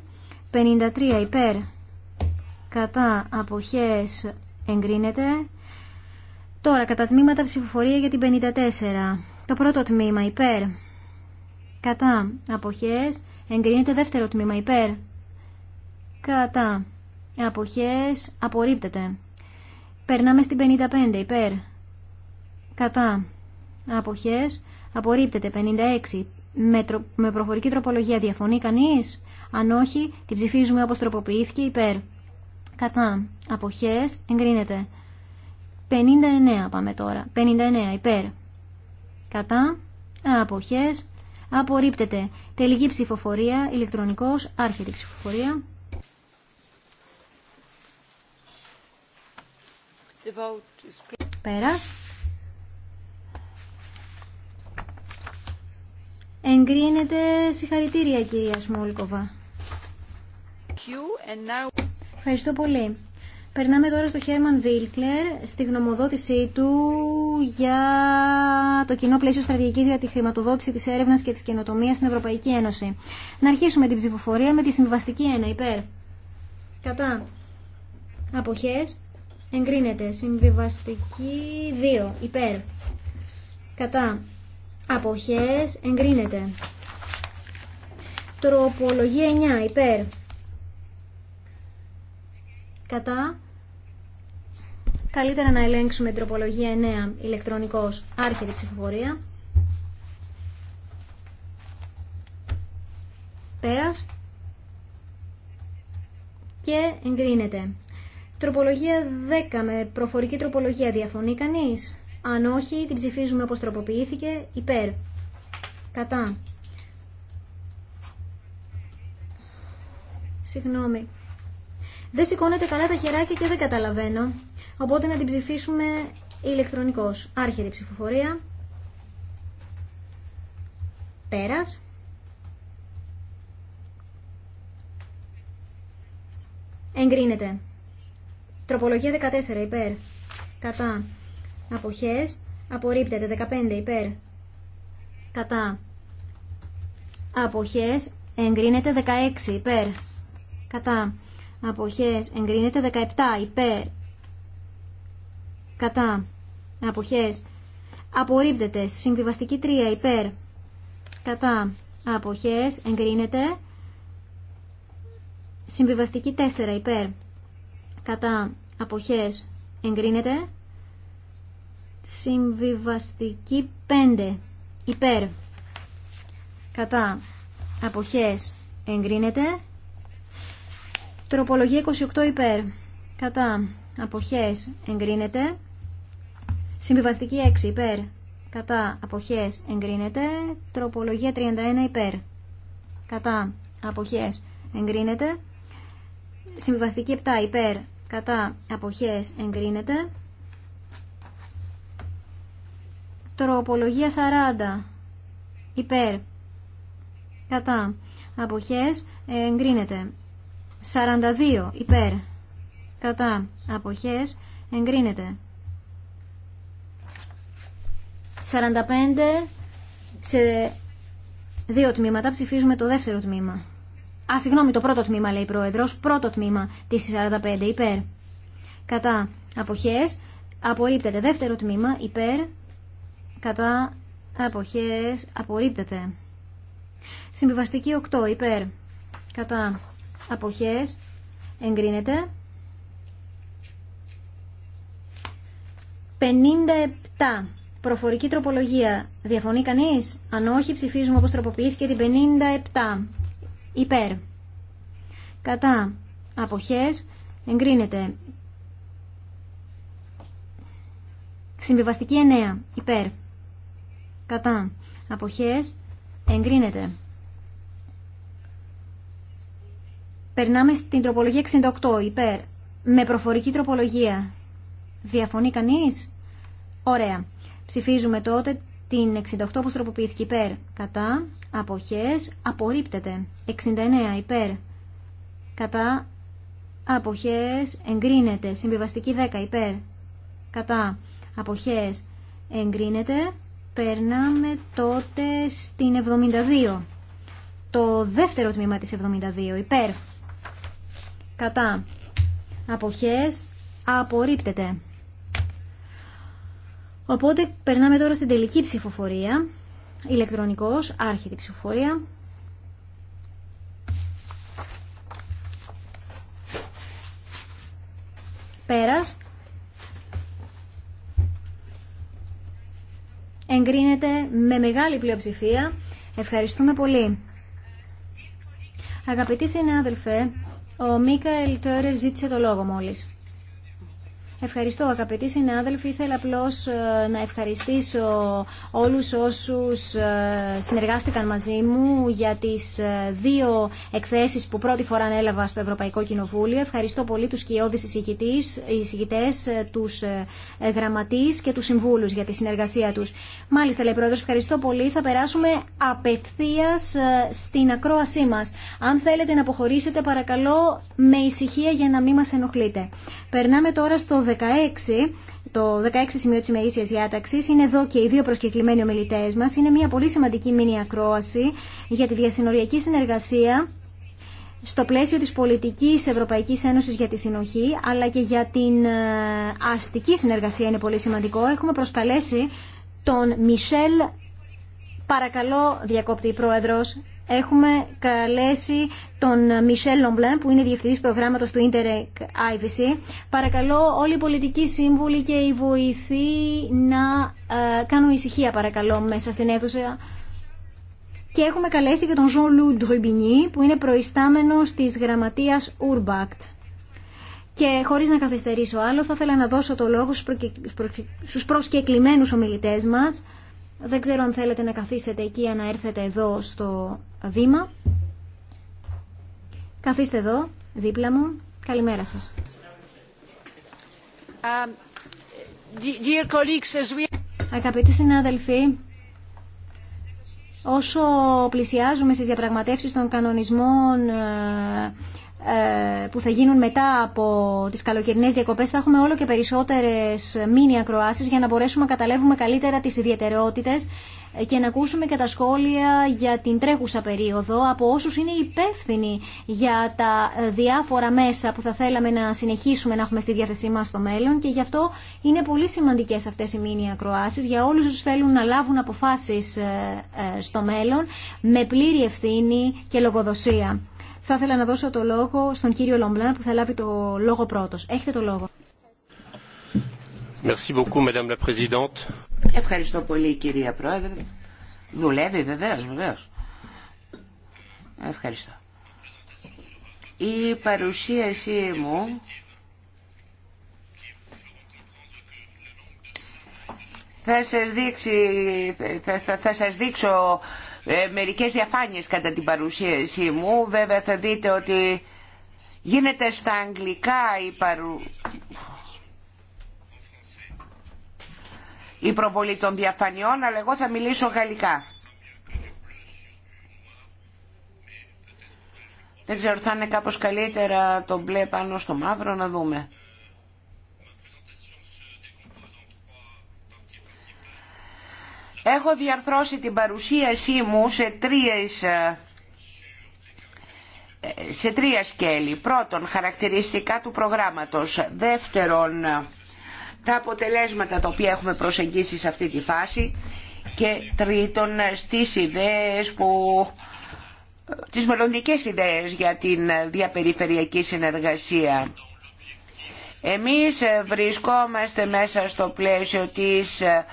Speaker 1: 53 υπέρ κατά αποχές εγκρίνεται τώρα κατά τμήματα ψηφοφορία για την 54 το πρώτο τμήμα υπέρ κατά αποχές εγκρίνεται δεύτερο τμήμα υπέρ κατά αποχές απορρίπτεται περνάμε στην 55 υπέρ κατά αποχές απορρίπτεται 56 με, με προφορική τροπολογία διαφωνεί κανείς αν όχι την ψηφίζουμε όπως τροποποιήθηκε υπέρ κατά αποχές εγκρίνεται 59 πάμε τώρα 59 υπέρ κατά αποχές απορρίπτεται τελική ψηφοφορία ηλεκτρονικός άρχεται ψηφοφορία Πέρας Εγκρίνεται συγχαρητήρια κυρία Σμόλκοβα.
Speaker 3: Now...
Speaker 1: Ευχαριστώ πολύ. Περνάμε τώρα στο Χέρμαν Βίλκλερ στη γνωμοδότησή του για το κοινό πλαίσιο στρατηγικής για τη χρηματοδότηση της έρευνας και της καινοτομίας στην Ευρωπαϊκή Ένωση. Να αρχίσουμε την ψηφοφορία με τη συμβαστική 1 υπέρ. Κατά. Αποχές. Εγκρίνεται. Συμβιβαστική 2 υπέρ. Κατά αποχές εγκρίνεται. Τροπολογία 9 υπέρ. Κατά. Καλύτερα να ελέγξουμε την τροπολογία 9 ηλεκτρονικός άρχεται ψηφοφορία. Πέρας. Και εγκρίνεται. Τροπολογία 10 με προφορική τροπολογία διαφωνεί κανείς. Αν όχι, την ψηφίζουμε όπως τροποποιήθηκε. Υπέρ. Κατά. Συγγνώμη. Δεν σηκώνεται καλά τα χεράκια και δεν καταλαβαίνω. Οπότε να την ψηφίσουμε ηλεκτρονικός. Άρχεται η ψηφοφορία. Πέρας. Εγκρίνεται. Τροπολογία 14. Υπέρ. Κατά αποχές απορρίπτεται 15 υπέρ κατά αποχές εγκρίνεται 16 υπέρ κατά αποχές εγκρίνεται 17 υπέρ κατά αποχές απορρίπτεται συμβιβαστική 3 υπέρ κατά αποχές εγκρίνεται συμβιβαστική 4 υπέρ κατά αποχές εγκρίνεται Συμβιβαστική 5. Υπέρ. Κατά. Αποχές. Εγκρίνεται. Τροπολογία 28 υπέρ. Κατά. Αποχές. Εγκρίνεται. Συμβιβαστική 6 υπέρ. Κατά. Αποχές. Εγκρίνεται. Τροπολογία 31 υπέρ. Κατά. Αποχές. Εγκρίνεται. Συμβιβαστική 7 υπέρ. Κατά. Αποχές. Εγκρίνεται. Τροπολογία 40. Υπέρ. Κατά. Αποχές. Εγκρίνεται. 42. Υπέρ. Κατά. Αποχές. Εγκρίνεται. 45. Σε δύο τμήματα ψηφίζουμε το δεύτερο τμήμα. Α, συγγνώμη, το πρώτο τμήμα λέει η Πρόεδρος. Πρώτο τμήμα της 45. Υπέρ. Κατά. Αποχές. Απορρίπτεται. Δεύτερο τμήμα. Υπέρ κατά αποχές απορρίπτεται. Συμβιβαστική 8 υπέρ κατά αποχές εγκρίνεται. 57. Προφορική τροπολογία. Διαφωνεί κανείς? Αν όχι ψηφίζουμε όπως τροποποιήθηκε την 57. Υπέρ. Κατά. Αποχές. Εγκρίνεται. Συμβιβαστική 9. Υπέρ κατά αποχές εγκρίνεται. Περνάμε στην τροπολογία 68 υπέρ με προφορική τροπολογία. Διαφωνεί κανείς? Ωραία. Ψηφίζουμε τότε την 68 που τροποποιήθηκε υπέρ κατά αποχές απορρίπτεται. 69 υπέρ κατά αποχές εγκρίνεται. Συμβιβαστική 10 υπέρ κατά αποχές εγκρίνεται. Περνάμε τότε στην 72. Το δεύτερο τμήμα της 72. Υπέρ. Κατά. Αποχές. Απορρίπτεται. Οπότε περνάμε τώρα στην τελική ψηφοφορία. Ηλεκτρονικός. άρχιτη ψηφοφορία. Πέρας. εγκρίνεται με μεγάλη πλειοψηφία. Ευχαριστούμε πολύ. Αγαπητοί συνάδελφε, ο Μίκαελ Τόρε ζήτησε το λόγο μόλις. Ευχαριστώ αγαπητοί συνάδελφοι. Ήθελα απλώ ε, να ευχαριστήσω όλους όσους ε, συνεργάστηκαν μαζί μου για τις ε, δύο εκθέσεις που πρώτη φορά ανέλαβα στο Ευρωπαϊκό Κοινοβούλιο. Ευχαριστώ πολύ τους κοιόδης εισηγητές, τους γραμματείς και τους συμβούλους για τη συνεργασία τους. Μάλιστα, λέει Πρόεδρος, ευχαριστώ πολύ. Θα περάσουμε απευθεία στην ακρόασή μας. Αν θέλετε να αποχωρήσετε, παρακαλώ με ησυχία για να μην μας ενοχλείτε. Περνάμε τώρα στο 16, το 16 σημείο τη ημερήσια διάταξης, είναι εδώ και οι δύο προσκεκλημένοι ομιλητέ μας. Είναι μια πολύ σημαντική μήνυα ακρόαση για τη διασυνοριακή συνεργασία στο πλαίσιο της πολιτικής Ευρωπαϊκής Ένωσης για τη συνοχή, αλλά και για την ε, αστική συνεργασία είναι πολύ σημαντικό. Έχουμε προσκαλέσει τον Μισελ Παρακαλώ, διακόπτη Πρόεδρος, έχουμε καλέσει τον Μισελ Λομπλέν που είναι διευθυντή προγράμματο του Interreg IVC. Παρακαλώ όλοι οι πολιτικοί σύμβουλοι και οι βοηθοί να ε, κάνουν ησυχία παρακαλώ μέσα στην αίθουσα. Και έχουμε καλέσει και τον Ζων Λου Ντρουμπινί που είναι προϊστάμενος της γραμματείας Ουρμπακτ. Και χωρίς να καθυστερήσω άλλο θα ήθελα να δώσω το λόγο στου προσκεκλημένου ομιλητέ μα. Δεν ξέρω αν θέλετε να καθίσετε εκεί ή να έρθετε εδώ στο βήμα. Καθίστε εδώ, δίπλα μου. Καλημέρα σας. Um, Αγαπητοί συνάδελφοι, όσο πλησιάζουμε στις διαπραγματεύσεις των κανονισμών ε, ε, που θα γίνουν μετά από τις καλοκαιρινές διακοπές θα έχουμε όλο και περισσότερες μήνυα ακροάσεις για να μπορέσουμε να καταλάβουμε καλύτερα τις ιδιαιτερότητες και να ακούσουμε και τα σχόλια για την τρέχουσα περίοδο από όσους είναι υπεύθυνοι για τα διάφορα μέσα που θα θέλαμε να συνεχίσουμε να έχουμε στη διάθεσή μας στο μέλλον και γι' αυτό είναι πολύ σημαντικές αυτές οι μήνυα ακροάσεις για όλους όσους θέλουν να λάβουν αποφάσεις ε, ε, στο μέλλον με πλήρη ευθύνη και λογοδοσία. Θα ήθελα να δώσω το λόγο στον κύριο Λομπλάν που θα λάβει το λόγο πρώτος. Έχετε το λόγο.
Speaker 5: Merci beaucoup, la
Speaker 2: Ευχαριστώ πολύ κυρία Πρόεδρε. Δουλεύει βεβαίω, βεβαίω. Ευχαριστώ. Η παρουσίασή μου θα σας, δείξει, θα, θα, θα σας δείξω ε, μερικές διαφάνειες κατά την παρουσίασή μου. Βέβαια θα δείτε ότι γίνεται στα αγγλικά η, παρου... η προβολή των διαφανειών, αλλά εγώ θα μιλήσω γαλλικά. Δεν ξέρω, θα είναι κάπως καλύτερα το μπλε πάνω στο μαύρο, να δούμε. Έχω διαρθρώσει την παρουσίασή μου σε ε, σε τρία σκέλη. Πρώτον, χαρακτηριστικά του προγράμματος. Δεύτερον, τα αποτελέσματα τα οποία έχουμε προσεγγίσει σε αυτή τη φάση. Και τρίτον, στις ιδέες που τις μελλοντικές ιδέες για την διαπεριφερειακή συνεργασία. Εμείς βρισκόμαστε μέσα στο πλαίσιο της ε,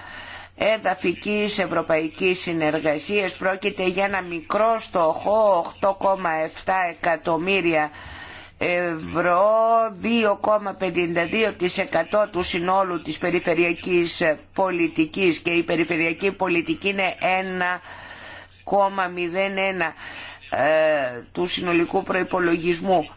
Speaker 2: εδαφικής ευρωπαϊκής συνεργασίας πρόκειται για ένα μικρό στόχο 8,7 εκατομμύρια ευρώ 2,52% του συνόλου της περιφερειακής πολιτικής και η περιφερειακή πολιτική είναι 1,01% ε, του συνολικού προϋπολογισμού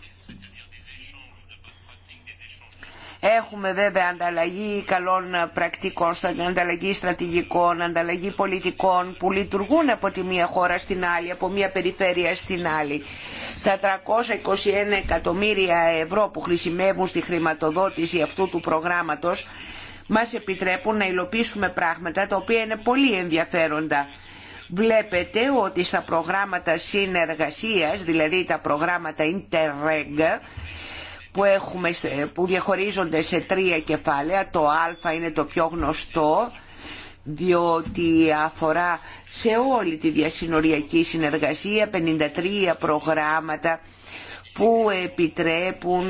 Speaker 2: Έχουμε βέβαια ανταλλαγή καλών πρακτικών, ανταλλαγή στρατηγικών, ανταλλαγή πολιτικών που λειτουργούν από τη μία χώρα στην άλλη, από μία περιφέρεια στην άλλη. Τα 321 εκατομμύρια ευρώ που χρησιμεύουν στη χρηματοδότηση αυτού του προγράμματος μας επιτρέπουν να υλοποιήσουμε πράγματα τα οποία είναι πολύ ενδιαφέροντα. Βλέπετε ότι στα προγράμματα συνεργασίας, δηλαδή τα προγράμματα Interreg, που, έχουμε, που διαχωρίζονται σε τρία κεφάλαια. Το α είναι το πιο γνωστό διότι αφορά σε όλη τη διασυνοριακή συνεργασία 53 προγράμματα που επιτρέπουν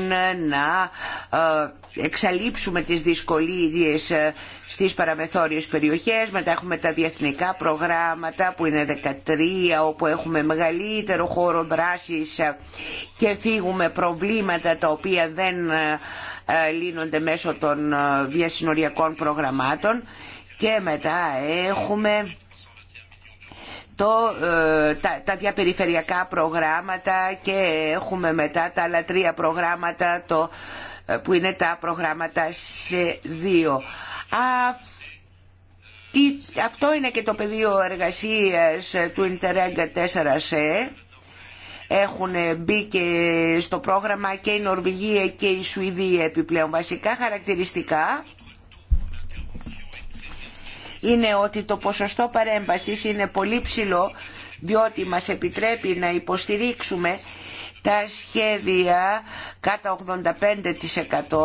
Speaker 2: να ε, εξαλείψουμε τις δυσκολίες ε, στις παραμεθόριες περιοχές. Μετά έχουμε τα διεθνικά προγράμματα που είναι 13, όπου έχουμε μεγαλύτερο χώρο δράσης ε, και φύγουμε προβλήματα τα οποία δεν λύνονται μέσω των διασυνοριακών προγραμμάτων. Και μετά έχουμε ε, τα, τα διαπεριφερειακά προγράμματα και έχουμε μετά τα άλλα τρία προγράμματα το, ε, που είναι τα προγράμματα σε δύο. αυτό είναι και το πεδίο εργασίας του Interreg 4C. Έχουν μπει και στο πρόγραμμα και η Νορβηγία και η Σουηδία επιπλέον βασικά χαρακτηριστικά είναι ότι το ποσοστό παρέμβασης είναι πολύ ψηλό διότι μας επιτρέπει να υποστηρίξουμε τα σχέδια κατά 85%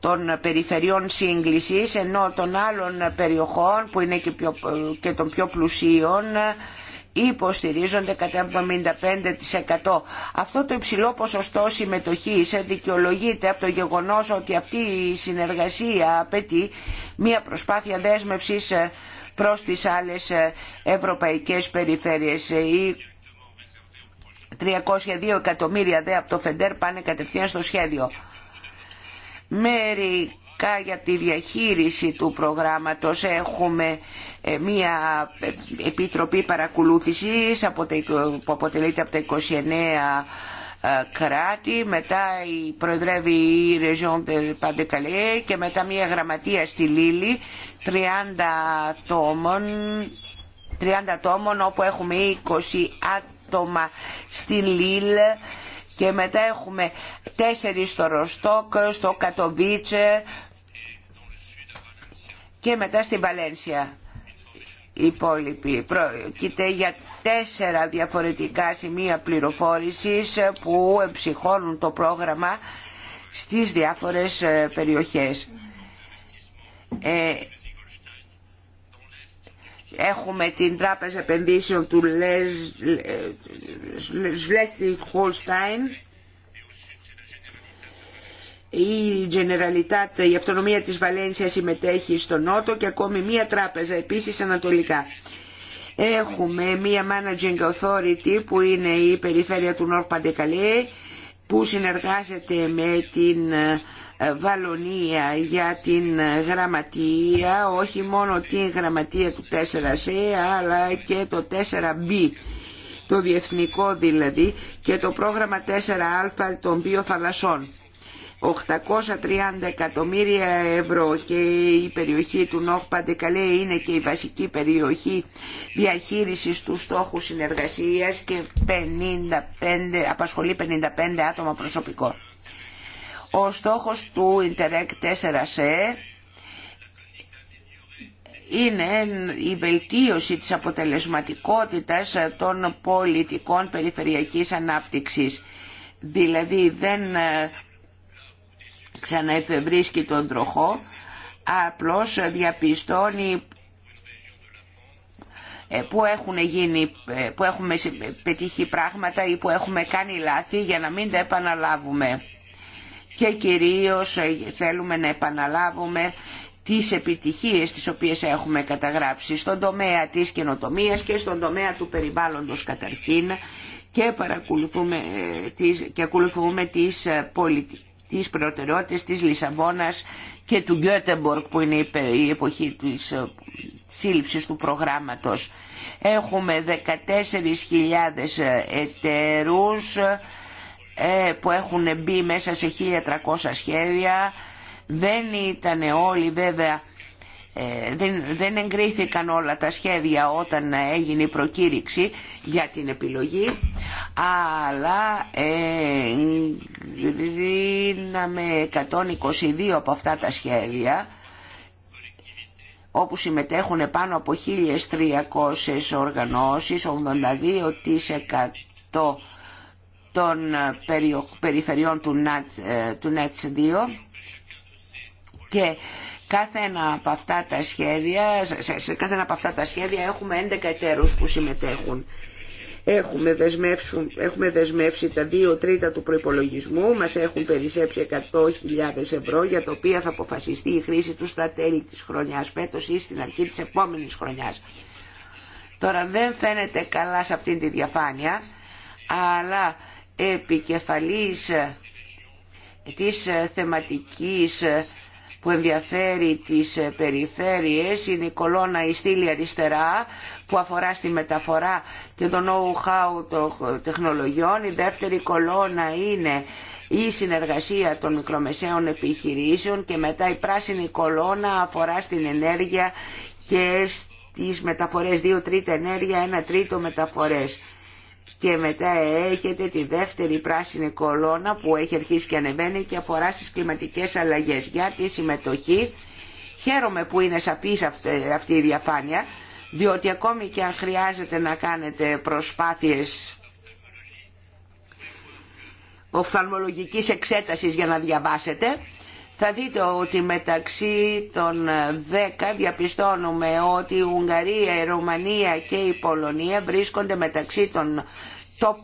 Speaker 2: των περιφερειών σύγκλησης ενώ των άλλων περιοχών που είναι και, και των πιο πλουσίων υποστηρίζονται κατά 75%. Αυτό το υψηλό ποσοστό συμμετοχής δικαιολογείται από το γεγονός ότι αυτή η συνεργασία απαιτεί μια προσπάθεια δέσμευσης ε, προς τις άλλες ε, ευρωπαϊκές περιφέρειες. Οι 302 εκατομμύρια δε από το ΦΕΝΤΕΡ πάνε κατευθείαν στο σχέδιο για τη διαχείριση του προγράμματος έχουμε ε, μία ε, επιτροπή παρακολούθησης που αποτελείται από τα 29 ε, κράτη, μετά η προεδρεύει η Ρεζόν Παντεκαλέ και μετά μία γραμματεία στη Λίλη, 30 τόμων, 30 τόμων όπου έχουμε 20 άτομα στη Λίλη και μετά έχουμε τέσσερι στο Ροστόκ, στο Κατοβίτσε και μετά στην Βαλένσια. Οι υπόλοιποι πρόκειται για τέσσερα διαφορετικά σημεία πληροφόρησης που εμψυχώνουν το πρόγραμμα στις διάφορες ε, περιοχές. Ε, Έχουμε την Τράπεζα Επενδύσεων του Σλέστι Χολστάιν, η Generalitat, η αυτονομία της Βαλένσια συμμετέχει στο Νότο και ακόμη μία τράπεζα επίσης ανατολικά. Έχουμε μία Managing Authority που είναι η περιφέρεια του Νορ που συνεργάζεται με την Βαλονία για την γραμματεία, όχι μόνο την γραμματεία του 4C αλλά και το 4B το διεθνικό δηλαδή και το πρόγραμμα 4α των δύο θαλασσών. 830 εκατομμύρια ευρώ και η περιοχή του Νόχ Παντεκαλέ είναι και η βασική περιοχή διαχείρισης του στόχου συνεργασίας και 55, απασχολεί 55 άτομα προσωπικό. Ο στόχος του ΙΝΤΕΡΕΚ 4C είναι η βελτίωση της αποτελεσματικότητας των πολιτικών περιφερειακής ανάπτυξης. Δηλαδή δεν ε, ξαναεφευρίσκει τον τροχό, απλώς διαπιστώνει ε, που, έχουν γίνει, ε, που έχουμε πετύχει πράγματα ή που έχουμε κάνει λάθη για να μην τα επαναλάβουμε και κυρίως ε, θέλουμε να επαναλάβουμε τις επιτυχίες τις οποίες έχουμε καταγράψει στον τομέα της καινοτομίας και στον τομέα του περιβάλλοντος καταρχήν και, ε, και ακολουθούμε τις, ε, τις προτεραιότητες της Λισαβόνας και του Γκέτεμπορκ που είναι η εποχή της σύλληψης του προγράμματος. Έχουμε 14.000 εταιρούς ε, που έχουν μπει μέσα σε 1300 σχέδια. Δεν ήταν όλοι βέβαια, ε, δεν, δεν εγκρίθηκαν όλα τα σχέδια όταν έγινε η προκήρυξη για την επιλογή, αλλά εγκρίναμε 122 από αυτά τα σχέδια όπου συμμετέχουν πάνω από 1.300 οργανώσεις, 82% των ε, περιφερειών του νετς 2 και κάθε ένα από αυτά τα σχέδια, σε κάθε ένα από αυτά τα σχέδια έχουμε 11 εταίρους που συμμετέχουν. Έχουμε, δεσμεύσει, έχουμε δεσμεύσει τα δύο τρίτα του προϋπολογισμού, μας έχουν περισσέψει 100.000 ευρώ για το οποίο θα αποφασιστεί η χρήση του στα τέλη της χρονιάς φέτος ή στην αρχή της επόμενης χρονιάς. Τώρα δεν φαίνεται καλά σε αυτή τη διαφάνεια, αλλά επικεφαλής της θεματικής που ενδιαφέρει τις περιφέρειες είναι η κολόνα η στήλη αριστερά που αφορά στη μεταφορά και το know-how των τεχνολογιών. Η δεύτερη κολόνα είναι η συνεργασία των μικρομεσαίων επιχειρήσεων και μετά η πράσινη κολόνα αφορά στην ενέργεια και στις μεταφορές δύο τρίτα ενέργεια, ένα τρίτο μεταφορές και μετά έχετε τη δεύτερη πράσινη κολόνα που έχει αρχίσει και ανεβαίνει και αφορά στις κλιματικές αλλαγές. Για τη συμμετοχή χαίρομαι που είναι σαφής αυτή η διαφάνεια διότι ακόμη και αν χρειάζεται να κάνετε προσπάθειες οφθαλμολογικής εξέτασης για να διαβάσετε θα δείτε ότι μεταξύ των 10 διαπιστώνουμε ότι η Ουγγαρία, η Ρουμανία και η Πολωνία βρίσκονται μεταξύ των top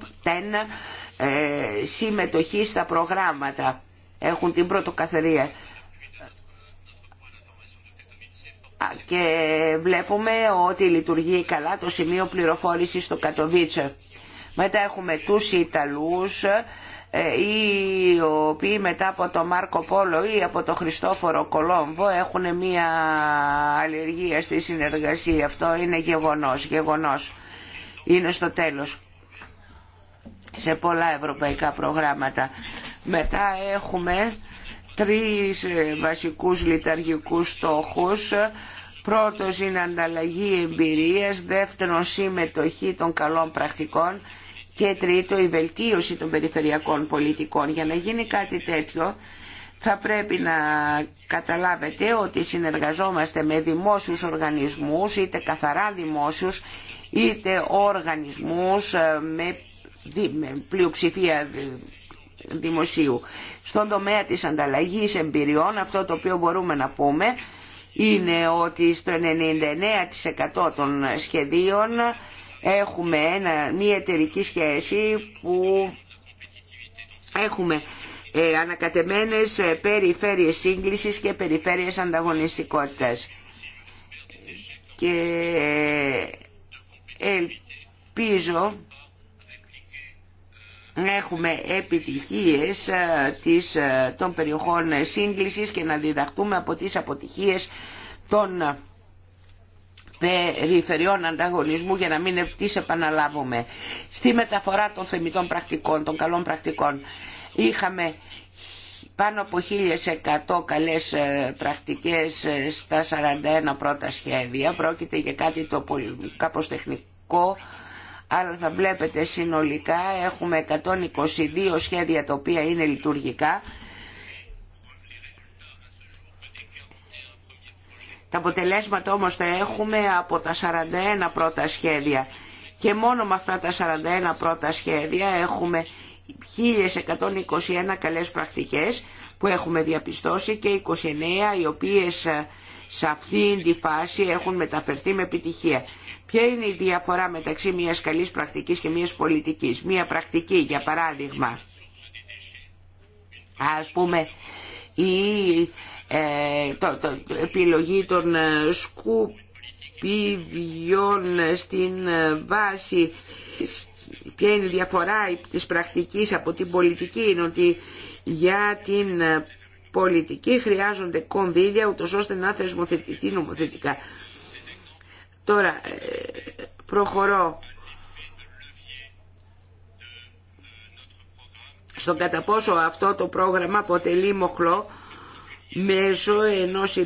Speaker 2: 10 ε, συμμετοχή στα προγράμματα. Έχουν την πρωτοκαθερία. Και βλέπουμε ότι λειτουργεί καλά το σημείο πληροφόρησης στο Κατοβίτσε. Μετά έχουμε τους Ιταλούς ε, οι οποίοι μετά από τον Μάρκο Πόλο ή από τον Χριστόφορο Κολόμβο έχουν μία αλλεργία στη συνεργασία. Αυτό είναι γεγονός, γεγονός. Είναι στο τέλος σε πολλά ευρωπαϊκά προγράμματα. Μετά έχουμε τρεις ε, βασικούς λιταργικούς στόχους. Πρώτος είναι ανταλλαγή εμπειρίας, δεύτερον συμμετοχή των καλών πρακτικών και τρίτο, η βελτίωση των περιφερειακών πολιτικών. Για να γίνει κάτι τέτοιο θα πρέπει να καταλάβετε ότι συνεργαζόμαστε με δημόσιους οργανισμούς, είτε καθαρά δημόσιους, είτε οργανισμούς ε, με πλειοψηφία δημοσίου. Στον τομέα της ανταλλαγής εμπειριών αυτό το οποίο μπορούμε να πούμε είναι ότι στο 99% των σχεδίων έχουμε μια εταιρική σχέση που έχουμε ε, ανακατεμένες ε, περιφέρειες σύγκλησης και περιφέρειες ανταγωνιστικότητας. Και ε, ελπίζω να έχουμε επιτυχίες ε, της, των περιοχών σύγκλησης και να διδαχτούμε από τις αποτυχίες των περιφερειών ανταγωνισμού για να μην τις επαναλάβουμε. Στη μεταφορά των θεμητών πρακτικών, των καλών πρακτικών, είχαμε πάνω από 1.100 καλές ε, πρακτικές ε, στα 41 πρώτα σχέδια. Πρόκειται για κάτι το πολύ, κάπως τεχνικό, αλλά θα βλέπετε συνολικά έχουμε 122 σχέδια τα οποία είναι λειτουργικά Τα αποτελέσματα όμως τα έχουμε από τα 41 πρώτα σχέδια και μόνο με αυτά τα 41 πρώτα σχέδια έχουμε 1121 καλές πρακτικές που έχουμε διαπιστώσει και 29 οι οποίες ε, σε αυτή τη φάση έχουν μεταφερθεί με επιτυχία. Ποια είναι η διαφορά μεταξύ μιας καλής πρακτικής και μιας πολιτικής. Μια πρακτική για παράδειγμα ας πούμε η ε, το, επιλογή των ε, σκουπιδιών ε, στην βάση ποια είναι η διαφορά της πρακτικής από την πολιτική είναι ότι για την πολιτική χρειάζονται κονδύλια ούτως ώστε να θεσμοθετηθεί νομοθετικά. Τώρα προχωρώ στον κατά πόσο αυτό το πρόγραμμα αποτελεί μοχλό μέσω, ενός,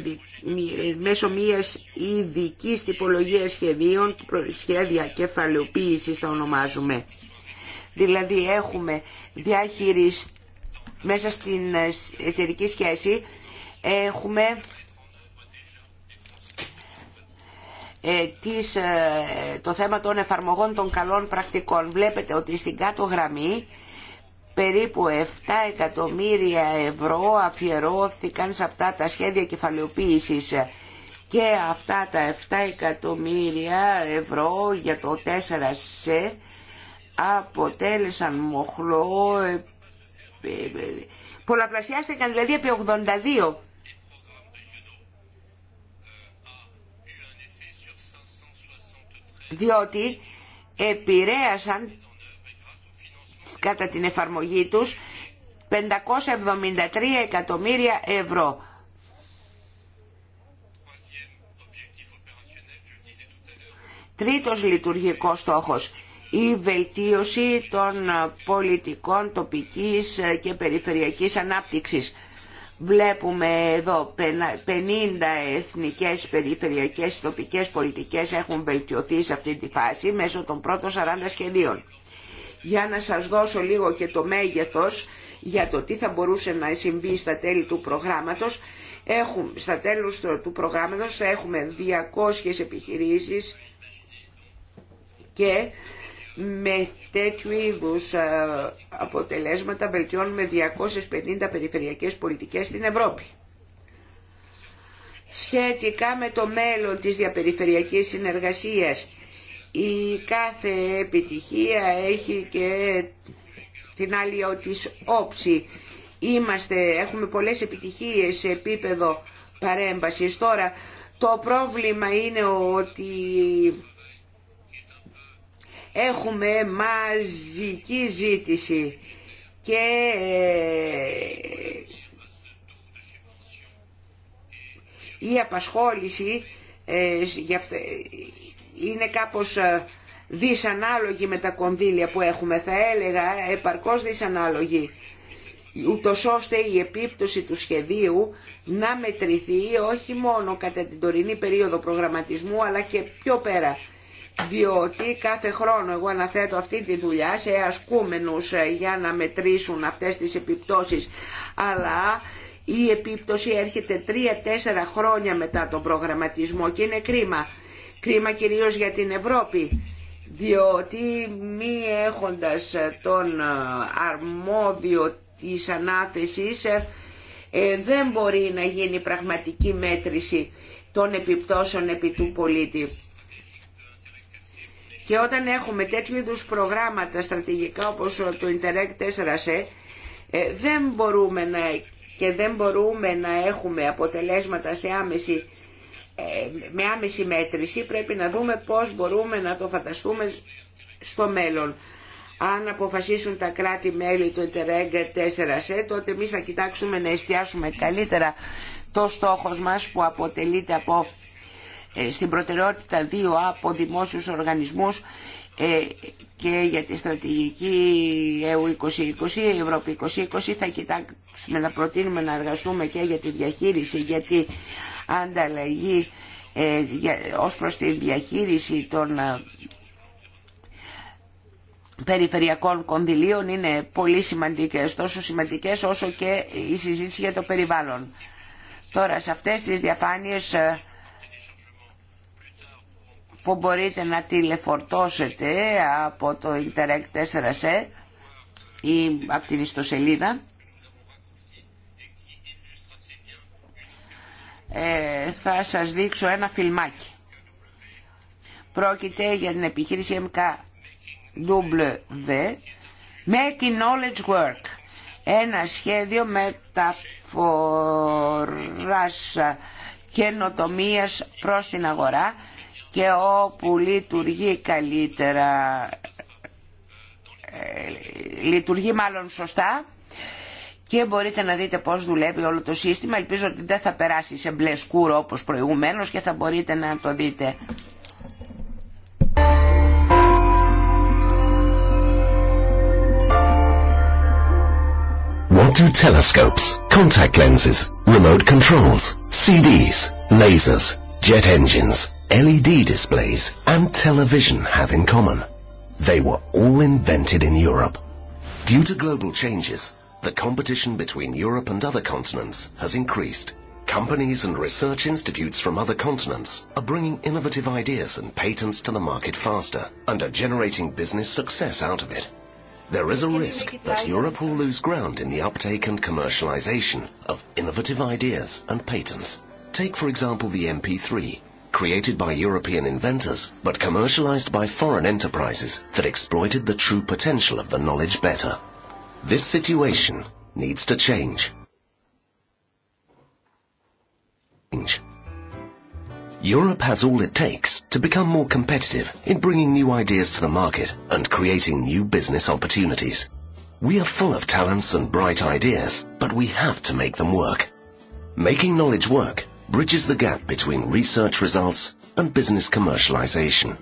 Speaker 2: μέσω μιας ειδική τυπολογίας σχεδίων, σχέδια κεφαλαιοποίησης τα ονομάζουμε. Δηλαδή έχουμε διαχειρις μέσα στην ε, εταιρική σχέση έχουμε ε, ε, το θέμα των εφαρμογών των καλών πρακτικών. Βλέπετε ότι στην κάτω γραμμή περίπου 7 εκατομμύρια ευρώ αφιερώθηκαν σε αυτά τα σχέδια κεφαλαιοποίησης και αυτά τα 7 εκατομμύρια ευρώ για το 4C αποτέλεσαν μοχλό, ε, ε, πολλαπλασιάστηκαν δηλαδή επί 82 διότι επηρέασαν κατά την εφαρμογή τους 573 εκατομμύρια ευρώ. Τρίτος λειτουργικός στόχος, η βελτίωση των πολιτικών τοπικής και περιφερειακής ανάπτυξης. Βλέπουμε εδώ 50 εθνικές περιφερειακές τοπικές πολιτικές έχουν βελτιωθεί σε αυτή τη φάση μέσω των πρώτων 40 σχεδίων για να σας δώσω λίγο και το μέγεθος για το τι θα μπορούσε να συμβεί στα τέλη του προγράμματος. Έχουμε, στα τέλους του προγράμματος θα έχουμε 200 επιχειρήσεις και με τέτοιου είδους ε, αποτελέσματα βελτιώνουμε 250 περιφερειακές πολιτικές στην Ευρώπη. Σχετικά με το μέλλον της διαπεριφερειακής συνεργασίας η κάθε επιτυχία έχει και την άλλη της όψη. Είμαστε, έχουμε πολλές επιτυχίες σε επίπεδο παρέμβασης. Τώρα το πρόβλημα είναι ότι έχουμε μαζική ζήτηση και ε, η απασχόληση ε, είναι κάπως ε, δυσανάλογη με τα κονδύλια που έχουμε θα έλεγα ε, επαρκώς δυσανάλογη ούτως ώστε η επίπτωση του σχεδίου να μετρηθεί όχι μόνο κατά την τωρινή περίοδο προγραμματισμού αλλά και πιο πέρα διότι κάθε χρόνο εγώ αναθέτω αυτή τη δουλειά σε ασκούμενους ε, για να μετρήσουν αυτές τις επιπτώσεις αλλά η επίπτωση έρχεται τρία-τέσσερα χρόνια μετά τον προγραμματισμό και είναι κρίμα Κρίμα κυρίως για την Ευρώπη, διότι μη έχοντας τον ε, αρμόδιο της ανάθεσης ε, ε, δεν μπορεί να γίνει πραγματική μέτρηση των επιπτώσεων επί του πολίτη. Και όταν έχουμε τέτοιου είδους προγράμματα στρατηγικά όπως το Interreg 4C, δεν μπορούμε να, και δεν μπορούμε να έχουμε αποτελέσματα σε άμεση ε, με άμεση μέτρηση πρέπει να δούμε πώς μπορούμε να το φανταστούμε στο μέλλον. Αν αποφασίσουν τα κράτη-μέλη του Interreg 4C, τότε εμεί θα κοιτάξουμε να εστιάσουμε καλύτερα το στόχος μας που αποτελείται από ε, στην προτεραιότητα δύο από δημόσιους οργανισμούς ε, και για τη στρατηγική ΕΟΥ 2020, Ευρώπη 2020 θα κοιτάξουμε να προτείνουμε να εργαστούμε και για τη διαχείριση γιατί ανταλλαγή ε, για, ως προς τη διαχείριση των ε, περιφερειακών κονδυλίων είναι πολύ σημαντικές, τόσο σημαντικές όσο και η συζήτηση για το περιβάλλον. Τώρα σε αυτές τις διαφάνειες ε, που μπορείτε να τηλεφορτώσετε από το Interreg 4C ή από την ιστοσελίδα. Ε, θα σας δείξω ένα φιλμάκι. Πρόκειται για την επιχείρηση MKW Making Knowledge Work. Ένα σχέδιο μεταφοράς καινοτομίας προς την αγορά και όπου λειτουργεί καλύτερα, ε, λειτουργεί μάλλον σωστά και μπορείτε να δείτε πώς δουλεύει όλο το σύστημα. Ελπίζω ότι δεν θα περάσει σε μπλε σκούρο όπως προηγουμένως και θα μπορείτε να το δείτε.
Speaker 4: telescopes, contact lenses, remote controls, CDs, lasers, jet engines, LED displays and television have in common. They were all invented in Europe. Due to global changes, the competition between Europe and other continents has increased. Companies and research institutes from other continents are bringing innovative ideas and patents to the market faster and are generating business success out of it. There is a risk that Europe will lose ground in the uptake and commercialization of innovative ideas and patents. Take, for example, the MP3, created by European inventors, but commercialized by foreign enterprises that exploited the true potential of the knowledge better. This situation needs to change. Europe has all it takes to become more competitive in bringing new ideas to the market and creating new business opportunities. We are full of talents and bright ideas, but we have to make them work. Making knowledge work bridges the gap between research results and business commercialization.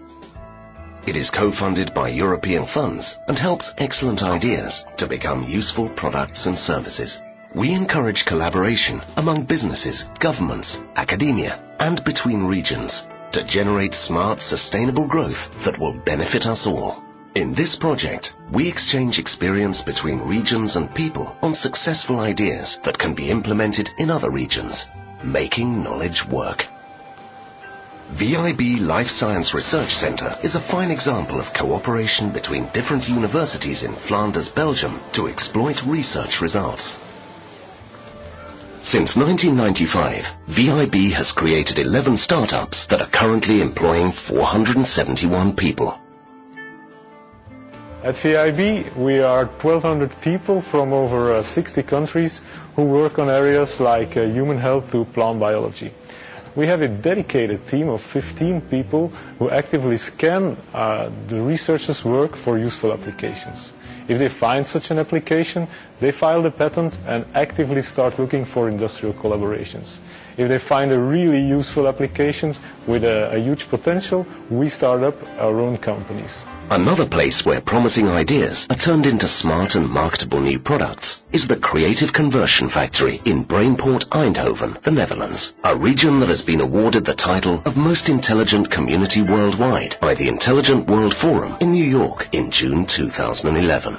Speaker 4: It is co-funded by European funds and helps excellent ideas to become useful products and services. We encourage collaboration among businesses, governments, academia, and between regions to generate smart, sustainable growth that will benefit us all. In this project, we exchange experience between regions and people on successful ideas that can be implemented in other regions making knowledge work. VIB Life Science Research Center is a fine example of cooperation between different universities in Flanders, Belgium to exploit research results. Since 1995, VIB has created 11 startups that are currently employing 471 people.
Speaker 5: At VIB, we are 1,200 people from over 60 countries who work on areas like human health to plant biology. We have a dedicated team of 15 people who actively scan the researchers' work for useful applications. If they find such an application, they file the patent and actively start looking for industrial collaborations. If they find a really useful applications with a huge potential, we start up our own companies.
Speaker 4: Another place where promising ideas are turned into smart and marketable new products is the Creative Conversion Factory in Brainport, Eindhoven, the Netherlands, a region that has been awarded the title of Most Intelligent Community Worldwide by the Intelligent World Forum in New York in June 2011.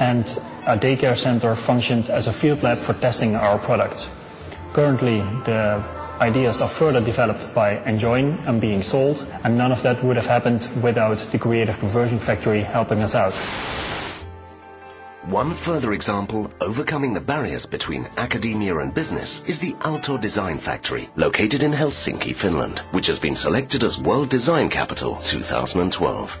Speaker 5: and a daycare center functioned as a field lab for testing our products. Currently, the ideas are further developed by enjoying and being sold, and none of that would have happened without the Creative Conversion Factory helping us out.
Speaker 4: One further example overcoming the barriers between academia and business is the Altor Design Factory, located in Helsinki, Finland, which has been selected as World Design Capital 2012.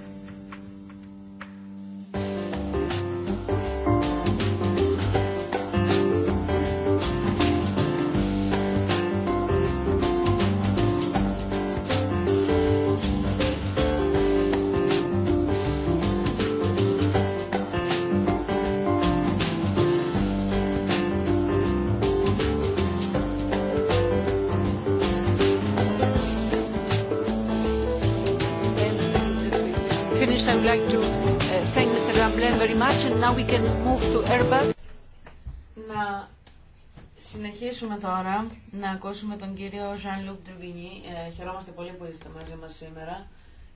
Speaker 3: να ακούσουμε τον κύριο jean Jean-Luc Ντρουγκινί. Ε, χαιρόμαστε πολύ που είστε μαζί μας σήμερα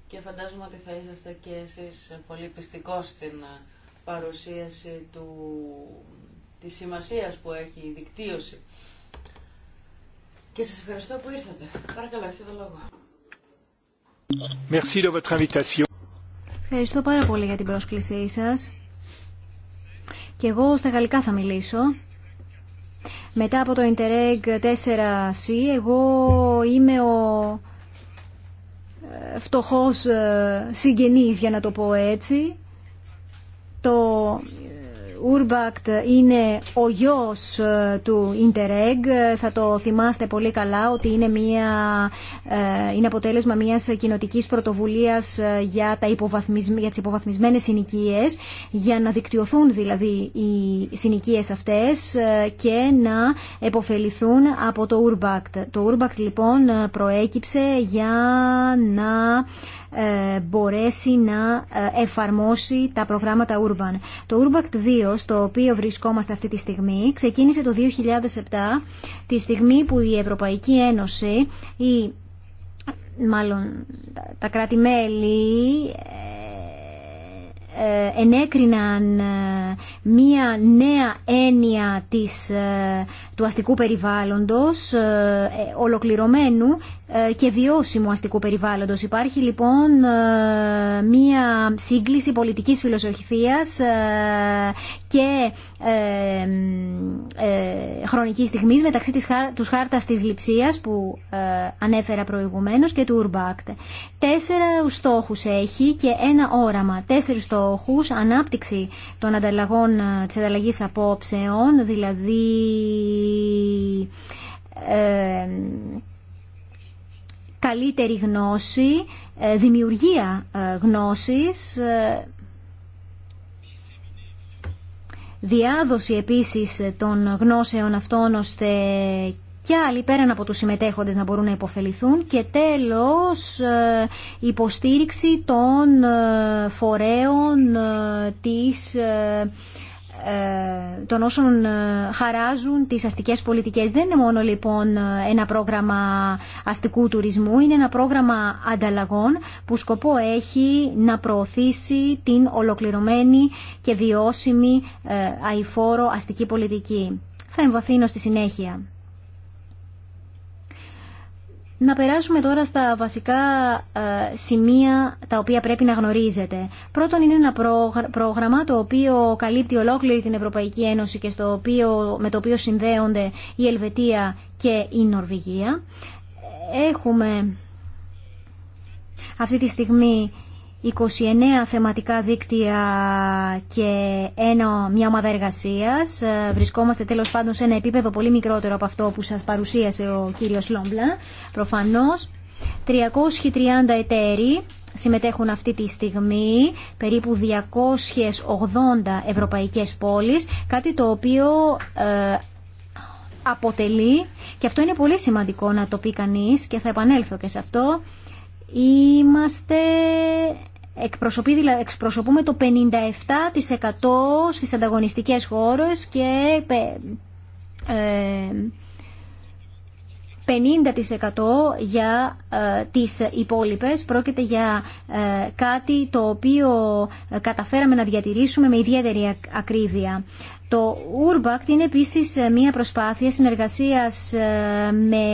Speaker 3: και φαντάζομαι ότι θα είσαστε και εσείς πολύ πιστικός στην ε, παρουσίαση του, της σημασίας που έχει η δικτύωση. Και σας ευχαριστώ που ήρθατε. Παρακαλώ, έχετε το λόγο.
Speaker 5: Merci de
Speaker 1: Ευχαριστώ πάρα πολύ για την πρόσκλησή σας. Και εγώ στα γαλλικά θα μιλήσω. Μετά από το Interreg 4C, εγώ είμαι ο ε, φτωχός ε, συγγενής, για να το πω έτσι. Το Ούρμπακτ είναι ο γιος ε, του Ιντερεγ. Θα το θυμάστε πολύ καλά ότι είναι, μια, ε, είναι αποτέλεσμα μιας κοινοτικής πρωτοβουλίας ε, για, τα υποβαθμισμένε για τις υποβαθμισμένες συνοικίες, για να δικτυωθούν δηλαδή οι συνοικίες αυτές και να επωφεληθούν από το Ούρμπακτ. Το Ούρμπακτ λοιπόν προέκυψε για να ε, μπορέσει να ε, εφαρμόσει τα προγράμματα Urban. Το Urbact 2, στο οποίο βρισκόμαστε αυτή τη στιγμή, ξεκίνησε το 2007, τη στιγμή που η Ευρωπαϊκή Ένωση, ή μάλλον τα κράτη-μέλη, ε, ενέκριναν μία νέα έννοια της, του αστικού περιβάλλοντος ολοκληρωμένου ε, και βιώσιμου αστικού περιβάλλοντος. Υπάρχει λοιπόν ε, μία σύγκληση πολιτικής φιλοσοφίας ε, και χρονικής στιγμής μεταξύ της, τους χάρτας της λειψίας που ανέφερα προηγουμένως και του Ουρμπάκτ. Τέσσερα στόχους έχει και ένα όραμα. Τέσσερις στόχους, ανάπτυξη των ανταλλαγών της ανταλλαγής απόψεων, δηλαδή καλύτερη γνώση, ε, δημιουργία ε, γνώσης, ε, διάδοση επίσης των γνώσεων αυτών ώστε και άλλοι πέραν από τους συμμετέχοντες να μπορούν να υποφεληθούν και τέλος υποστήριξη των φορέων της ε, των όσων ε, χαράζουν τις αστικές πολιτικές. Δεν είναι μόνο λοιπόν ε, ένα πρόγραμμα αστικού τουρισμού, είναι ένα πρόγραμμα ανταλλαγών που σκοπό έχει να προωθήσει την ολοκληρωμένη και βιώσιμη αηφόρο αστική πολιτική. Θα εμβαθύνω στη συνέχεια. Να περάσουμε τώρα στα βασικά ε, σημεία τα οποία πρέπει να γνωρίζετε. Πρώτον είναι ένα πρόγραμμα το οποίο καλύπτει ολόκληρη την Ευρωπαϊκή Ένωση και στο οποίο, με το οποίο συνδέονται η Ελβετία και η Νορβηγία. Έχουμε αυτή τη στιγμή 29 θεματικά δίκτυα και ένα, μια ομάδα εργασία. Ε, βρισκόμαστε τέλος πάντων σε ένα επίπεδο πολύ μικρότερο από αυτό που σας παρουσίασε ο κύριος Λόμπλα. Προφανώς 330 εταίροι συμμετέχουν αυτή τη στιγμή περίπου 280 ευρωπαϊκές πόλεις, κάτι το οποίο ε, αποτελεί, και αυτό είναι πολύ σημαντικό να το πει κανείς και θα επανέλθω και σε αυτό, είμαστε Εκπροσωπούμε το 57% στις ανταγωνιστικές χώρες και 50% ε, για ε, τις υπόλοιπες. Πρόκειται για ε, κάτι το οποίο καταφέραμε να διατηρήσουμε με ιδιαίτερη ακρίβεια. Το Urbact είναι επίσης ε, μια προσπάθεια συνεργασίας ε, με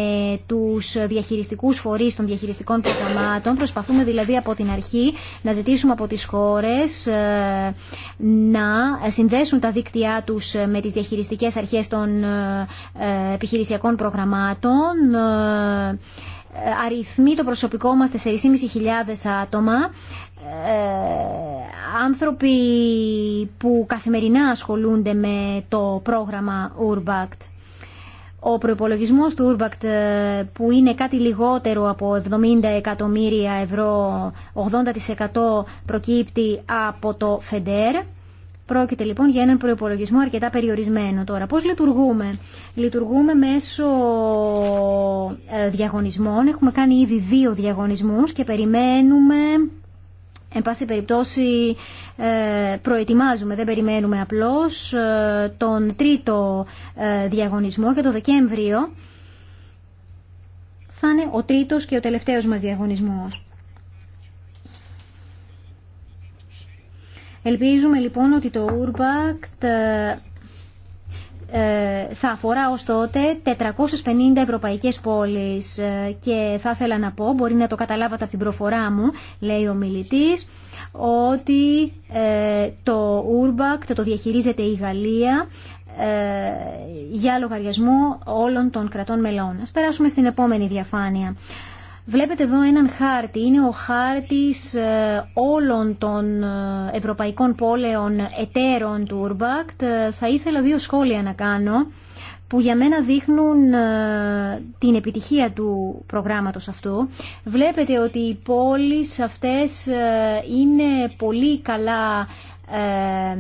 Speaker 1: τους διαχειριστικούς φορείς των διαχειριστικών προγραμμάτων. Προσπαθούμε δηλαδή από την αρχή να ζητήσουμε από τις χώρες ε, να συνδέσουν τα δίκτυά τους με τις διαχειριστικές αρχές των επιχειρησιακών προγραμμάτων αριθμεί το προσωπικό μας 4.500 άτομα ε, άνθρωποι που καθημερινά ασχολούνται με το πρόγραμμα Urbact. Ο προϋπολογισμός του Urbact ε, που είναι κάτι λιγότερο από 70 εκατομμύρια ευρώ, 80% προκύπτει από το ΦΕΝΤΕΡ. Πρόκειται λοιπόν για έναν προϋπολογισμό αρκετά περιορισμένο τώρα. Πώς λειτουργούμε. Λειτουργούμε μέσω ε, διαγωνισμών. Έχουμε κάνει ήδη δύο διαγωνισμούς και περιμένουμε Εν πάση περιπτώσει ε, προετοιμάζουμε, δεν περιμένουμε απλώς ε, τον τρίτο ε, διαγωνισμό και το Δεκέμβριο θα είναι ο τρίτος και ο τελευταίος μας διαγωνισμός. Ελπίζουμε λοιπόν ότι το URBACT ε, θα αφορά ως τότε 450 ευρωπαϊκές πόλεις ε, και θα ήθελα να πω, μπορεί να το καταλάβατε από την προφορά μου, λέει ο μιλητής, ότι ε, το Ούρμπακ θα το διαχειρίζεται η Γαλλία για λογαριασμό όλων των κρατών μελών. Ας περάσουμε στην επόμενη διαφάνεια. Βλέπετε εδώ έναν χάρτη. Είναι ο χάρτης ε, όλων των ε, ευρωπαϊκών πόλεων εταίρων του Ουρμπακτ. Ε, θα ήθελα δύο σχόλια να κάνω που για μένα δείχνουν την επιτυχία του προγράμματος αυτού. Βλέπετε ότι οι πόλεις αυτές είναι πολύ καλά ε,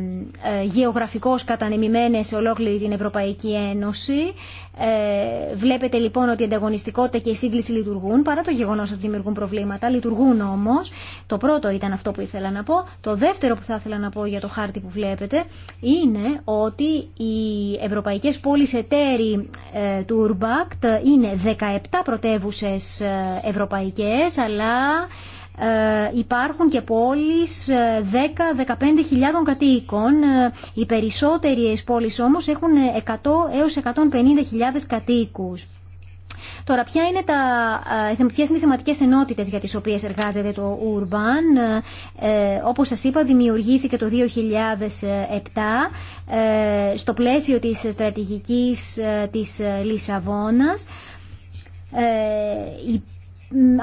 Speaker 1: ε, γεωγραφικώς κατανεμημένες σε ολόκληρη την Ευρωπαϊκή Ένωση. Ε, βλέπετε λοιπόν ότι η ανταγωνιστικότητα και η σύγκληση λειτουργούν, παρά το γεγονός ότι δημιουργούν προβλήματα, λειτουργούν όμως. Το πρώτο ήταν αυτό που ήθελα να πω. Το δεύτερο που θα ήθελα να πω για το χάρτη που βλέπετε είναι ότι οι ευρωπαϊκές πόλεις εταίροι του Ουρμπάκτ είναι 17 πρωτεύουσες ευρωπαϊκές, αλλά ε, υπάρχουν και πόλεις 10-15 ε, χιλιάδων κατοίκων. Ε, οι περισσότερες πόλεις όμως έχουν 100 έως 150 χιλιάδες κατοίκους. Τώρα, ποια είναι τα, ποιες είναι οι θεματικές ενότητες για τις οποίες εργάζεται το Urban. Ε, όπως σας είπα, δημιουργήθηκε το 2007 στο πλαίσιο της στρατηγικής της Λισαβόνας. Ε,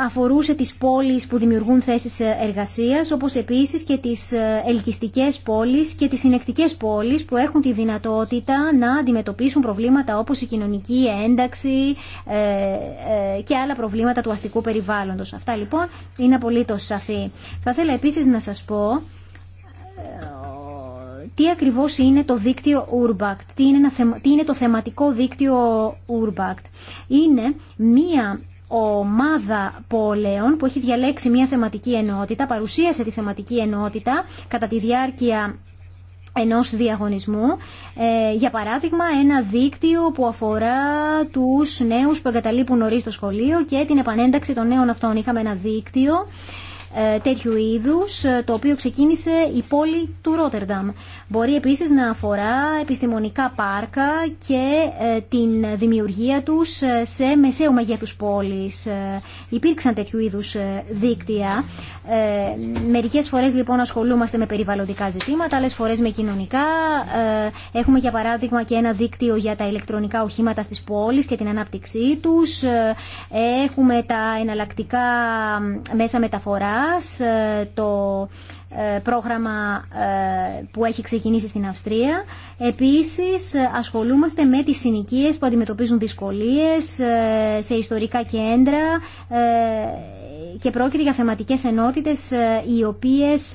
Speaker 1: αφορούσε τις πόλεις που δημιουργούν θέσεις ε, εργασίας, όπως επίσης και τις ε, ελκυστικές πόλεις και τις συνεκτικές πόλεις που έχουν τη δυνατότητα να αντιμετωπίσουν προβλήματα όπως η κοινωνική ένταξη ε, και άλλα προβλήματα του αστικού περιβάλλοντος. Αυτά λοιπόν είναι απολύτως σαφή. Θα ήθελα επίσης να σας πω τι ακριβώς είναι το δίκτυο Urbact, τι είναι, το θεματικό δίκτυο Urbact. Είναι μία ομάδα πόλεων που έχει διαλέξει μια θεματική ενότητα, παρουσίασε τη θεματική ενότητα κατά τη διάρκεια ενός διαγωνισμού. Ε, για παράδειγμα, ένα δίκτυο που αφορά τους νέους που εγκαταλείπουν νωρίς το σχολείο και την επανένταξη των νέων αυτών. Είχαμε ένα δίκτυο ε, τέτοιου είδους, ε, το οποίο ξεκίνησε η πόλη του Ρότερνταμ. Μπορεί επίσης να αφορά επιστημονικά πάρκα και ε, την δημιουργία τους σε μεσαίου μεγέθους πόλεις. Υπήρξαν τέτοιου είδους δίκτυα. Μερικές φορές λοιπόν ασχολούμαστε με περιβαλλοντικά ζητήματα, άλλε φορές με κοινωνικά. Έχουμε για παράδειγμα και ένα δίκτυο για τα ηλεκτρονικά οχήματα στις πόλεις και την ανάπτυξή τους. Έχουμε τα εναλλακτικά μέσα μεταφορά ε, το ε, πρόγραμμα ε, που έχει ξεκινήσει στην Αυστρία. Επίσης, ασχολούμαστε με τις συνοικίες που αντιμετωπίζουν δυσκολίες σε ιστορικά κέντρα και πρόκειται για θεματικές ενότητες οι οποίες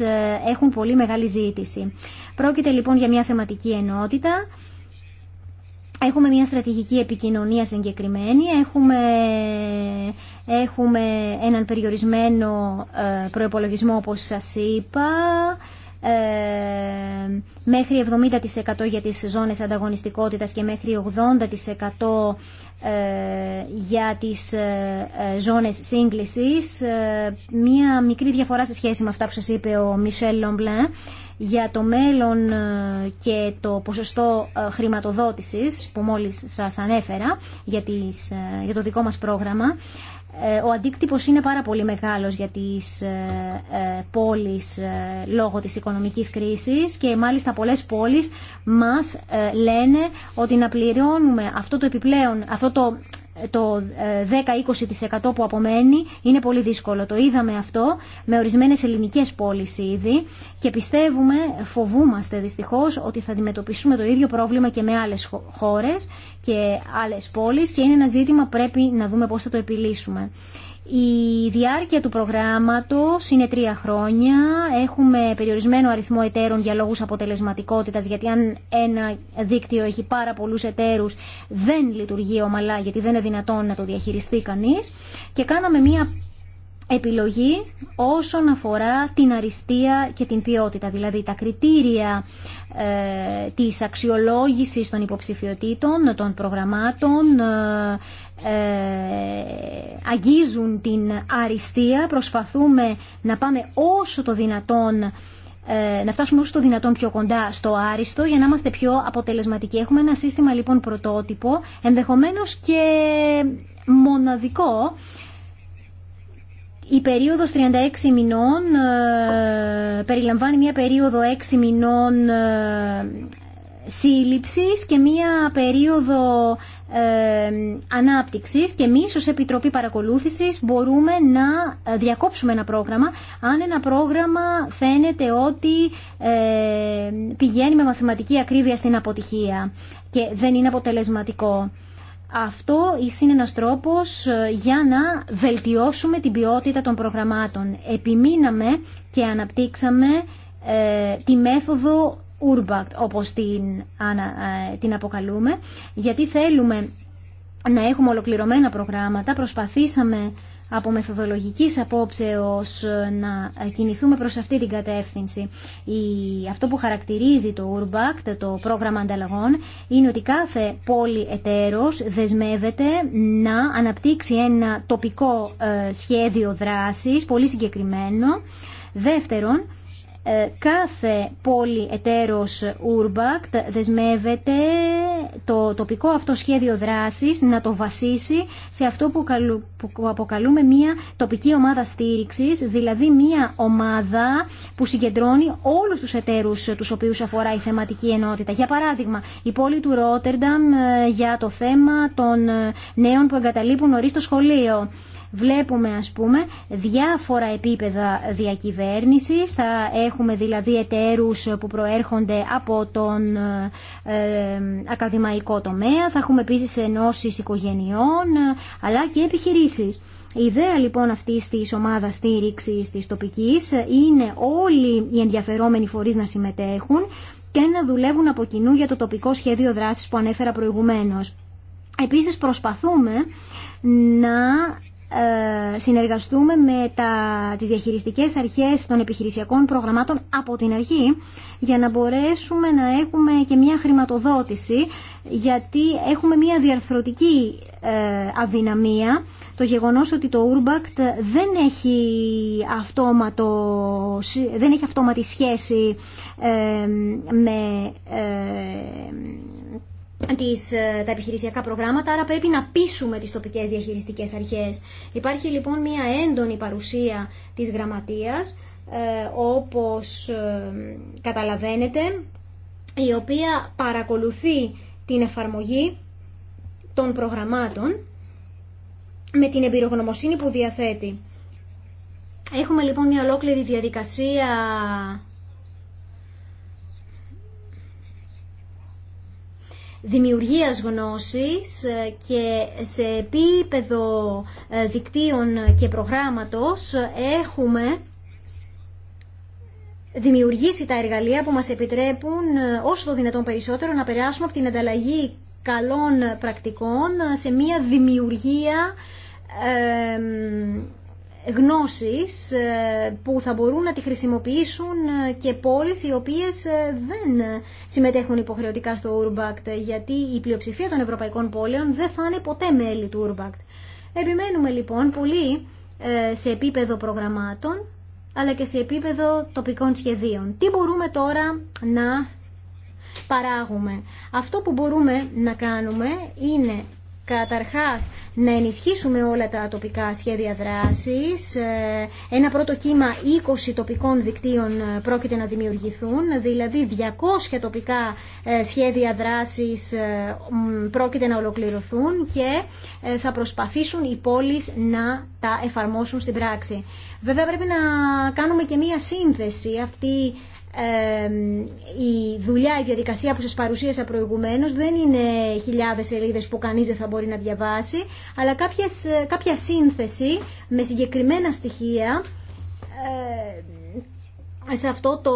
Speaker 1: έχουν πολύ μεγάλη ζήτηση. Πρόκειται λοιπόν για μια θεματική ενότητα Έχουμε μια στρατηγική επικοινωνία συγκεκριμένη, έχουμε, έχουμε έναν περιορισμένο ε, προϋπολογισμό όπως σας είπα, ε, μέχρι 70% για τις ζώνες ανταγωνιστικότητας και μέχρι 80% ε, για τις ε, ε, ζώνες σύγκλησης. Μία μικρή διαφορά σε σχέση με αυτά που σας είπε ο Μισελ Λομπλάν για το μέλλον και το ποσοστό χρηματοδότησης που μόλις σας ανέφερα για το δικό μας πρόγραμμα. Ε, ο αντίκτυπος είναι πάρα πολύ μεγάλος για τις ε, ε, πόλεις λόγω της οικονομικής κρίσης και μάλιστα πολλές πόλεις μας λένε ότι να πληρώνουμε αυτό το επιπλέον, αυτό το το 10-20% ε, που απομένει είναι πολύ δύσκολο. Το είδαμε αυτό με ορισμένες ελληνικές πόλεις ήδη και πιστεύουμε, φοβούμαστε δυστυχώς ότι θα αντιμετωπίσουμε το ίδιο πρόβλημα και με άλλες χώρες και άλλες πόλεις και είναι ένα ζήτημα πρέπει να δούμε πώς θα το επιλύσουμε. Η διάρκεια του προγράμματος είναι τρία χρόνια. Έχουμε περιορισμένο αριθμό εταίρων για λόγους αποτελεσματικότητας, γιατί αν ένα δίκτυο έχει πάρα πολλούς εταίρους δεν λειτουργεί ομαλά, γιατί δεν είναι δυνατόν να το διαχειριστεί κανείς. Και κάναμε μία επιλογή όσον αφορά την αριστεία και την ποιότητα. Δηλαδή τα κριτήρια ε, της αξιολόγησης των υποψηφιωτήτων, των προγραμμάτων ε, ε, αγγίζουν την αριστεία. Προσπαθούμε να πάμε όσο το δυνατόν να φτάσουμε όσο το δυνατόν πιο κοντά στο άριστο για να είμαστε πιο αποτελεσματικοί. Έχουμε ένα σύστημα λοιπόν πρωτότυπο, ενδεχομένως και μοναδικό η περίοδος 36 μηνών ε, περιλαμβάνει μια περίοδο 6 μηνών ε, σύλληψης και μία περίοδο ε, ανάπτυξης και εμεί ως Επιτροπή Παρακολούθησης μπορούμε να ε, διακόψουμε ένα πρόγραμμα αν ένα πρόγραμμα φαίνεται ότι πηγαίνει με μαθηματική ακρίβεια στην αποτυχία και δεν είναι αποτελεσματικό. Αυτό είναι ένας τρόπος ε, για να βελτιώσουμε την ποιότητα των προγραμμάτων. Επιμείναμε και αναπτύξαμε ε, τη μέθοδο Urbact, όπως την, ε, την αποκαλούμε, γιατί θέλουμε να έχουμε ολοκληρωμένα προγράμματα. Προσπαθήσαμε από μεθοδολογικής απόψεως να κινηθούμε προς αυτή την κατεύθυνση. Η, αυτό που χαρακτηρίζει το URBACT, το πρόγραμμα ανταλλαγών, είναι ότι κάθε πόλη εταίρος δεσμεύεται να αναπτύξει ένα τοπικό ε, σχέδιο δράσης, πολύ συγκεκριμένο. Δεύτερον, ε, κάθε πόλη εταίρος Ουρμπακτ δεσμεύεται το τοπικό αυτό σχέδιο δράσης να το βασίσει σε αυτό που αποκαλούμε μια τοπική ομάδα στήριξης, δηλαδή μια ομάδα που συγκεντρώνει όλους τους εταίρους τους οποίους αφορά η θεματική ενότητα. Για παράδειγμα, η πόλη του Ρότερνταμ ε, για το θέμα των ε, νέων που εγκαταλείπουν νωρίς το σχολείο. Βλέπουμε ας πούμε διάφορα επίπεδα διακυβέρνησης, θα έχουμε δηλαδή εταίρους που προέρχονται από τον ε, ακαδημαϊκό τομέα, θα έχουμε επίσης ενώσεις οικογενειών αλλά και επιχειρήσεις. Η ιδέα λοιπόν αυτή τη ομάδα στήριξη τη τοπική είναι όλοι οι ενδιαφερόμενοι φορεί να συμμετέχουν και να δουλεύουν από κοινού για το τοπικό σχέδιο δράση που ανέφερα προηγουμένω. Επίση προσπαθούμε να ε, συνεργαστούμε με τα, τις διαχειριστικές αρχές των επιχειρησιακών προγραμμάτων από την αρχή για να μπορέσουμε να έχουμε και μια χρηματοδότηση γιατί έχουμε μια διαρθρωτική ε, αδυναμία το γεγονός ότι το Urbact δεν έχει, αυτόματο, δεν έχει αυτόματη σχέση ε, με ε, τα επιχειρησιακά προγράμματα, άρα πρέπει να πείσουμε τις τοπικές διαχειριστικές αρχές. Υπάρχει λοιπόν μια έντονη παρουσία της γραμματείας, ε, όπως ε, καταλαβαίνετε, η οποία παρακολουθεί την εφαρμογή των προγραμμάτων με την εμπειρογνωμοσύνη που διαθέτει. Έχουμε λοιπόν μια ολόκληρη διαδικασία δημιουργίας γνώσης ε, και σε επίπεδο ε, δικτύων και προγράμματος ε, έχουμε δημιουργήσει τα εργαλεία που μας επιτρέπουν όσο το δυνατόν περισσότερο να περάσουμε από την ανταλλαγή καλών πρακτικών σε μια δημιουργία γνώσεις ε, που θα μπορούν να τη χρησιμοποιήσουν ε, και πόλεις οι οποίες ε, δεν συμμετέχουν υποχρεωτικά στο Ουρμπακτ γιατί η πλειοψηφία των ευρωπαϊκών πόλεων δεν θα είναι ποτέ μέλη του Ουρμπακτ. Επιμένουμε λοιπόν πολύ σε επίπεδο προγραμμάτων αλλά και σε επίπεδο τοπικών σχεδίων. Τι μπορούμε τώρα να παράγουμε. Αυτό που μπορούμε να κάνουμε είναι Καταρχάς, να ενισχύσουμε όλα τα τοπικά σχέδια δράσης. Ε, ένα πρώτο κύμα 20 τοπικών δικτύων ε, πρόκειται να δημιουργηθούν, δηλαδή 200 τοπικά ε, σχέδια δράσης πρόκειται να ολοκληρωθούν και θα προσπαθήσουν οι πόλεις να τα εφαρμόσουν στην πράξη. Βέβαια πρέπει να κάνουμε και μία σύνδεση αυτή η δουλειά, η διαδικασία που σας παρουσίασα προηγουμένως δεν είναι χιλιάδες σελίδες που κανείς δεν θα μπορεί να διαβάσει αλλά κάποιες, ε, κάποια σύνθεση με συγκεκριμένα στοιχεία ε, σε αυτό το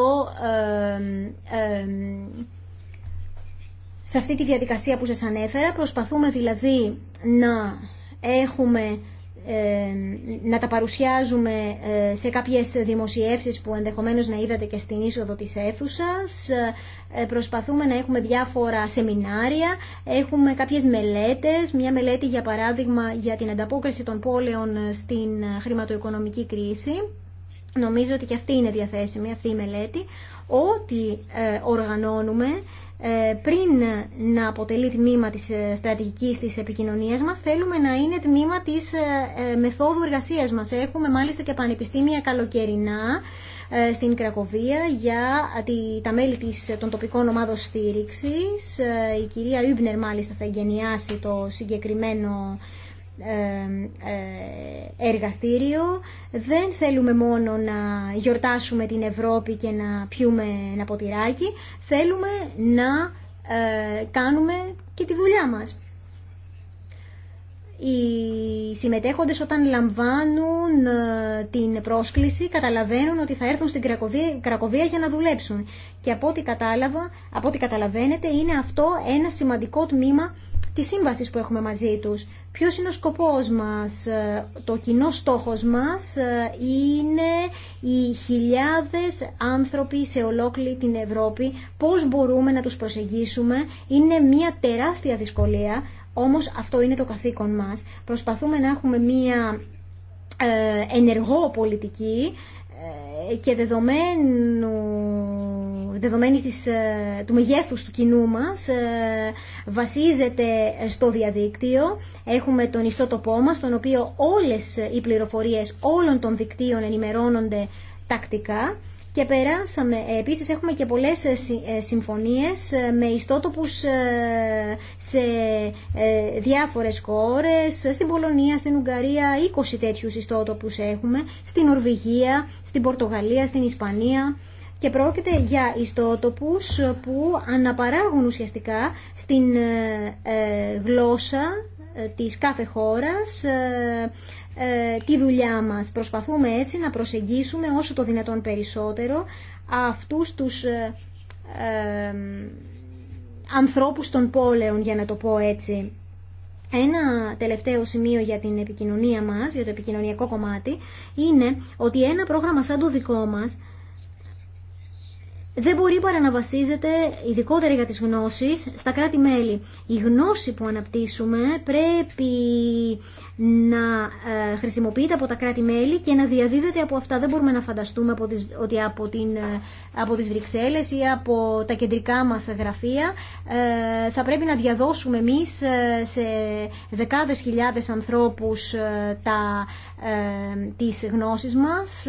Speaker 1: σε αυτή τη διαδικασία που σας ανέφερα προσπαθούμε δηλαδή να έχουμε ε, να τα παρουσιάζουμε ε, σε κάποιες δημοσιεύσεις που ενδεχομένως να είδατε και στην είσοδο της αίθουσας. Ε, προσπαθούμε να έχουμε διάφορα σεμινάρια, έχουμε κάποιες μελέτες, μια μελέτη για παράδειγμα για την ανταπόκριση των πόλεων στην χρηματοοικονομική κρίση. Νομίζω ότι και αυτή είναι διαθέσιμη, αυτή η μελέτη. Ό,τι οργανώνουμε ε, πριν να αποτελεί τμήμα της ε, στρατηγικής της επικοινωνίας μας, θέλουμε να είναι τμήμα της ε, μεθόδου εργασίας μας. Έχουμε μάλιστα και πανεπιστήμια καλοκαιρινά στην Κρακοβία για τα μέλη της, των τοπικών ομάδων στήριξης. Η κυρία Ήμπνερ μάλιστα θα εγγενιάσει το συγκεκριμένο ε, εργαστήριο. Δεν θέλουμε μόνο να γιορτάσουμε την Ευρώπη και να πιούμε ένα ποτηράκι. Θέλουμε να ε, κάνουμε και τη δουλειά μας. Οι συμμετέχοντες όταν λαμβάνουν ε, την πρόσκληση καταλαβαίνουν ότι θα έρθουν στην Κρακοβία, για να δουλέψουν. Και από ό,τι, κατάλαβα, από ό,τι καταλαβαίνετε είναι αυτό ένα σημαντικό τμήμα της σύμβασης που έχουμε μαζί τους. Ποιος είναι ο σκοπός μας. Ε, το κοινό στόχος μας ε, είναι οι χιλιάδες άνθρωποι σε ολόκληρη την Ευρώπη. Πώς μπορούμε να τους προσεγγίσουμε. Είναι μια τεράστια δυσκολία, όμως αυτό είναι το καθήκον μας. Προσπαθούμε να έχουμε μια ε, ενεργό πολιτική και δεδομένου δεδομένη της, ε, του μεγέθους του κοινού μας ε, βασίζεται στο διαδίκτυο. Έχουμε τον ιστότοπό μας, τον οποίο όλες οι πληροφορίες όλων των δικτύων ενημερώνονται τακτικά. Και περάσαμε, ε, επίσης έχουμε και πολλές συμφωνίες με ιστότοπους σε διάφορες χώρες, στην Πολωνία, στην Ουγγαρία, 20 τέτοιους ιστότοπους έχουμε, στην Ορβηγία, στην Πορτογαλία, στην Ισπανία και πρόκειται για ιστότοπους που αναπαράγουν ουσιαστικά στην ε, ε, γλώσσα ε, της κάθε χώρας τη δουλειά μας. Προσπαθούμε έτσι να προσεγγίσουμε όσο το δυνατόν περισσότερο αυτούς τους ανθρώπους των πόλεων, για να το πω έτσι. Ένα τελευταίο σημείο για την επικοινωνία μας, για το επικοινωνιακό κομμάτι, είναι ότι ένα πρόγραμμα σαν το δικό μας δεν μπορεί παρά να βασίζεται, ειδικότερα για τις γνώσεις, στα κράτη-μέλη. Η γνώση που αναπτύσσουμε πρέπει να ε, χρησιμοποιείται από τα κράτη-μέλη και να διαδίδεται από αυτά. Δεν μπορούμε να φανταστούμε από τις, ότι από, την, ε, από τις Βρυξέλλες ή από τα κεντρικά μας γραφεία ε, θα πρέπει να διαδώσουμε εμείς σε δεκάδες χιλιάδες ανθρώπους τα, τις γνώσεις μας.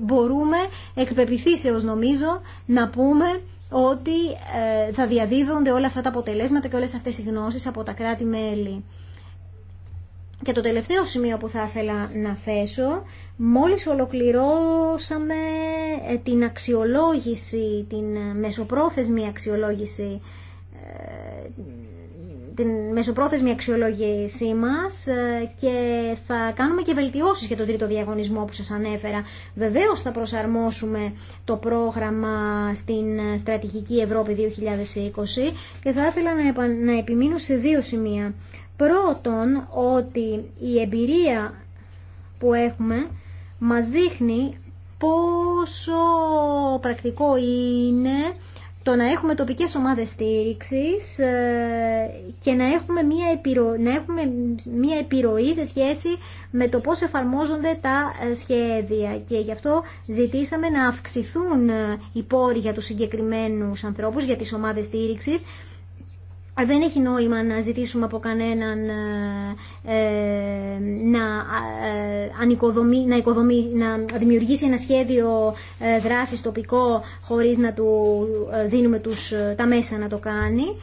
Speaker 1: μπορούμε εκπεπιθήσεως νομίζω να πούμε ότι θα διαδίδονται όλα αυτά τα αποτελέσματα και όλες αυτές οι γνώσεις από τα κράτη-μέλη. Και το τελευταίο σημείο που θα ήθελα να θέσω, μόλις ολοκληρώσαμε ε, την αξιολόγηση, την μεσοπρόθεσμη αξιολόγηση, ε, την μεσοπρόθεσμη αξιολόγησή μας ε, και θα κάνουμε και βελτιώσεις για τον τρίτο διαγωνισμό που σας ανέφερα. Βεβαίως θα προσαρμόσουμε το πρόγραμμα στην Στρατηγική Ευρώπη 2020 και θα ήθελα να επιμείνω σε δύο σημεία. Πρώτον, ότι η εμπειρία που έχουμε μας δείχνει πόσο πρακτικό είναι το να έχουμε τοπικές ομάδες στήριξης ε, και να έχουμε, μία επιρροή, να έχουμε μία επιρροή σε σχέση με το πώς εφαρμόζονται τα ε, σχέδια. Και γι' αυτό ζητήσαμε να αυξηθούν ε, οι πόροι για τους συγκεκριμένους ανθρώπους, για τις ομάδες στήριξης, δεν έχει νόημα να ζητήσουμε από κανέναν ε, ε, να, ε, να, να δημιουργήσει ένα σχέδιο δράσης τοπικό χωρίς να του δίνουμε τους, τα μέσα να το κάνει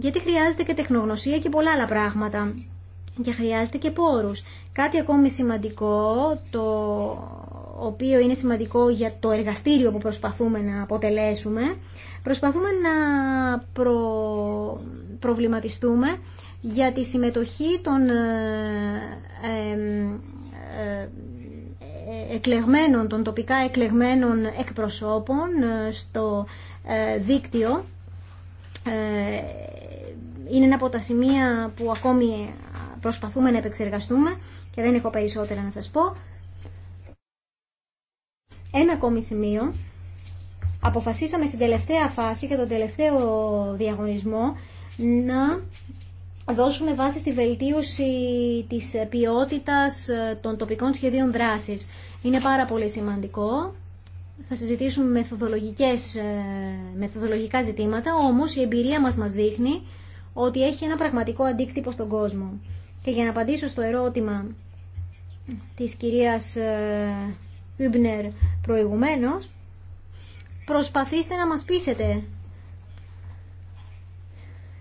Speaker 1: γιατί χρειάζεται και τεχνογνωσία και πολλά άλλα πράγματα και χρειάζεται και πόρους. Κάτι ακόμη σημαντικό, το οποίο είναι σημαντικό για το εργαστήριο που προσπαθούμε να αποτελέσουμε, Προσπαθούμε να προβληματιστούμε για τη συμμετοχή των ε, ε, εκλεγμένων, των τοπικά εκλεγμένων εκπροσώπων ε, στο δίκτυο. Είναι ένα από τα σημεία που ακόμη προσπαθούμε να επεξεργαστούμε και δεν έχω περισσότερα να σας πω. Ένα ακόμη σημείο αποφασίσαμε στην τελευταία φάση και τον τελευταίο διαγωνισμό να δώσουμε βάση στη βελτίωση της ποιότητας ε, των τοπικών σχεδίων δράσης. Είναι πάρα πολύ σημαντικό. Θα συζητήσουμε μεθοδολογικές, ε, μεθοδολογικά ζητήματα, όμως η εμπειρία μας μας δείχνει ότι έχει ένα πραγματικό αντίκτυπο στον κόσμο. Και για να απαντήσω στο ερώτημα της κυρίας Ούμπνερ προηγουμένως, προσπαθήστε να μας πείσετε.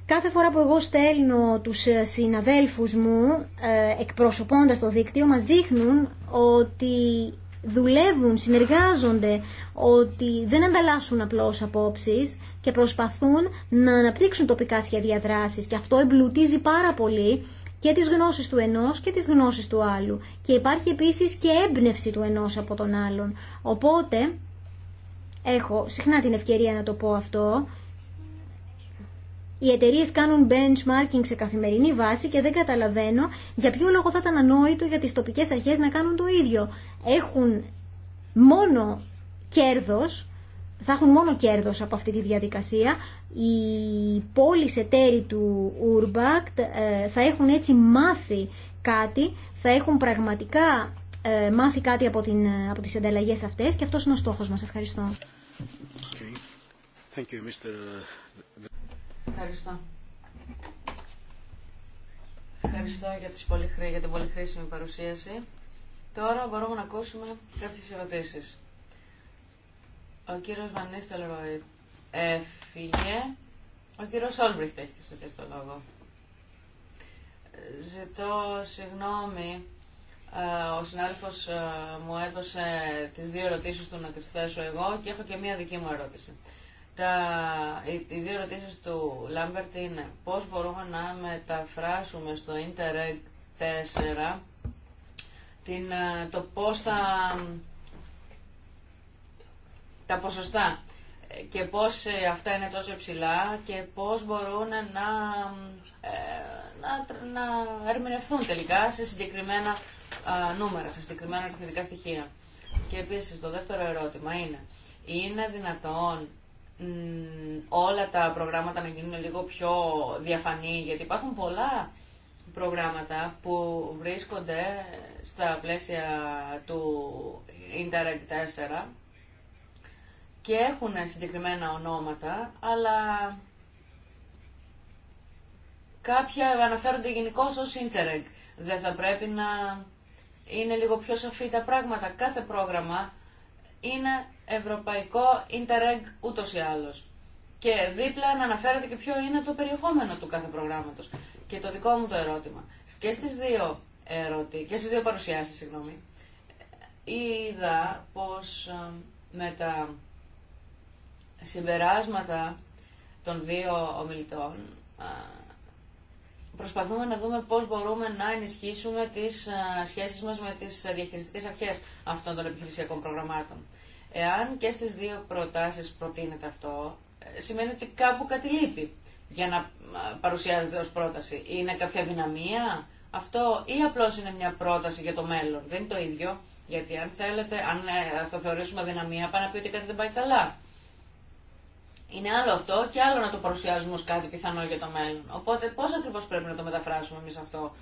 Speaker 1: Κάθε φορά που εγώ στέλνω τους ε, συναδέλφους μου, ε, εκπροσωπώντας το δίκτυο, μας δείχνουν ότι δουλεύουν, συνεργάζονται, ότι δεν ανταλλάσσουν απλώς απόψεις και προσπαθούν να αναπτύξουν τοπικά σχέδια δράσης και αυτό εμπλουτίζει πάρα πολύ και τις γνώσεις του ενός και τις γνώσεις του άλλου και υπάρχει επίσης και έμπνευση του ενός από τον άλλον. Οπότε έχω συχνά την ευκαιρία να το πω αυτό, οι εταιρείε κάνουν benchmarking σε καθημερινή βάση και δεν καταλαβαίνω για ποιο λόγο θα ήταν ανόητο για τις τοπικές αρχές να κάνουν το ίδιο. Έχουν μόνο κέρδος, θα έχουν μόνο κέρδος από αυτή τη διαδικασία. Οι πόλεις εταίροι του Urbact ε, θα έχουν έτσι μάθει κάτι, θα έχουν πραγματικά ε, μάθει κάτι από, την, ε, από τις ανταλλαγές αυτές και αυτός είναι ο στόχος μας. Ευχαριστώ.
Speaker 3: Okay. Thank you, Mr. Uh, Ευχαριστώ. Ευχαριστώ για, τις για την πολύ χρήσιμη παρουσίαση. Τώρα μπορούμε να ακούσουμε κάποιες ερωτήσεις. Ο κύριος Βανίστελ Ροϊτ έφυγε. Ο κύριος Όλμπριχτ έχει το λόγο. Ζητώ συγγνώμη ε, ο συνάδελφος ε, μου έδωσε τις δύο ερωτήσεις του να τις θέσω εγώ και έχω και μία δική μου ερώτηση. Τα, οι, δύο ερωτήσεις του Λάμπερτ είναι πώς μπορούμε να μεταφράσουμε στο Interreg 4 την, ε, το πώς θα τα ποσοστά και πώς αυτά είναι τόσο υψηλά και πώς μπορούν να, να, να ερμηνευτούν τελικά σε συγκεκριμένα νούμερα, σε συγκεκριμένα αριθμητικά στοιχεία. Και επίση το δεύτερο ερώτημα είναι, είναι δυνατόν όλα τα προγράμματα να γίνουν λίγο πιο διαφανή, γιατί υπάρχουν πολλά προγράμματα που βρίσκονται στα πλαίσια του Interreg 4 και έχουν συγκεκριμένα ονόματα, αλλά κάποια αναφέρονται γενικώ ως Interreg. Δεν θα πρέπει να είναι λίγο πιο σαφή τα πράγματα. Κάθε πρόγραμμα είναι ευρωπαϊκό Interreg ούτως ή άλλως. Και δίπλα να αναφέρεται και ποιο είναι το περιεχόμενο του κάθε προγράμματος. Και το δικό μου το ερώτημα. Και στι δύο, ερώτη, και δύο παρουσιάσεις, συγγνώμη, είδα πως ε, με τα συμπεράσματα των δύο ομιλητών ε, προσπαθούμε να δούμε πώς μπορούμε να ενισχύσουμε τις ε, σχέσεις μας με τις διαχειριστικές αρχές αυτών των επιχειρησιακών προγραμμάτων. Εάν και στις δύο προτάσεις προτείνεται αυτό, ε, σημαίνει ότι κάπου κάτι λείπει για να ε, παρουσιάζεται ως πρόταση. Είναι κάποια δυναμία αυτό ή απλώς είναι μια πρόταση για το μέλλον. Δεν είναι το ίδιο, γιατί αν θέλετε, αν θα θεωρήσουμε δυναμία, πάνε να πει ότι κάτι δεν πάει καλά. Είναι άλλο αυτό και άλλο να το παρουσιάζουμε ως κάτι πιθανό για το μέλλον. Οπότε πώς ακριβώς πρέπει να το μεταφράσουμε εμείς αυτό.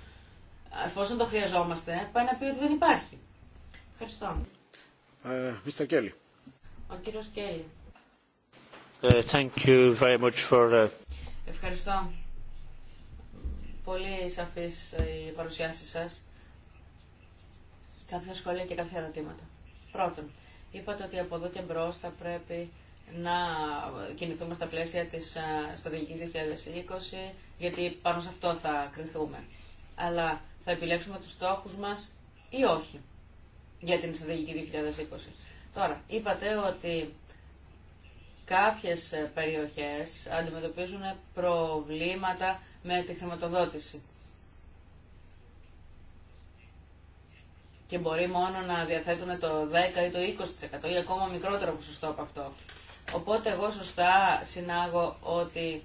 Speaker 3: Εφόσον το χρειαζόμαστε, πάει να πει ότι δεν υπάρχει. Ευχαριστώ.
Speaker 4: Ε,
Speaker 3: Ο κύριος Κέλλη.
Speaker 5: Ε, thank you very much for... Ε,
Speaker 3: Ευχαριστώ. Πολύ σαφής η παρουσιάση σας. Κάποια σχόλια και κάποια ερωτήματα. Πρώτον, είπατε ότι από εδώ και μπρος θα πρέπει να κινηθούμε στα πλαίσια της στρατηγικής 2020, γιατί πάνω σε αυτό θα κρυθούμε. Αλλά θα επιλέξουμε τους στόχους μας ή όχι για την στρατηγική 2020. Τώρα, είπατε ότι κάποιες περιοχές αντιμετωπίζουν προβλήματα με τη χρηματοδότηση. και μπορεί μόνο να διαθέτουν το 10 ή το 20% ή ακόμα μικρότερο ποσοστό από αυτό. Οπότε εγώ σωστά συνάγω ότι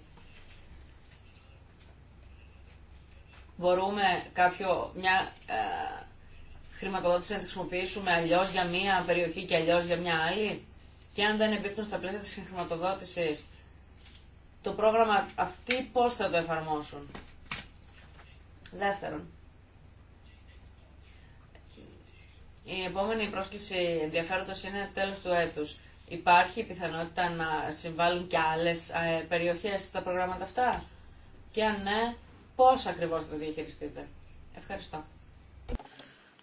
Speaker 3: μπορούμε κάποιο, μια ε, χρηματοδότηση να τη χρησιμοποιήσουμε αλλιώ για μία περιοχή και αλλιώ για μια άλλη. Και αν δεν επίπτουν στα πλαίσια τη χρηματοδότηση, το πρόγραμμα αυτή πώ θα το εφαρμόσουν. Δεύτερον, η επόμενη πρόσκληση ενδιαφέροντος είναι τέλος του έτους. Υπάρχει πιθανότητα να συμβάλλουν και άλλες ε, περιοχές στα προγράμματα αυτά και αν ναι, πώς ακριβώς το διαχειριστείτε. Ευχαριστώ.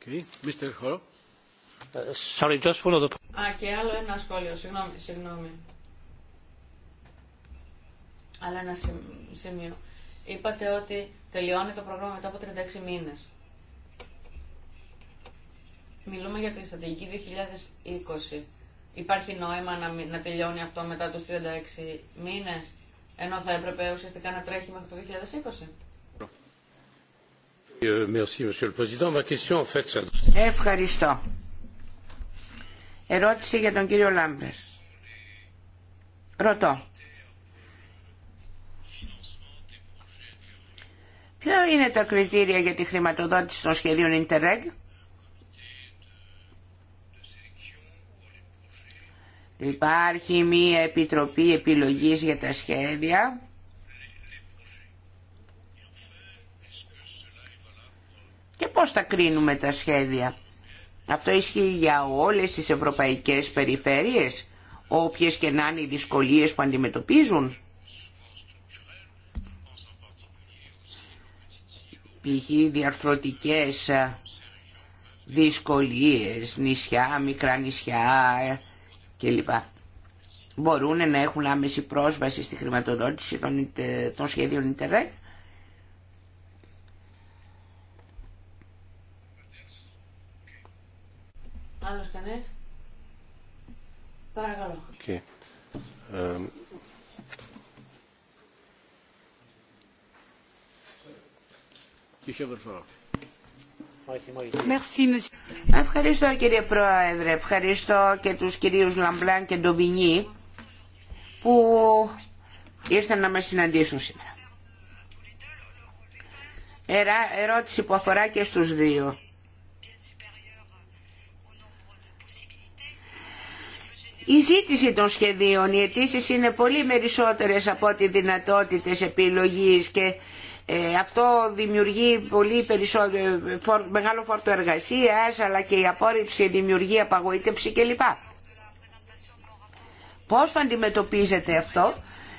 Speaker 5: Okay. Mr. Hall. Ε, sorry, just
Speaker 3: Α, και άλλο ένα σχόλιο. Συγγνώμη, συγγνώμη. Άλλο ένα σημείο. Είπατε ότι τελειώνει το πρόγραμμα μετά από 36 μήνες. Μιλούμε για τη στρατηγική 2020 υπάρχει νόημα να, να τελειώνει αυτό μετά τους 36 μήνες, ενώ θα έπρεπε ουσιαστικά να τρέχει μέχρι το 2020.
Speaker 5: Ε,
Speaker 2: Ευχαριστώ. Ερώτηση για τον κύριο Λάμπερ. Ρωτώ. Ποια είναι τα κριτήρια για τη χρηματοδότηση των σχεδίων Interreg Υπάρχει μία επιτροπή επιλογής για τα σχέδια. Και πώς θα κρίνουμε τα σχέδια. Αυτό ισχύει για όλες τις ευρωπαϊκές περιφέρειες, όποιες και να είναι οι δυσκολίες που αντιμετωπίζουν. π.χ. διαρθρωτικές δυσκολίες, νησιά, μικρά νησιά, κλπ. Μπορούν να έχουν άμεση πρόσβαση στη χρηματοδότηση των, των σχεδίων Ιντερνετ.
Speaker 3: Άλλος κανένας. Παρακαλώ.
Speaker 5: Okay. Um...
Speaker 4: Ε,
Speaker 2: Ευχαριστώ κύριε Πρόεδρε, ευχαριστώ και τους κυρίους Λαμπλάν και Ντομπινί που ήρθαν να με συναντήσουν σήμερα. ερώτηση που αφορά και στους δύο. Η ζήτηση των σχεδίων, οι αιτήσει είναι πολύ περισσότερες από ό,τι δυνατότητες επιλογής και ε, αυτό δημιουργεί πολύ περισσότερο, μεγάλο φόρτο εργασίας αλλά και η απόρριψη δημιουργεί απαγοήτευση κλπ. Πώς θα αντιμετωπίζετε αυτό.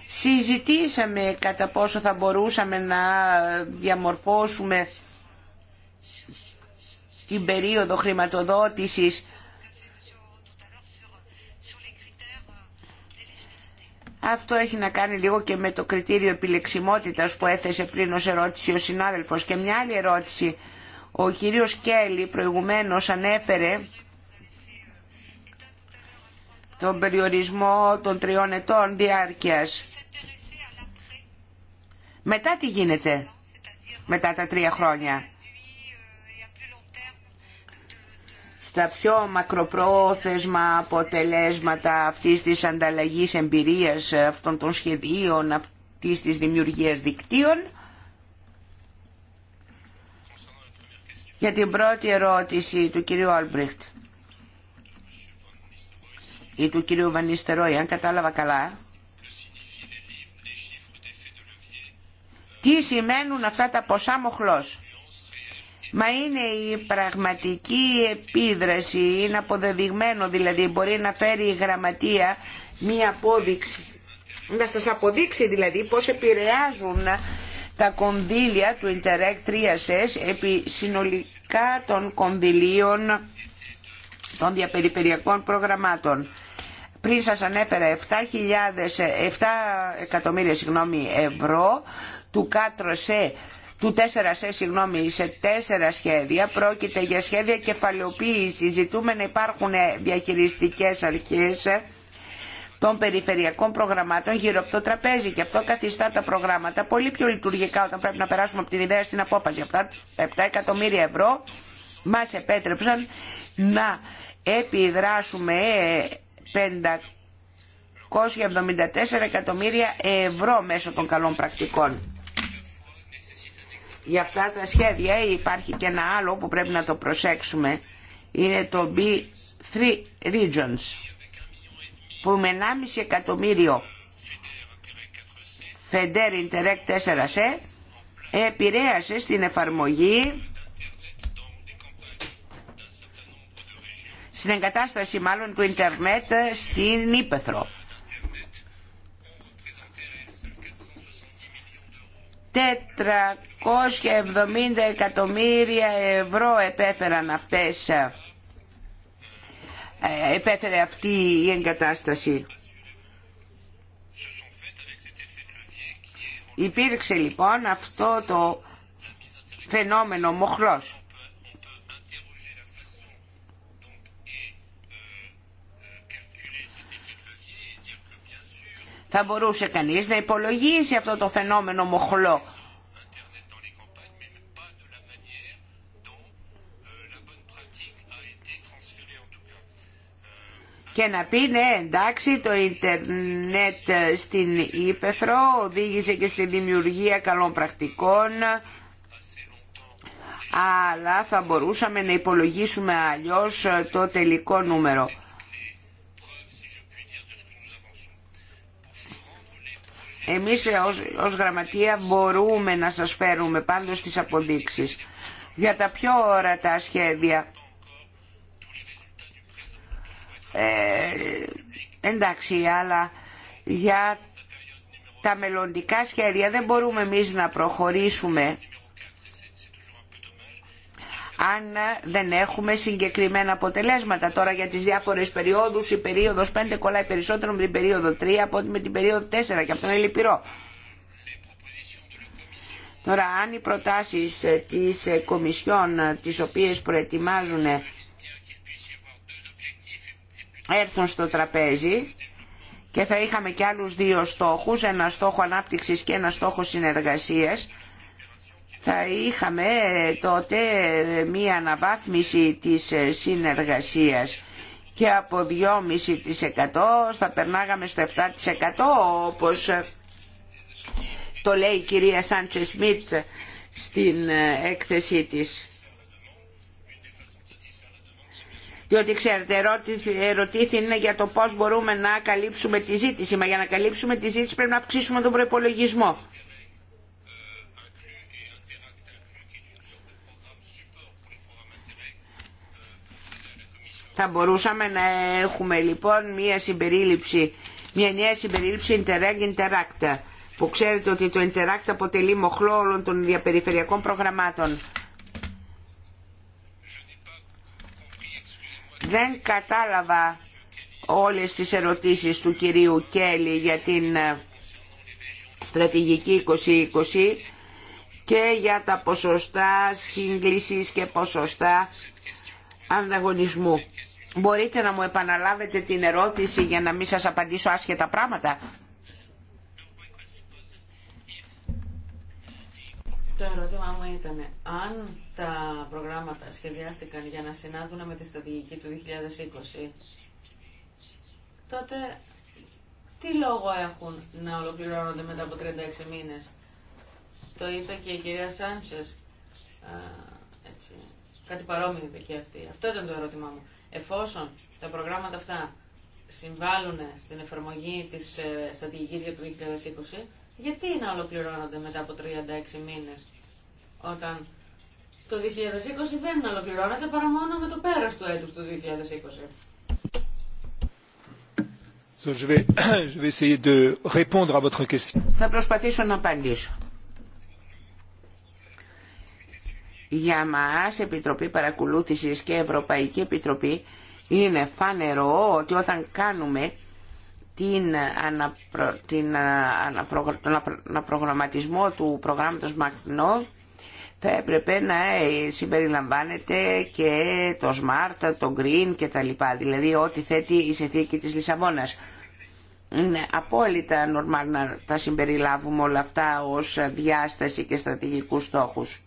Speaker 2: Συζητήσαμε κατά πόσο θα μπορούσαμε να διαμορφώσουμε την περίοδο χρηματοδότησης Αυτό έχει να κάνει λίγο και με το κριτήριο επιλεξιμότητας που έθεσε πριν ως ερώτηση ο συνάδελφος. Και μια άλλη ερώτηση. Ο κύριος Κέλλη προηγουμένως ανέφερε τον περιορισμό των τριών ετών διάρκειας. Μετά τι γίνεται μετά τα τρία χρόνια. στα πιο μακροπρόθεσμα αποτελέσματα αυτής της ανταλλαγής εμπειρίας, αυτών των σχεδίων, αυτής της δημιουργίας δικτύων. Για την πρώτη ερώτηση του κυρίου Αλμπρίχτ ή του κυρίου Βανίστερόη, αν κατάλαβα καλά, τι σημαίνουν αυτά τα ποσά μοχλός. Μα είναι η πραγματική επίδραση, είναι αποδεδειγμένο δηλαδή, μπορεί να φέρει η γραμματεία μία απόδειξη, να σας αποδείξει δηλαδή πώς επηρεάζουν τα κονδύλια του Interact 3S επί συνολικά των κονδυλίων των διαπεριπεριακών προγραμμάτων. Πριν σας ανέφερα 7, 7 εκατομμύρια ευρώ του κάτρωσε του 4 σε, συγγνώμη, σε τέσσερα σχέδια πρόκειται για σχέδια κεφαλαιοποίηση. Ζητούμε να υπάρχουν διαχειριστικές αρχές των περιφερειακών προγραμμάτων γύρω από το τραπέζι και αυτό καθιστά τα προγράμματα πολύ πιο λειτουργικά όταν πρέπει να περάσουμε από την ιδέα στην απόφαση. Αυτά τα 7 εκατομμύρια ευρώ μας επέτρεψαν να επιδράσουμε 574 εκατομμύρια ευρώ μέσω των καλών πρακτικών για αυτά τα σχέδια ε, υπάρχει και ένα άλλο που πρέπει να το προσέξουμε είναι το B3 Regions που με 1,5 εκατομμύριο FEDER Interreg 4C ε, επηρέασε στην εφαρμογή στην εγκατάσταση μάλλον του Ιντερνετ στην Ήπεθρο. 470 εκατομμύρια ευρώ επέφεραν αυτές ε, επέφερε αυτή η εγκατάσταση. Υπήρξε λοιπόν αυτό το φαινόμενο μοχλός. Θα μπορούσε κανείς να υπολογίσει αυτό το φαινόμενο μοχλό. και να πει ναι εντάξει το ίντερνετ στην Ήπεθρο οδήγησε και στη δημιουργία καλών πρακτικών αλλά θα μπορούσαμε να υπολογίσουμε αλλιώς το τελικό νούμερο. Εμείς ως, ως γραμματεία μπορούμε να σας φέρουμε πάντως τις αποδείξεις για τα πιο ορατά σχέδια. Ε, εντάξει, αλλά για τα μελλοντικά σχέδια δεν μπορούμε εμείς να προχωρήσουμε αν δεν έχουμε συγκεκριμένα αποτελέσματα. Τώρα για τις διάφορες περιόδους, η περίοδος 5 κολλάει περισσότερο με την περίοδο 3 από ότι με την περίοδο 4 και αυτό είναι λυπηρό. Τώρα αν οι προτάσεις της Κομισιόν τις οποίες προετοιμάζουν έρθουν στο τραπέζι και θα είχαμε και άλλους δύο στόχους, ένα στόχο ανάπτυξης και ένα στόχο συνεργασίας, θα είχαμε τότε μία αναβάθμιση της συνεργασίας και από 2,5% θα περνάγαμε στο 7% όπως το λέει η κυρία Σάντσε Σμιτ στην έκθεσή της. Διότι ξέρετε, ερωτήθη για το πώς μπορούμε να καλύψουμε τη ζήτηση, μα για να καλύψουμε τη ζήτηση πρέπει να αυξήσουμε τον προπολογισμό. Θα μπορούσαμε να έχουμε λοιπόν μια συμπερίληψη, μια νέα συμπερίληψη Interreg Interact που ξέρετε ότι το Interact αποτελεί μοχλό όλων των διαπεριφερειακών προγραμμάτων. Δεν κατάλαβα όλες τις ερωτήσεις του κυρίου Κέλλη για την ε, στρατηγική 2020 και για τα ποσοστά σύγκλησης και ποσοστά ανταγωνισμού. Μπορείτε να μου επαναλάβετε την ερώτηση για να μην σας απαντήσω άσχετα πράγματα.
Speaker 3: Το ερώτημά μου ήταν αν τα προγράμματα σχεδιάστηκαν για να συνάδουν με τη στρατηγική του 2020, τότε τι λόγο έχουν να ολοκληρώνονται μετά από 36 μήνες. Το είπε και η κυρία Σάντσες, κάτι παρόμοιο είπε και αυτή. Αυτό ήταν το ερώτημά μου. Εφόσον τα προγράμματα αυτά συμβάλλουν στην εφαρμογή της ε, στρατηγική για το 2020, γιατί να ολοκληρώνονται μετά από 36 μήνε, όταν το 2020 δεν ολοκληρώνεται παρά μόνο με το πέρα του έτους του 2020.
Speaker 2: Θα προσπαθήσω να απαντήσω. για μας Επιτροπή Παρακολούθησης και Ευρωπαϊκή Επιτροπή είναι φανερό ότι όταν κάνουμε την την τον αναπρογραμματισμό του προγράμματος Μακνό θα έπρεπε να ε, συμπεριλαμβάνεται και το Smart, το Green και τα λοιπά, δηλαδή ό,τι θέτει η συνθήκη της Λισαβόνας. Είναι απόλυτα νορμάλ να τα συμπεριλάβουμε όλα αυτά ως διάσταση και στρατηγικούς στόχους.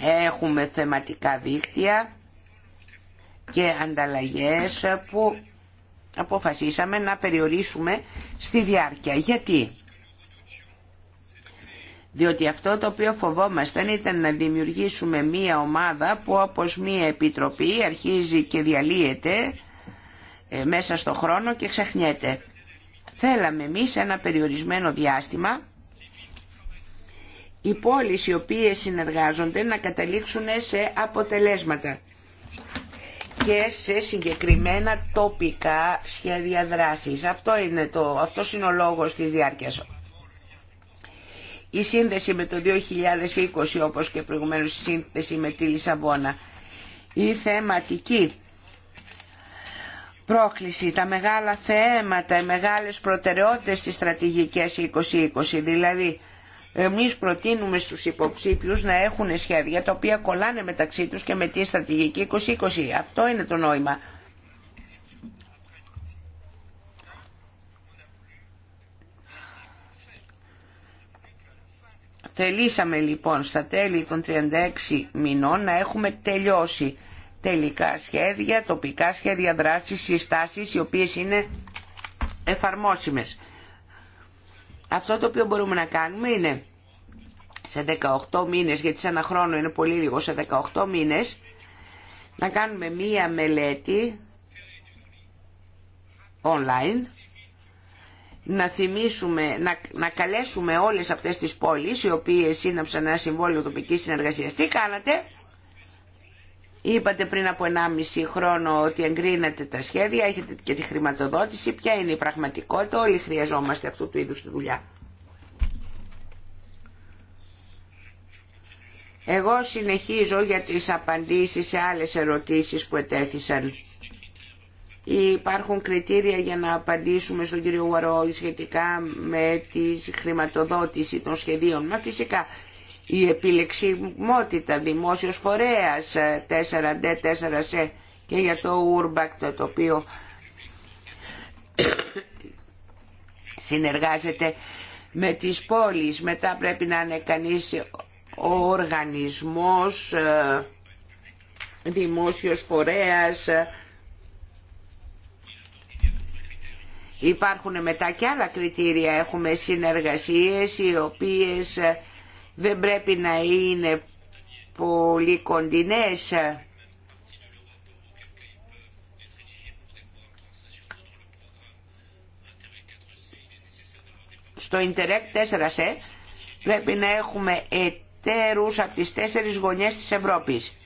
Speaker 2: Έχουμε θεματικά δίκτυα και ανταλλαγές που αποφασίσαμε να περιορίσουμε στη διάρκεια. Γιατί? Διότι αυτό το οποίο φοβόμασταν ήταν να δημιουργήσουμε μία ομάδα που όπως μία επιτροπή αρχίζει και διαλύεται ε, μέσα στο χρόνο και ξεχνιέται. Θέλαμε εμείς ένα περιορισμένο διάστημα οι πόλεις οι οποίες συνεργάζονται να καταλήξουν σε αποτελέσματα και σε συγκεκριμένα τοπικά σχέδια δράσης. Αυτό είναι, το, αυτός είναι ο λόγος της διάρκειας. Η σύνδεση με το 2020 όπως και προηγουμένως η σύνδεση με τη Λισαβόνα. Η θεματική πρόκληση, τα μεγάλα θέματα, οι μεγάλες προτεραιότητες της στρατηγική 2020, δηλαδή εμείς προτείνουμε στους υποψήφιους να έχουν σχέδια τα οποία κολλάνε μεταξύ τους και με τη στρατηγική 2020. Αυτό είναι το νόημα. Θελήσαμε λοιπόν στα τέλη των 36 μηνών να έχουμε τελειώσει τελικά σχέδια, τοπικά σχέδια δράσης, συστάσεις οι οποίες είναι εφαρμόσιμες. Αυτό το οποίο μπορούμε να κάνουμε είναι σε 18 μήνες, γιατί σε ένα χρόνο είναι πολύ λίγο, σε 18 μήνες, να κάνουμε μία μελέτη online, να θυμίσουμε, να, καλέσουμε όλες αυτές τις πόλεις, οι οποίες σύναψαν ένα συμβόλαιο τοπικής συνεργασίας. Τι κάνατε, Είπατε πριν από 1,5 χρόνο ότι εγκρίνατε τα σχέδια, έχετε και τη χρηματοδότηση. Ποια είναι η πραγματικότητα, όλοι χρειαζόμαστε αυτού του είδους τη δουλειά. Εγώ συνεχίζω για τις απαντήσεις σε άλλες ερωτήσεις που ετέθησαν. Υπάρχουν κριτήρια για να απαντήσουμε στον κύριο Γουαρό σχετικά με τη χρηματοδότηση των σχεδίων. φυσικά η επιλεξιμότητα δημόσιος φορέας 4D4C ε, και για το Ουρμπακ το οποίο συνεργάζεται με τις πόλεις. Μετά πρέπει να είναι κανείς ο οργανισμός, ε, δημόσιος φορέας. Υπάρχουν μετά και άλλα κριτήρια. Έχουμε συνεργασίες οι οποίες ε, δεν πρέπει να είναι πολύ κοντινές στο Ιντερεκ 4C πρέπει να έχουμε εταίρους από τις τέσσερις γωνιές της Ευρώπης.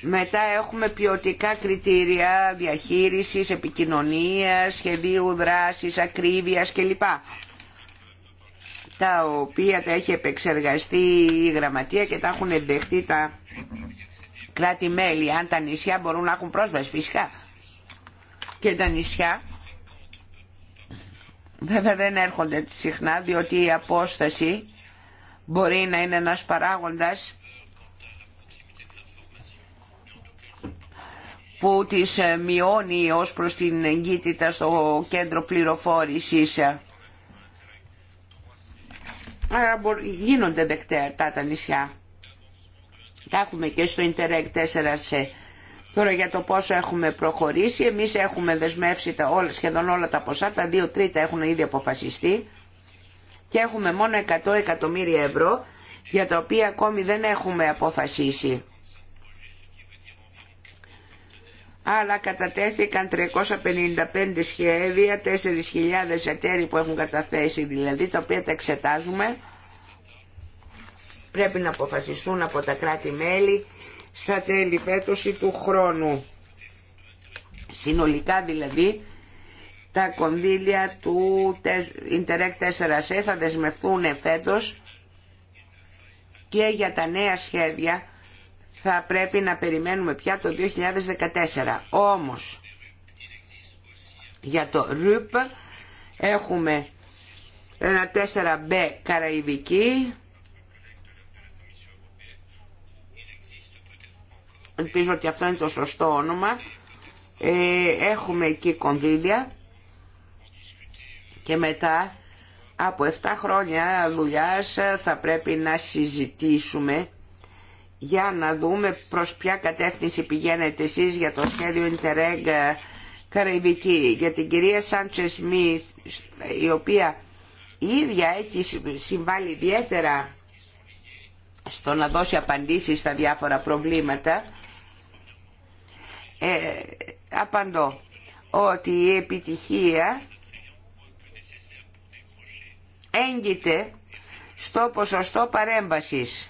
Speaker 2: Μετά έχουμε ποιοτικά κριτήρια διαχείρισης, επικοινωνίας, σχεδίου δράσης, ακρίβειας κλπ τα οποία τα έχει επεξεργαστεί η Γραμματεία και τα έχουν εντεχθεί τα κράτη-μέλη. Αν τα νησιά μπορούν να έχουν πρόσβαση φυσικά. Και τα νησιά βέβαια δεν έρχονται συχνά διότι η απόσταση μπορεί να είναι ένας παράγοντας που τις μειώνει ως προς την εγκύτητα στο κέντρο πληροφόρησης Άρα γίνονται δεκτά τα νησιά. Τα έχουμε και στο Interreg 4C. Τώρα για το πόσο έχουμε προχωρήσει, εμείς έχουμε δεσμεύσει τα όλα, σχεδόν όλα τα ποσά, τα δύο τρίτα έχουν ήδη αποφασιστεί και έχουμε μόνο 100 εκατομμύρια ευρώ για τα οποία ακόμη δεν έχουμε αποφασίσει. αλλά κατατέθηκαν 355 σχέδια, 4.000 εταίροι που έχουν καταθέσει δηλαδή, τα οποία τα εξετάζουμε. Πρέπει να αποφασιστούν από τα κράτη-μέλη στα τέλη πέτωση του χρόνου. Συνολικά δηλαδή, τα κονδύλια του Interreg 4C ε θα δεσμευθούν φέτος και για τα νέα σχέδια θα πρέπει να περιμένουμε πια το 2014. Όμως, για το ΡΥΠ έχουμε ένα 4B Καραϊβική, ελπίζω ότι αυτό είναι το σωστό όνομα, ε, έχουμε εκεί κονδύλια και μετά από 7 χρόνια δουλειάς θα πρέπει να συζητήσουμε για να δούμε προς ποια κατεύθυνση πηγαίνετε εσείς για το σχέδιο Interreg ε, Καραϊβική, για την κυρία Σάντσε Σμιθ, η οποία η ίδια έχει συμβάλει ιδιαίτερα στο να δώσει απαντήσεις στα διάφορα προβλήματα, ε, απαντώ ότι η επιτυχία έγκυται στο ποσοστό παρέμβασης.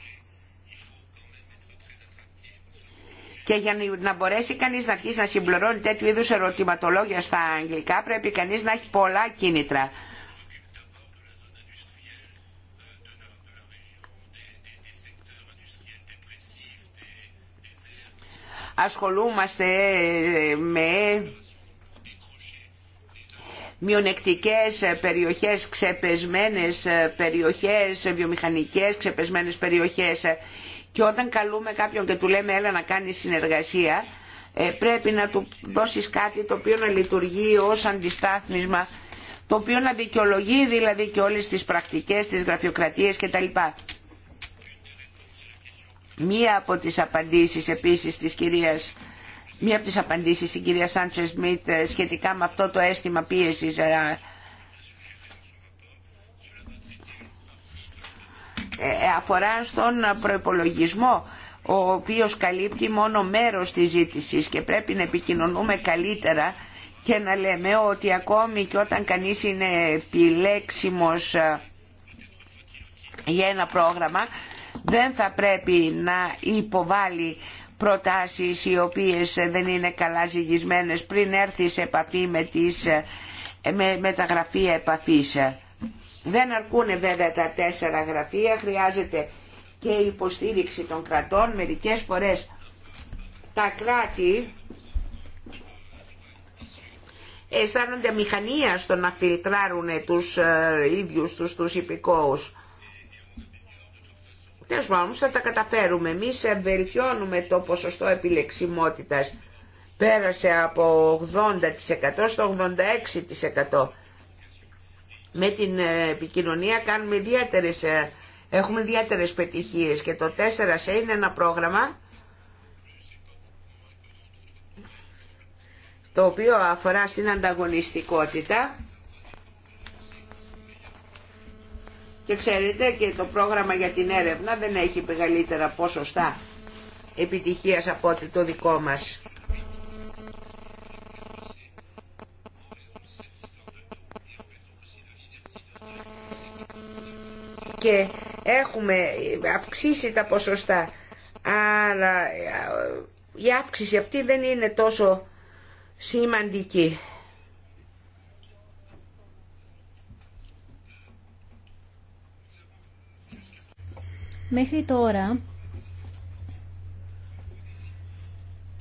Speaker 2: και για να μπορέσει κανείς να αρχίσει να συμπληρώνει τέτοιου είδου ερωτηματολόγια στα αγγλικά πρέπει κανεί να έχει πολλά κίνητρα. Ασχολούμαστε ε, με μειονεκτικές περιοχές, ξεπεσμένες ε, περιοχές, βιομηχανικές ξεπεσμένες περιοχές και όταν καλούμε κάποιον και του λέμε έλα να κάνει συνεργασία, ε, πρέπει να του δώσεις κάτι το οποίο να λειτουργεί ως αντιστάθμισμα, το οποίο να δικαιολογεί δηλαδή και όλες τις πρακτικές, τις γραφειοκρατίες κτλ. Μία από τις απαντήσεις επίσης της κυρίας Μία από τις απαντήσεις της κυρία Σάντσες Σμιτ ε, σχετικά με αυτό το αίσθημα πίεσης ε, Ε, ε, αφορά στον προϋπολογισμό ο οποίος καλύπτει μόνο μέρος της ζήτησης και πρέπει να επικοινωνούμε καλύτερα και να λέμε ότι ακόμη και όταν κανείς είναι επιλέξιμος ε, για ένα πρόγραμμα δεν θα πρέπει να υποβάλει προτάσεις οι οποίες δεν είναι καλά ζυγισμένες πριν έρθει σε επαφή με, τα γραφεία επαφής. Δεν αρκούν βέβαια τα τέσσερα γραφεία, χρειάζεται και υποστήριξη των κρατών. Μερικές φορές τα κράτη αισθάνονται μηχανία στο να φιλτράρουν τους ε, ίδιους τους, τους υπηκόους. Τέλος πάντων, θα τα καταφέρουμε. Εμείς βελτιώνουμε το ποσοστό επιλεξιμότητας. Πέρασε από 80% στο 86% με την ε, επικοινωνία κάνουμε διάτερες, ε, έχουμε διάτερες πετυχίες και το 4 σε είναι ένα πρόγραμμα το οποίο αφορά στην ανταγωνιστικότητα και ξέρετε και το πρόγραμμα για την έρευνα δεν έχει μεγαλύτερα ποσοστά επιτυχίας από ότι το δικό μας. και έχουμε αυξήσει τα ποσοστά. Αλλά ε, η αύξηση αυτή δεν είναι τόσο σημαντική.
Speaker 1: Μέχρι τώρα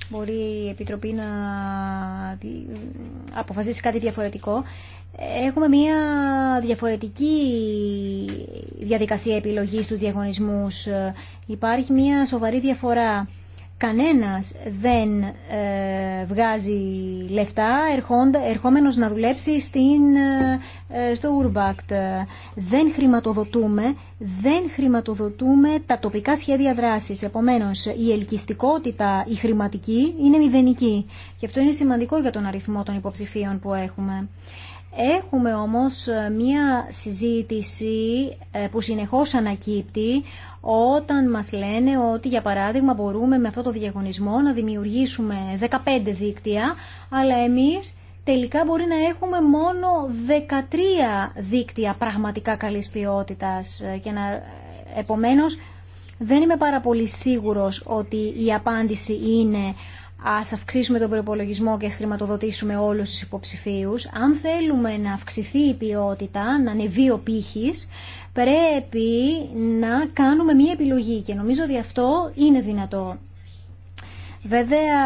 Speaker 1: μπορεί η Επιτροπή να αποφασίσει κάτι διαφορετικό έχουμε μια διαφορετική διαδικασία επιλογής του διαγωνισμούς. Υπάρχει μια σοβαρή διαφορά. Κανένας δεν ε, βγάζει λεφτά ερχόντα, ερχόμενος να δουλέψει στην, ε, στο Ουρμπακτ. Δεν χρηματοδοτούμε, δεν χρηματοδοτούμε τα τοπικά σχέδια δράσης. Επομένως, η ελκυστικότητα, η χρηματική είναι μηδενική. Και αυτό είναι σημαντικό για τον αριθμό των υποψηφίων που έχουμε. Έχουμε όμως ε, μία συζήτηση ε, που συνεχώς ανακύπτει όταν μας λένε ότι για παράδειγμα μπορούμε με αυτό το διαγωνισμό να δημιουργήσουμε 15 δίκτυα, αλλά εμείς τελικά μπορεί να έχουμε μόνο 13 δίκτυα πραγματικά καλής ποιότητας ε, και να... Επομένως, δεν είμαι πάρα πολύ σίγουρος ότι η απάντηση είναι ας αυξήσουμε τον προπολογισμό και ας χρηματοδοτήσουμε όλους τους υποψηφίους. Αν θέλουμε να αυξηθεί η ποιότητα, να ανεβεί ο πύχης, πρέπει να κάνουμε μία επιλογή και νομίζω ότι αυτό είναι δυνατό. Βέβαια,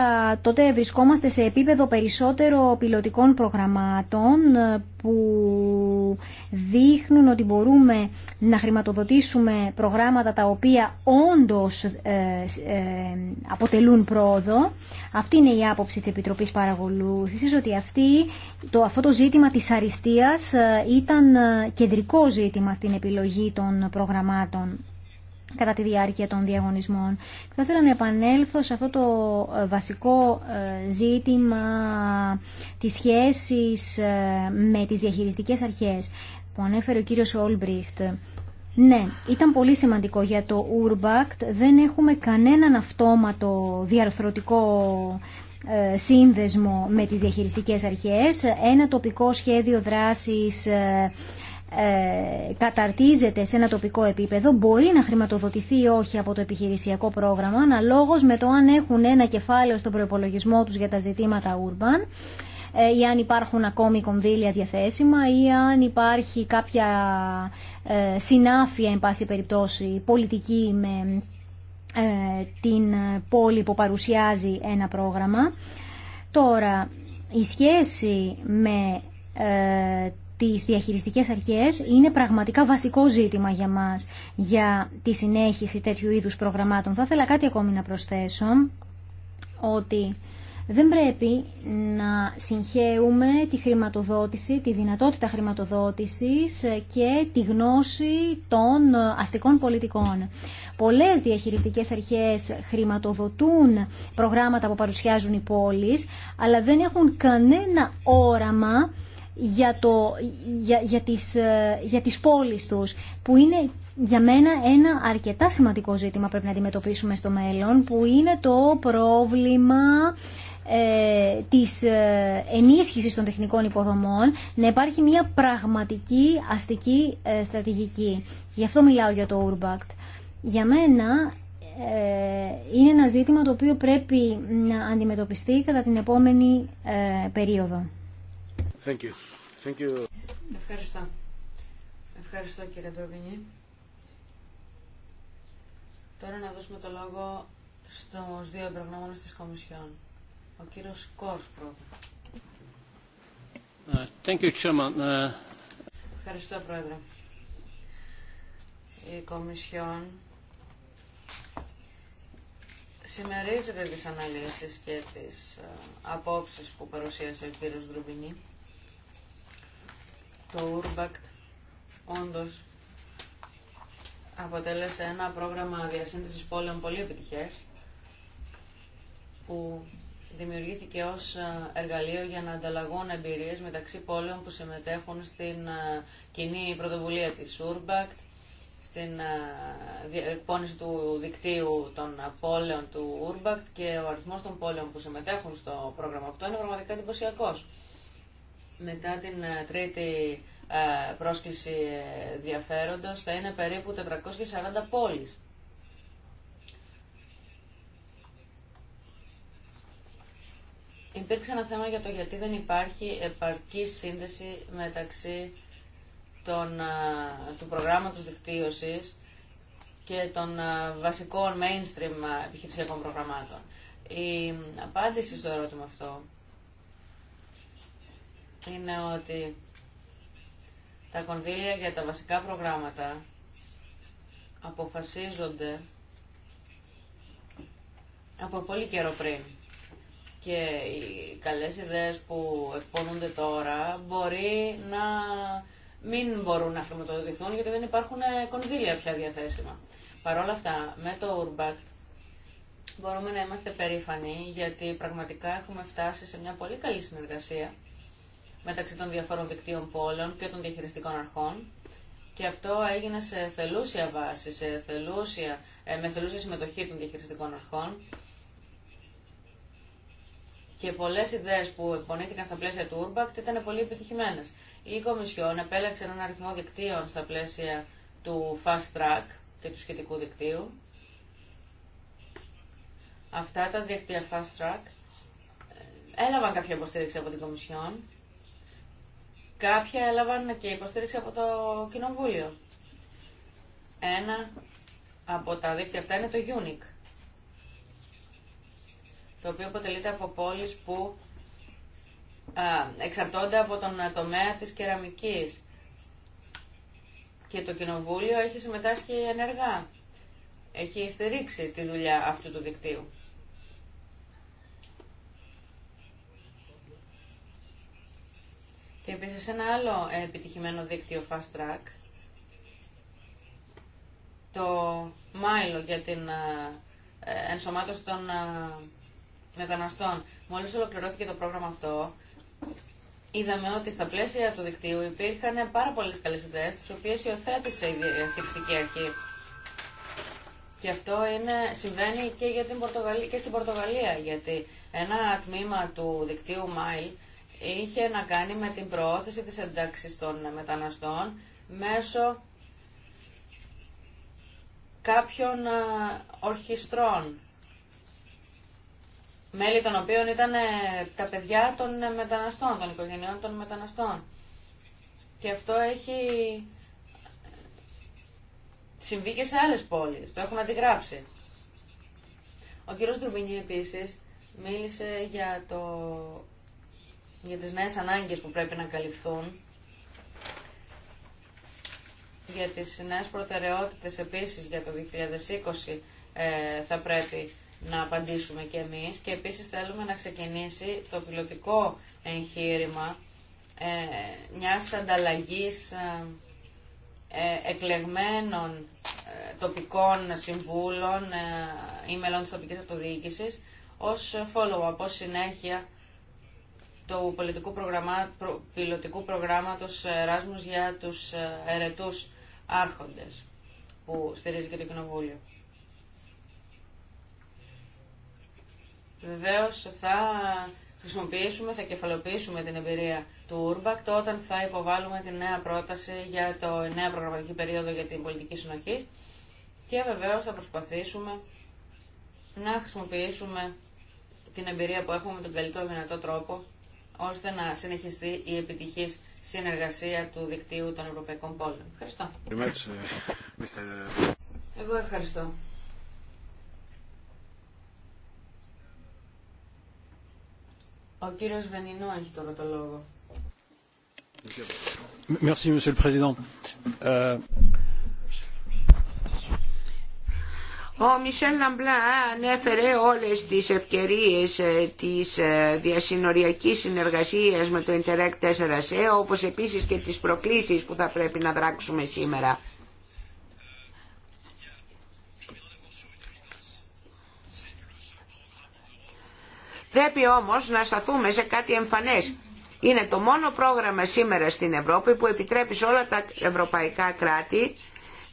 Speaker 1: τότε βρισκόμαστε σε επίπεδο περισσότερο πιλωτικών προγραμμάτων ε, που δείχνουν ότι μπορούμε να χρηματοδοτήσουμε προγράμματα τα οποία όντως ε, ε, αποτελούν πρόοδο. Αυτή είναι η άποψη της Επιτροπής Παρακολούθησης, ότι αυτή, το, αυτό το ζήτημα της αριστείας ήταν κεντρικό ζήτημα στην επιλογή των προγραμμάτων κατά τη διάρκεια των διαγωνισμών. Θα ήθελα να επανέλθω σε αυτό το ε, βασικό ε, ζήτημα της σχέσης ε, με τις διαχειριστικές αρχές που ανέφερε ο κύριος Όλμπριχτ. Ναι, ήταν πολύ σημαντικό για το Ουρμπακτ. Δεν έχουμε κανέναν αυτόματο διαρθρωτικό σύνδεσμο με τις διαχειριστικές αρχές. Ένα τοπικό σχέδιο δράσης ε, καταρτίζεται σε ένα τοπικό επίπεδο μπορεί να χρηματοδοτηθεί ή όχι από το επιχειρησιακό πρόγραμμα αναλόγως με το αν έχουν ένα κεφάλαιο στον προπολογισμό τους για τα ζητήματα urban ε, ή αν υπάρχουν ακόμη κονδύλια διαθέσιμα ή αν υπάρχει κάποια ε, συνάφεια, εν πάση περιπτώσει, πολιτική με την πόλη που παρουσιάζει ένα πρόγραμμα. Τώρα, η σχέση με τις διαχειριστικές αρχές είναι πραγματικά βασικό ζήτημα για μας για τη συνέχιση τέτοιου είδους προγραμμάτων. Θα ήθελα κάτι ακόμη να προσθέσω ότι δεν πρέπει να συγχαίουμε τη χρηματοδότηση, τη δυνατότητα χρηματοδότησης και τη γνώση των αστικών πολιτικών. Πολλές διαχειριστικές αρχές χρηματοδοτούν προγράμματα που παρουσιάζουν οι πόλεις, αλλά δεν έχουν κανένα όραμα για, το, για, ε, για, τις, πόλεις τους, που είναι για μένα ένα αρκετά σημαντικό ζήτημα πρέπει να αντιμετωπίσουμε στο μέλλον, που είναι το πρόβλημα ε, της ε, ενίσχυσης των τεχνικών υποδομών, να υπάρχει μια πραγματική αστική στρατηγική. Γι' αυτό μιλάω για το Urbact. Για μένα είναι ένα ζήτημα το οποίο πρέπει να αντιμετωπιστεί κατά την επόμενη περίοδο.
Speaker 3: Ευχαριστώ. Ευχαριστώ κύριε Τροβινή. Τώρα να δώσουμε το λόγο στους δύο εμπρογνώμονες της Κομισιόν. Ο κύριος Κόρς
Speaker 5: uh, uh,
Speaker 3: Ευχαριστώ, Πρόεδρε. Η Κομισιόν συμμερίζεται τις αναλύσεις και τις ε, απόψεις που παρουσίασε ο κύριος Δρουμπινή το Urbact όντως αποτέλεσε ένα πρόγραμμα διασύνδεσης πόλεων πολύ επιτυχές που δημιουργήθηκε ως ε, εργαλείο για να ανταλλαγούν εμπειρίες μεταξύ πόλεων που συμμετέχουν στην ε, κοινή πρωτοβουλία της Urbact, στην ε, εκπόνηση του δικτύου των πόλεων του Urbact και ο αριθμός των πόλεων που συμμετέχουν στο πρόγραμμα αυτό είναι πραγματικά εντυπωσιακό μετά την ε, τρίτη ε, πρόσκληση ε, διαφέροντος θα είναι περίπου 440 πόλεις. Υπήρξε ένα θέμα για το γιατί δεν υπάρχει επαρκή σύνδεση μεταξύ των, του προγράμματος δικτύωσης και των βασικών mainstream επιχειρησιακών προγραμμάτων. Η απάντηση στο ερώτημα αυτό είναι ότι τα κονδύλια για τα βασικά προγράμματα αποφασίζονται από πολύ καιρό πριν. Και οι καλές ιδέες που εκπονούνται τώρα μπορεί να μην μπορούν να χρηματοδοτηθούν γιατί δεν υπάρχουν κονδύλια πια διαθέσιμα. Παρ' όλα αυτά, με το Urbact μπορούμε να είμαστε περήφανοι γιατί πραγματικά έχουμε φτάσει σε μια πολύ καλή συνεργασία μεταξύ των διαφόρων δικτύων πόλεων και των διαχειριστικών αρχών. Και αυτό έγινε σε θελούσια βάση, σε θελούσια, ε, με θελούσια συμμετοχή των διαχειριστικών αρχών. Και πολλέ ιδέε που εκπονήθηκαν στα πλαίσια του Ούρμπακτ ήταν πολύ επιτυχημένε. Η Κομισιόν επέλεξε έναν αριθμό δικτύων στα πλαίσια του Fast Track και του σχετικού δικτύου. Αυτά τα δίκτυα Fast Track ε, έλαβαν κάποια υποστήριξη από την Κομισιόν Κάποια έλαβαν και υποστήριξη από το Κοινοβούλιο. Ένα από τα δίκτυα αυτά είναι το UNIC, το οποίο αποτελείται από πόλεις που εξαρτώνται από τον τομέα της κεραμικής και το Κοινοβούλιο έχει συμμετάσχει ενεργά. Έχει στηρίξει τη δουλειά αυτού του δικτύου. Και επίσης ένα άλλο ε, επιτυχημένο δίκτυο Fast Track, το Milo για την ε, ε, ενσωμάτωση των μεταναστών. Μόλις ολοκληρώθηκε το πρόγραμμα αυτό, είδαμε ότι στα πλαίσια του δικτύου υπήρχαν πάρα πολλές καλές ιδέες, τις οποίες υιοθέτησε η Διαχειριστική Αρχή. Και αυτό είναι, συμβαίνει και, για την Πορτογαλία, και στην Πορτογαλία, γιατί ένα τμήμα του δικτύου Mile είχε να κάνει με την προώθηση της ένταξης των μεταναστών μέσω κάποιων ε, ορχιστρών, μέλη των οποίων ήταν ε, τα παιδιά των ε, μεταναστών, των οικογενειών των μεταναστών. Και αυτό έχει συμβεί και σε άλλες πόλεις, το έχουμε αντιγράψει. Ο κύριος Ντουρμπινή επίσης μίλησε για το για τις νέες ανάγκες που πρέπει να καλυφθούν, για τις νέες προτεραιότητες επίσης για το 2020 ε, θα πρέπει να απαντήσουμε και εμείς και επίσης θέλουμε να ξεκινήσει το πιλωτικό εγχείρημα ε, μιας ανταλλαγής ε, ε, εκλεγμένων τοπικών συμβούλων ή μελών της τοπικής αυτοδιοίκησης ως follow-up, ως συνέχεια του πολιτικού προγραμμά, προ, πιλωτικού προγράμματος Εράσμους για τους ε, ερετούς άρχοντες που στηρίζει και το Κοινοβούλιο. Βεβαίω θα χρησιμοποιήσουμε, θα κεφαλοποιήσουμε την εμπειρία του Ούρμπακτ όταν θα υποβάλουμε τη νέα πρόταση για το νέο προγραμματική περίοδο για την πολιτική συνοχή και βεβαίω θα προσπαθήσουμε να χρησιμοποιήσουμε την εμπειρία που έχουμε με τον καλύτερο δυνατό τρόπο ώστε να συνεχιστεί η επιτυχή συνεργασία του δικτύου των Ευρωπαϊκών Πόλεων. Ευχαριστώ. Εγώ ευχαριστώ. Ο κύριος Βενινό έχει τώρα το λόγο.
Speaker 5: Merci, Monsieur le Président. Euh,
Speaker 2: Ο Μισελ Λαμπλά ανέφερε όλες τις ευκαιρίες ε, της ε, διασυνοριακής συνεργασίας με το Interreg 4C, ε, όπως επίσης και τις προκλήσεις που θα πρέπει να δράξουμε σήμερα. Πρέπει όμως να σταθούμε σε κάτι εμφανές. Είναι το μόνο πρόγραμμα σήμερα στην Ευρώπη που επιτρέπει σε όλα τα ευρωπαϊκά κράτη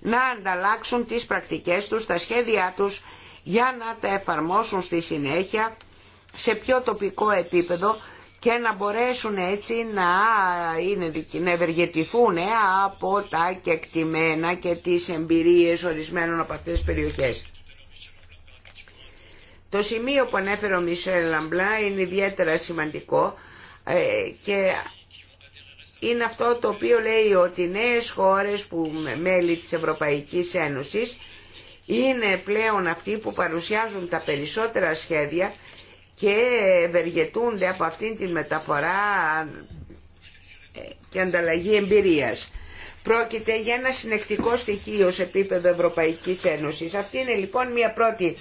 Speaker 2: να ανταλλάξουν τις πρακτικές τους, τα σχέδιά τους για να τα εφαρμόσουν στη συνέχεια σε πιο τοπικό επίπεδο και να μπορέσουν έτσι να, είναι, ευεργετηθούν ε, από τα κεκτημένα και τις εμπειρίες ορισμένων από αυτές τις περιοχές. Το σημείο που ανέφερε ο Μισελ Λαμπλά είναι ιδιαίτερα σημαντικό ε, και είναι αυτό το οποίο λέει ότι νέες χώρες που μέλη της Ευρωπαϊκής Ένωσης είναι πλέον αυτοί που παρουσιάζουν τα περισσότερα σχέδια και ευεργετούνται από αυτήν την μεταφορά και ανταλλαγή εμπειρίας. Πρόκειται για ένα συνεκτικό στοιχείο σε επίπεδο Ευρωπαϊκής Ένωσης. Αυτή είναι λοιπόν μια πρώτη,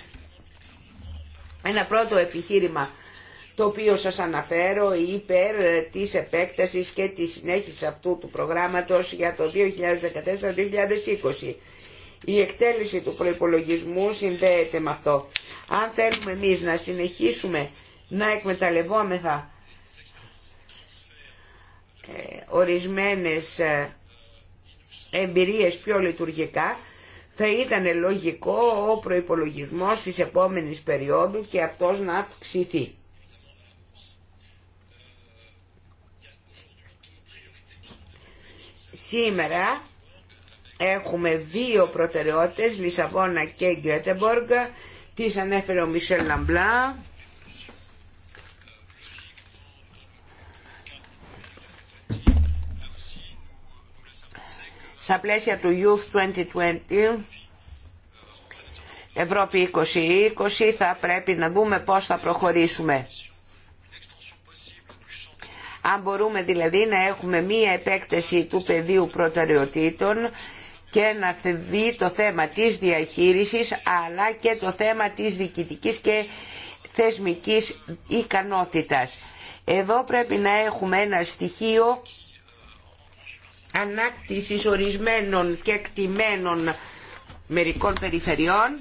Speaker 2: ένα πρώτο επιχείρημα το οποίο σας αναφέρω υπέρ της επέκτασης και της συνέχισης αυτού του προγράμματος για το 2014-2020. Η εκτέλεση του προϋπολογισμού συνδέεται με αυτό. Αν θέλουμε εμείς να συνεχίσουμε να εκμεταλλευόμεθα ε, ορισμένες ε, εμπειρίες πιο λειτουργικά, θα ήταν λογικό ο προϋπολογισμός της επόμενης περίοδου και αυτός να αυξηθεί. Σήμερα έχουμε δύο προτεραιότητες, Λισαβόνα και Γκέτεμποργκ, τις ανέφερε ο Μισελ Λαμπλά. Στα πλαίσια του Youth 2020, Ευρώπη 2020, θα πρέπει να δούμε πώς θα προχωρήσουμε. Αν μπορούμε δηλαδή να έχουμε μία επέκταση του πεδίου προτεραιοτήτων και να δει το θέμα της διαχείρισης αλλά και το θέμα της διοικητικής και θεσμικής ικανότητας. Εδώ πρέπει να έχουμε ένα στοιχείο ανάκτησης ορισμένων και εκτιμένων μερικών περιφερειών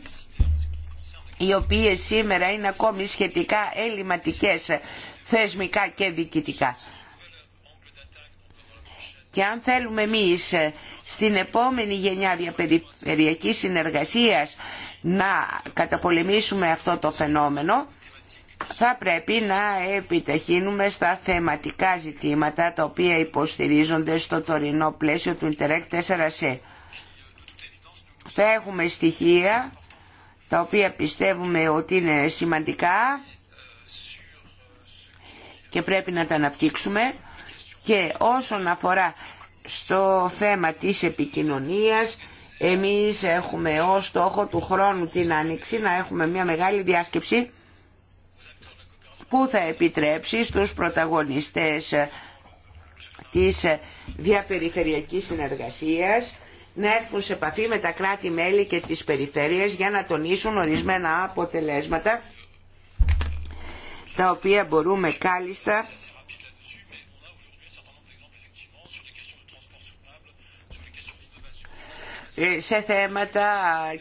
Speaker 2: οι οποίες σήμερα είναι ακόμη σχετικά ελληματικές θεσμικά και διοικητικά. Και αν θέλουμε εμείς ε, στην επόμενη γενιά διαπεριφερειακής συνεργασίας να καταπολεμήσουμε αυτό το φαινόμενο, θα πρέπει να επιταχύνουμε στα θεματικά ζητήματα τα οποία υποστηρίζονται στο τωρινό πλαίσιο του Interreg 4C. Θα έχουμε στοιχεία τα οποία πιστεύουμε ότι είναι σημαντικά και πρέπει να τα αναπτύξουμε και όσον αφορά στο θέμα της επικοινωνίας εμείς έχουμε ως στόχο του χρόνου την άνοιξη να έχουμε μια μεγάλη διάσκεψη που θα επιτρέψει στους πρωταγωνιστές της διαπεριφερειακής συνεργασίας να έρθουν σε επαφή με τα κράτη-μέλη και τις περιφέρειες για να τονίσουν ορισμένα αποτελέσματα τα οποία μπορούμε κάλλιστα ε, σε θέματα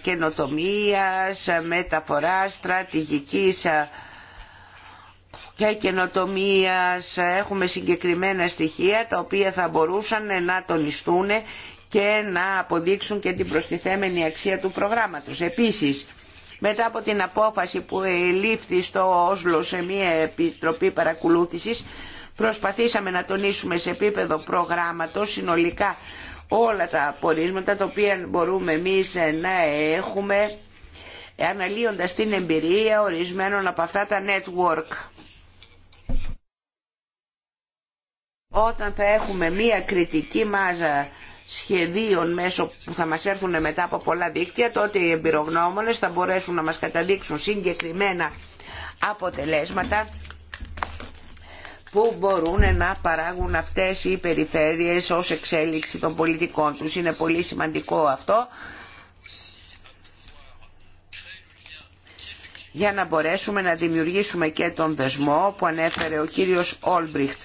Speaker 2: καινοτομίας, μεταφοράς, στρατηγικής ε, και καινοτομίας. Έχουμε συγκεκριμένα στοιχεία τα οποία θα μπορούσαν να τονιστούν και να αποδείξουν και την προστιθέμενη αξία του προγράμματος. Επίσης, μετά από την απόφαση που λήφθη στο Όσλο σε μια επιτροπή παρακολούθησης, προσπαθήσαμε να τονίσουμε σε επίπεδο προγράμματος συνολικά όλα τα απορίσματα τα οποία μπορούμε εμείς ε, να έχουμε ε, αναλύοντας την εμπειρία ορισμένων από αυτά τα network. Όταν θα έχουμε μία κριτική μάζα σχεδίων μέσω που θα μας έρθουν μετά από πολλά δίκτυα, τότε οι εμπειρογνώμονες θα μπορέσουν να μας καταδείξουν συγκεκριμένα αποτελέσματα που μπορούν να παράγουν αυτές οι περιφέρειες ως εξέλιξη των πολιτικών τους. Είναι πολύ σημαντικό αυτό για να μπορέσουμε να δημιουργήσουμε και τον δεσμό που ανέφερε ο κύριος Όλμπριχτ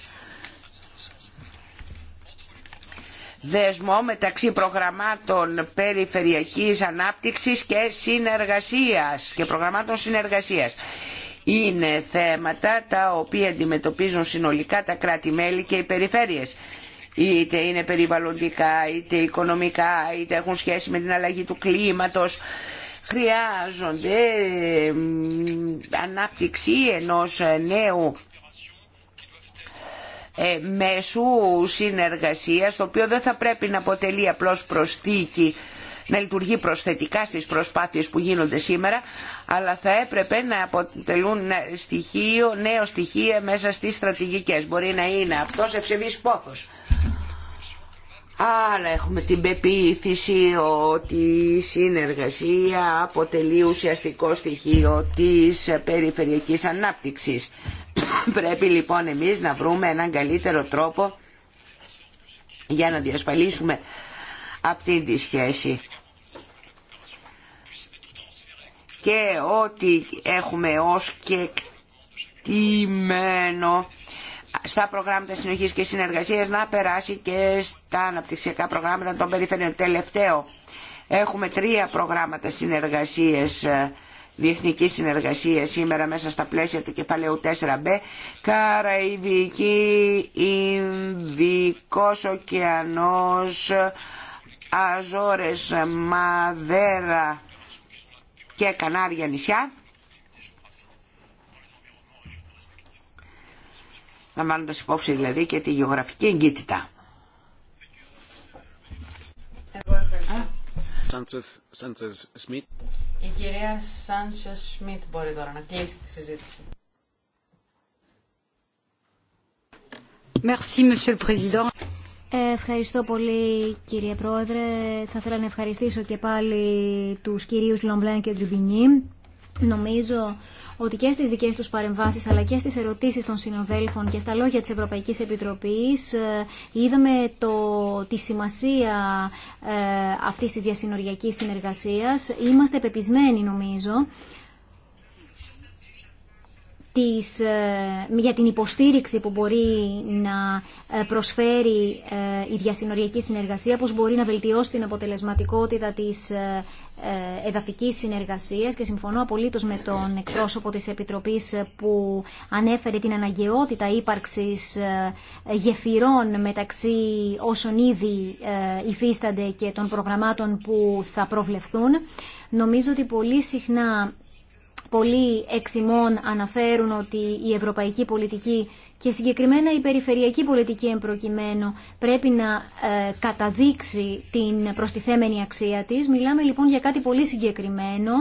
Speaker 2: δεσμό μεταξύ προγραμμάτων περιφερειακής ανάπτυξης και συνεργασίας και προγραμμάτων συνεργασίας. Είναι θέματα τα οποία αντιμετωπίζουν συνολικά τα κράτη-μέλη και οι περιφέρειες. Είτε είναι περιβαλλοντικά, είτε οικονομικά, είτε έχουν σχέση με την αλλαγή του κλίματος. Χρειάζονται ανάπτυξη ενός νέου ε, μέσου συνεργασίας το οποίο δεν θα πρέπει να αποτελεί απλώς προσθήκη να λειτουργεί προσθετικά στις προσπάθειες που γίνονται σήμερα αλλά θα έπρεπε να αποτελούν στοιχείο, νέο στοιχείο μέσα στις στρατηγικές. Μπορεί να είναι αυτός ευσεβής πόθος. αλλά έχουμε την πεποίθηση ότι η συνεργασία αποτελεί ουσιαστικό στοιχείο της περιφερειακής ανάπτυξης. Πρέπει λοιπόν εμείς να βρούμε έναν καλύτερο τρόπο για να διασφαλίσουμε αυτή τη σχέση. Και ό,τι έχουμε ως και στα προγράμματα συνοχής και συνεργασίας να περάσει και στα αναπτυξιακά προγράμματα των περιφερειών. Τελευταίο, έχουμε τρία προγράμματα συνεργασίας ε, διεθνική συνεργασία σήμερα μέσα στα πλαίσια του κεφαλαίου 4B, Καραϊβική, Ινδικός ωκεανός, Αζόρες, Μαδέρα και Κανάρια νησιά. Να λαμβάνοντα υπόψη δηλαδή και τη γεωγραφική εγκύτητα.
Speaker 4: Σμιτ
Speaker 3: η κυρία Σάντσε Σμιτ μπορεί τώρα να κλείσει τη συζήτηση.
Speaker 1: Merci, Monsieur le Président. Ευχαριστώ πολύ κύριε Πρόεδρε. Θα ήθελα να ευχαριστήσω και πάλι τους κυρίους Λομπλέν και Τζουμπινί Νομίζω ότι και στις δικές τους παρεμβάσεις αλλά και στις ερωτήσεις των συνοδέλφων και στα λόγια της Ευρωπαϊκής Επιτροπής ε, είδαμε το, τη σημασία ε, αυτής της διασυνοριακής συνεργασίας. Είμαστε πεπισμένοι νομίζω ε, για την υποστήριξη που μπορεί να ε, προσφέρει η διασυνοριακή συνεργασία, πώς μπορεί να βελτιώσει την αποτελεσματικότητα της ε, εδαφικής συνεργασίας και συμφωνώ απολύτως με τον εκπρόσωπο της Επιτροπής που ανέφερε την αναγκαιότητα ύπαρξης ε, γεφυρών μεταξύ όσων ήδη ε, υφίστανται και των προγραμμάτων που θα προβλεφθούν. Νομίζω ότι πολύ συχνά πολλοί εξημών αναφέρουν ότι η ευρωπαϊκή πολιτική και συγκεκριμένα η περιφερειακή πολιτική εμπροκειμένου πρέπει να ε, καταδείξει την προστιθέμενη αξία της. Μιλάμε λοιπόν για κάτι πολύ συγκεκριμένο,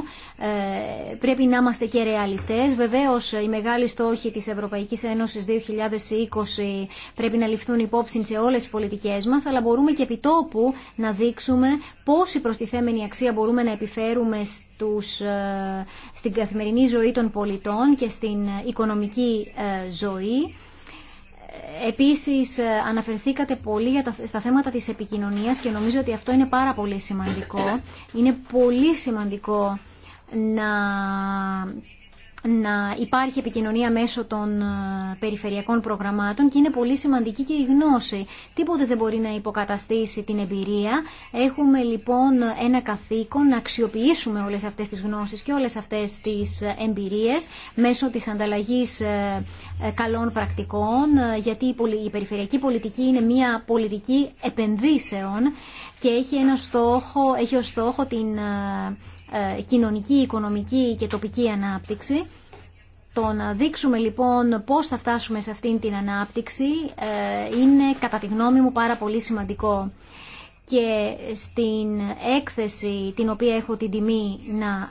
Speaker 1: ε, πρέπει να είμαστε και ρεαλιστές. Βεβαίως οι μεγάλοι στόχοι της Ευρωπαϊκής Ένωσης 2020 πρέπει να ληφθούν υπόψη σε όλες τις πολιτικές μας, αλλά μπορούμε και επιτόπου να δείξουμε πόση προστιθέμενη αξία μπορούμε να επιφέρουμε ε, στην καθημερινή ζωή των πολιτών και στην οικονομική ζωή Επίσης ε, αναφερθήκατε πολύ για τα, στα θέματα της επικοινωνίας και νομίζω ότι αυτό είναι πάρα πολύ σημαντικό. Είναι πολύ σημαντικό να να υπάρχει επικοινωνία μέσω των ε, περιφερειακών προγραμμάτων και είναι πολύ σημαντική και η γνώση. Τίποτε δεν μπορεί να υποκαταστήσει την εμπειρία. Έχουμε λοιπόν ένα καθήκον να αξιοποιήσουμε όλες αυτές τις γνώσεις και όλες αυτές τις ε, εμπειρίες μέσω της ανταλλαγής ε, καλών πρακτικών, γιατί η περιφερειακή πολιτική είναι μια πολιτική επενδύσεων και έχει, ένα στόχο, έχει ως στόχο την ε, κοινωνική, οικονομική και τοπική ανάπτυξη. Το να δείξουμε λοιπόν πώς θα φτάσουμε σε αυτήν την ανάπτυξη ε, είναι κατά τη γνώμη μου πάρα πολύ σημαντικό. Και στην έκθεση την οποία έχω την τιμή να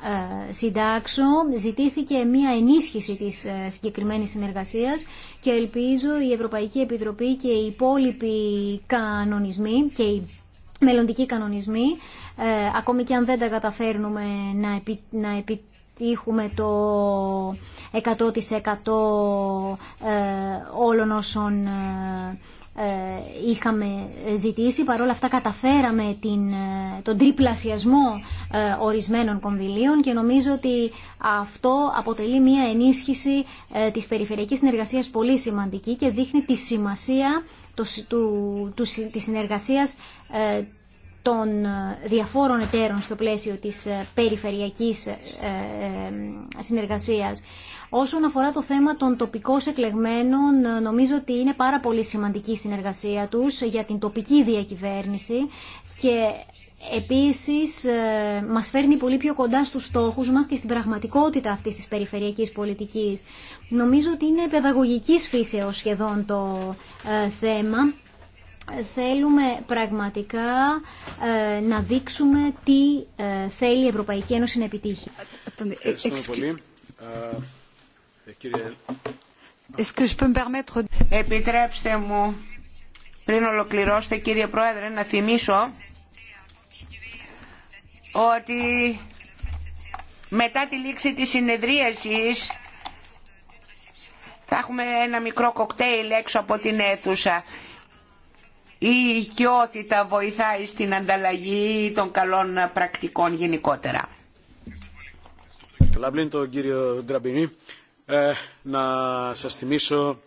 Speaker 1: ε, συντάξω ζητήθηκε μια ενίσχυση της συγκεκριμένης συνεργασίας και ελπίζω η Ευρωπαϊκή Επιτροπή και οι υπόλοιποι κανονισμοί και οι μελλοντικοί κανονισμοί, ε, ακόμη και αν δεν τα καταφέρνουμε να, επιτύχουμε το 100% ε, όλων όσων ε, ε, είχαμε ζητήσει. Παρ' όλα αυτά καταφέραμε την, ε, τον τριπλασιασμό ε, ορισμένων κονδυλίων και νομίζω ότι αυτό αποτελεί μια ενίσχυση της περιφερειακής συνεργασίας πολύ σημαντική και δείχνει τη σημασία του, του, της συνεργασίας των διαφόρων εταίρων στο πλαίσιο της περιφερειακής συνεργασίας. Όσον αφορά το θέμα των τοπικών εκλεγμένων, νομίζω ότι είναι πάρα πολύ σημαντική η συνεργασία τους για την τοπική διακυβέρνηση και Επίσης, μας φέρνει πολύ πιο κοντά στους στόχους μας και στην πραγματικότητα αυτής της περιφερειακής πολιτικής. Νομίζω ότι είναι παιδαγωγικής φύσεως σχεδόν το θέμα. Θέλουμε πραγματικά να δείξουμε τι θέλει η Ευρωπαϊκή Ένωση να επιτύχει.
Speaker 5: πολύ. Ε,
Speaker 2: Επιτρέψτε μου πριν ολοκληρώσετε κύριε Πρόεδρε να θυμίσω ότι μετά τη λήξη της συνεδρίασης θα έχουμε ένα μικρό κοκτέιλ έξω από την αίθουσα. Η οικειότητα βοηθάει στην ανταλλαγή των καλών πρακτικών γενικότερα.
Speaker 5: Καλά τον κύριο Ντραμπίνι. Ε, να
Speaker 3: σας θυμίσω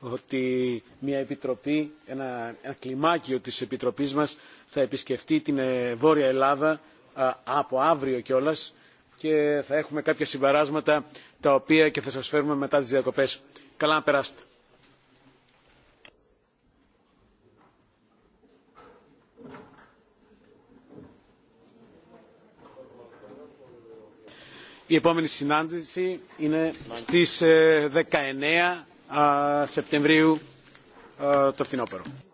Speaker 3: ότι μια επιτροπή, ένα, ένα κλιμάκιο
Speaker 4: της επιτροπής μας θα επισκεφτεί την ε, Βόρεια Ελλάδα ε, από αύριο κιόλας και θα έχουμε κάποια συμπαράσματα τα οποία και θα σας φέρουμε μετά τις διακοπές. Καλά να περάσετε.
Speaker 5: Η επόμενη συνάντηση είναι στις 19 ε,
Speaker 3: Σεπτεμβρίου ε, το φθινόπωρο.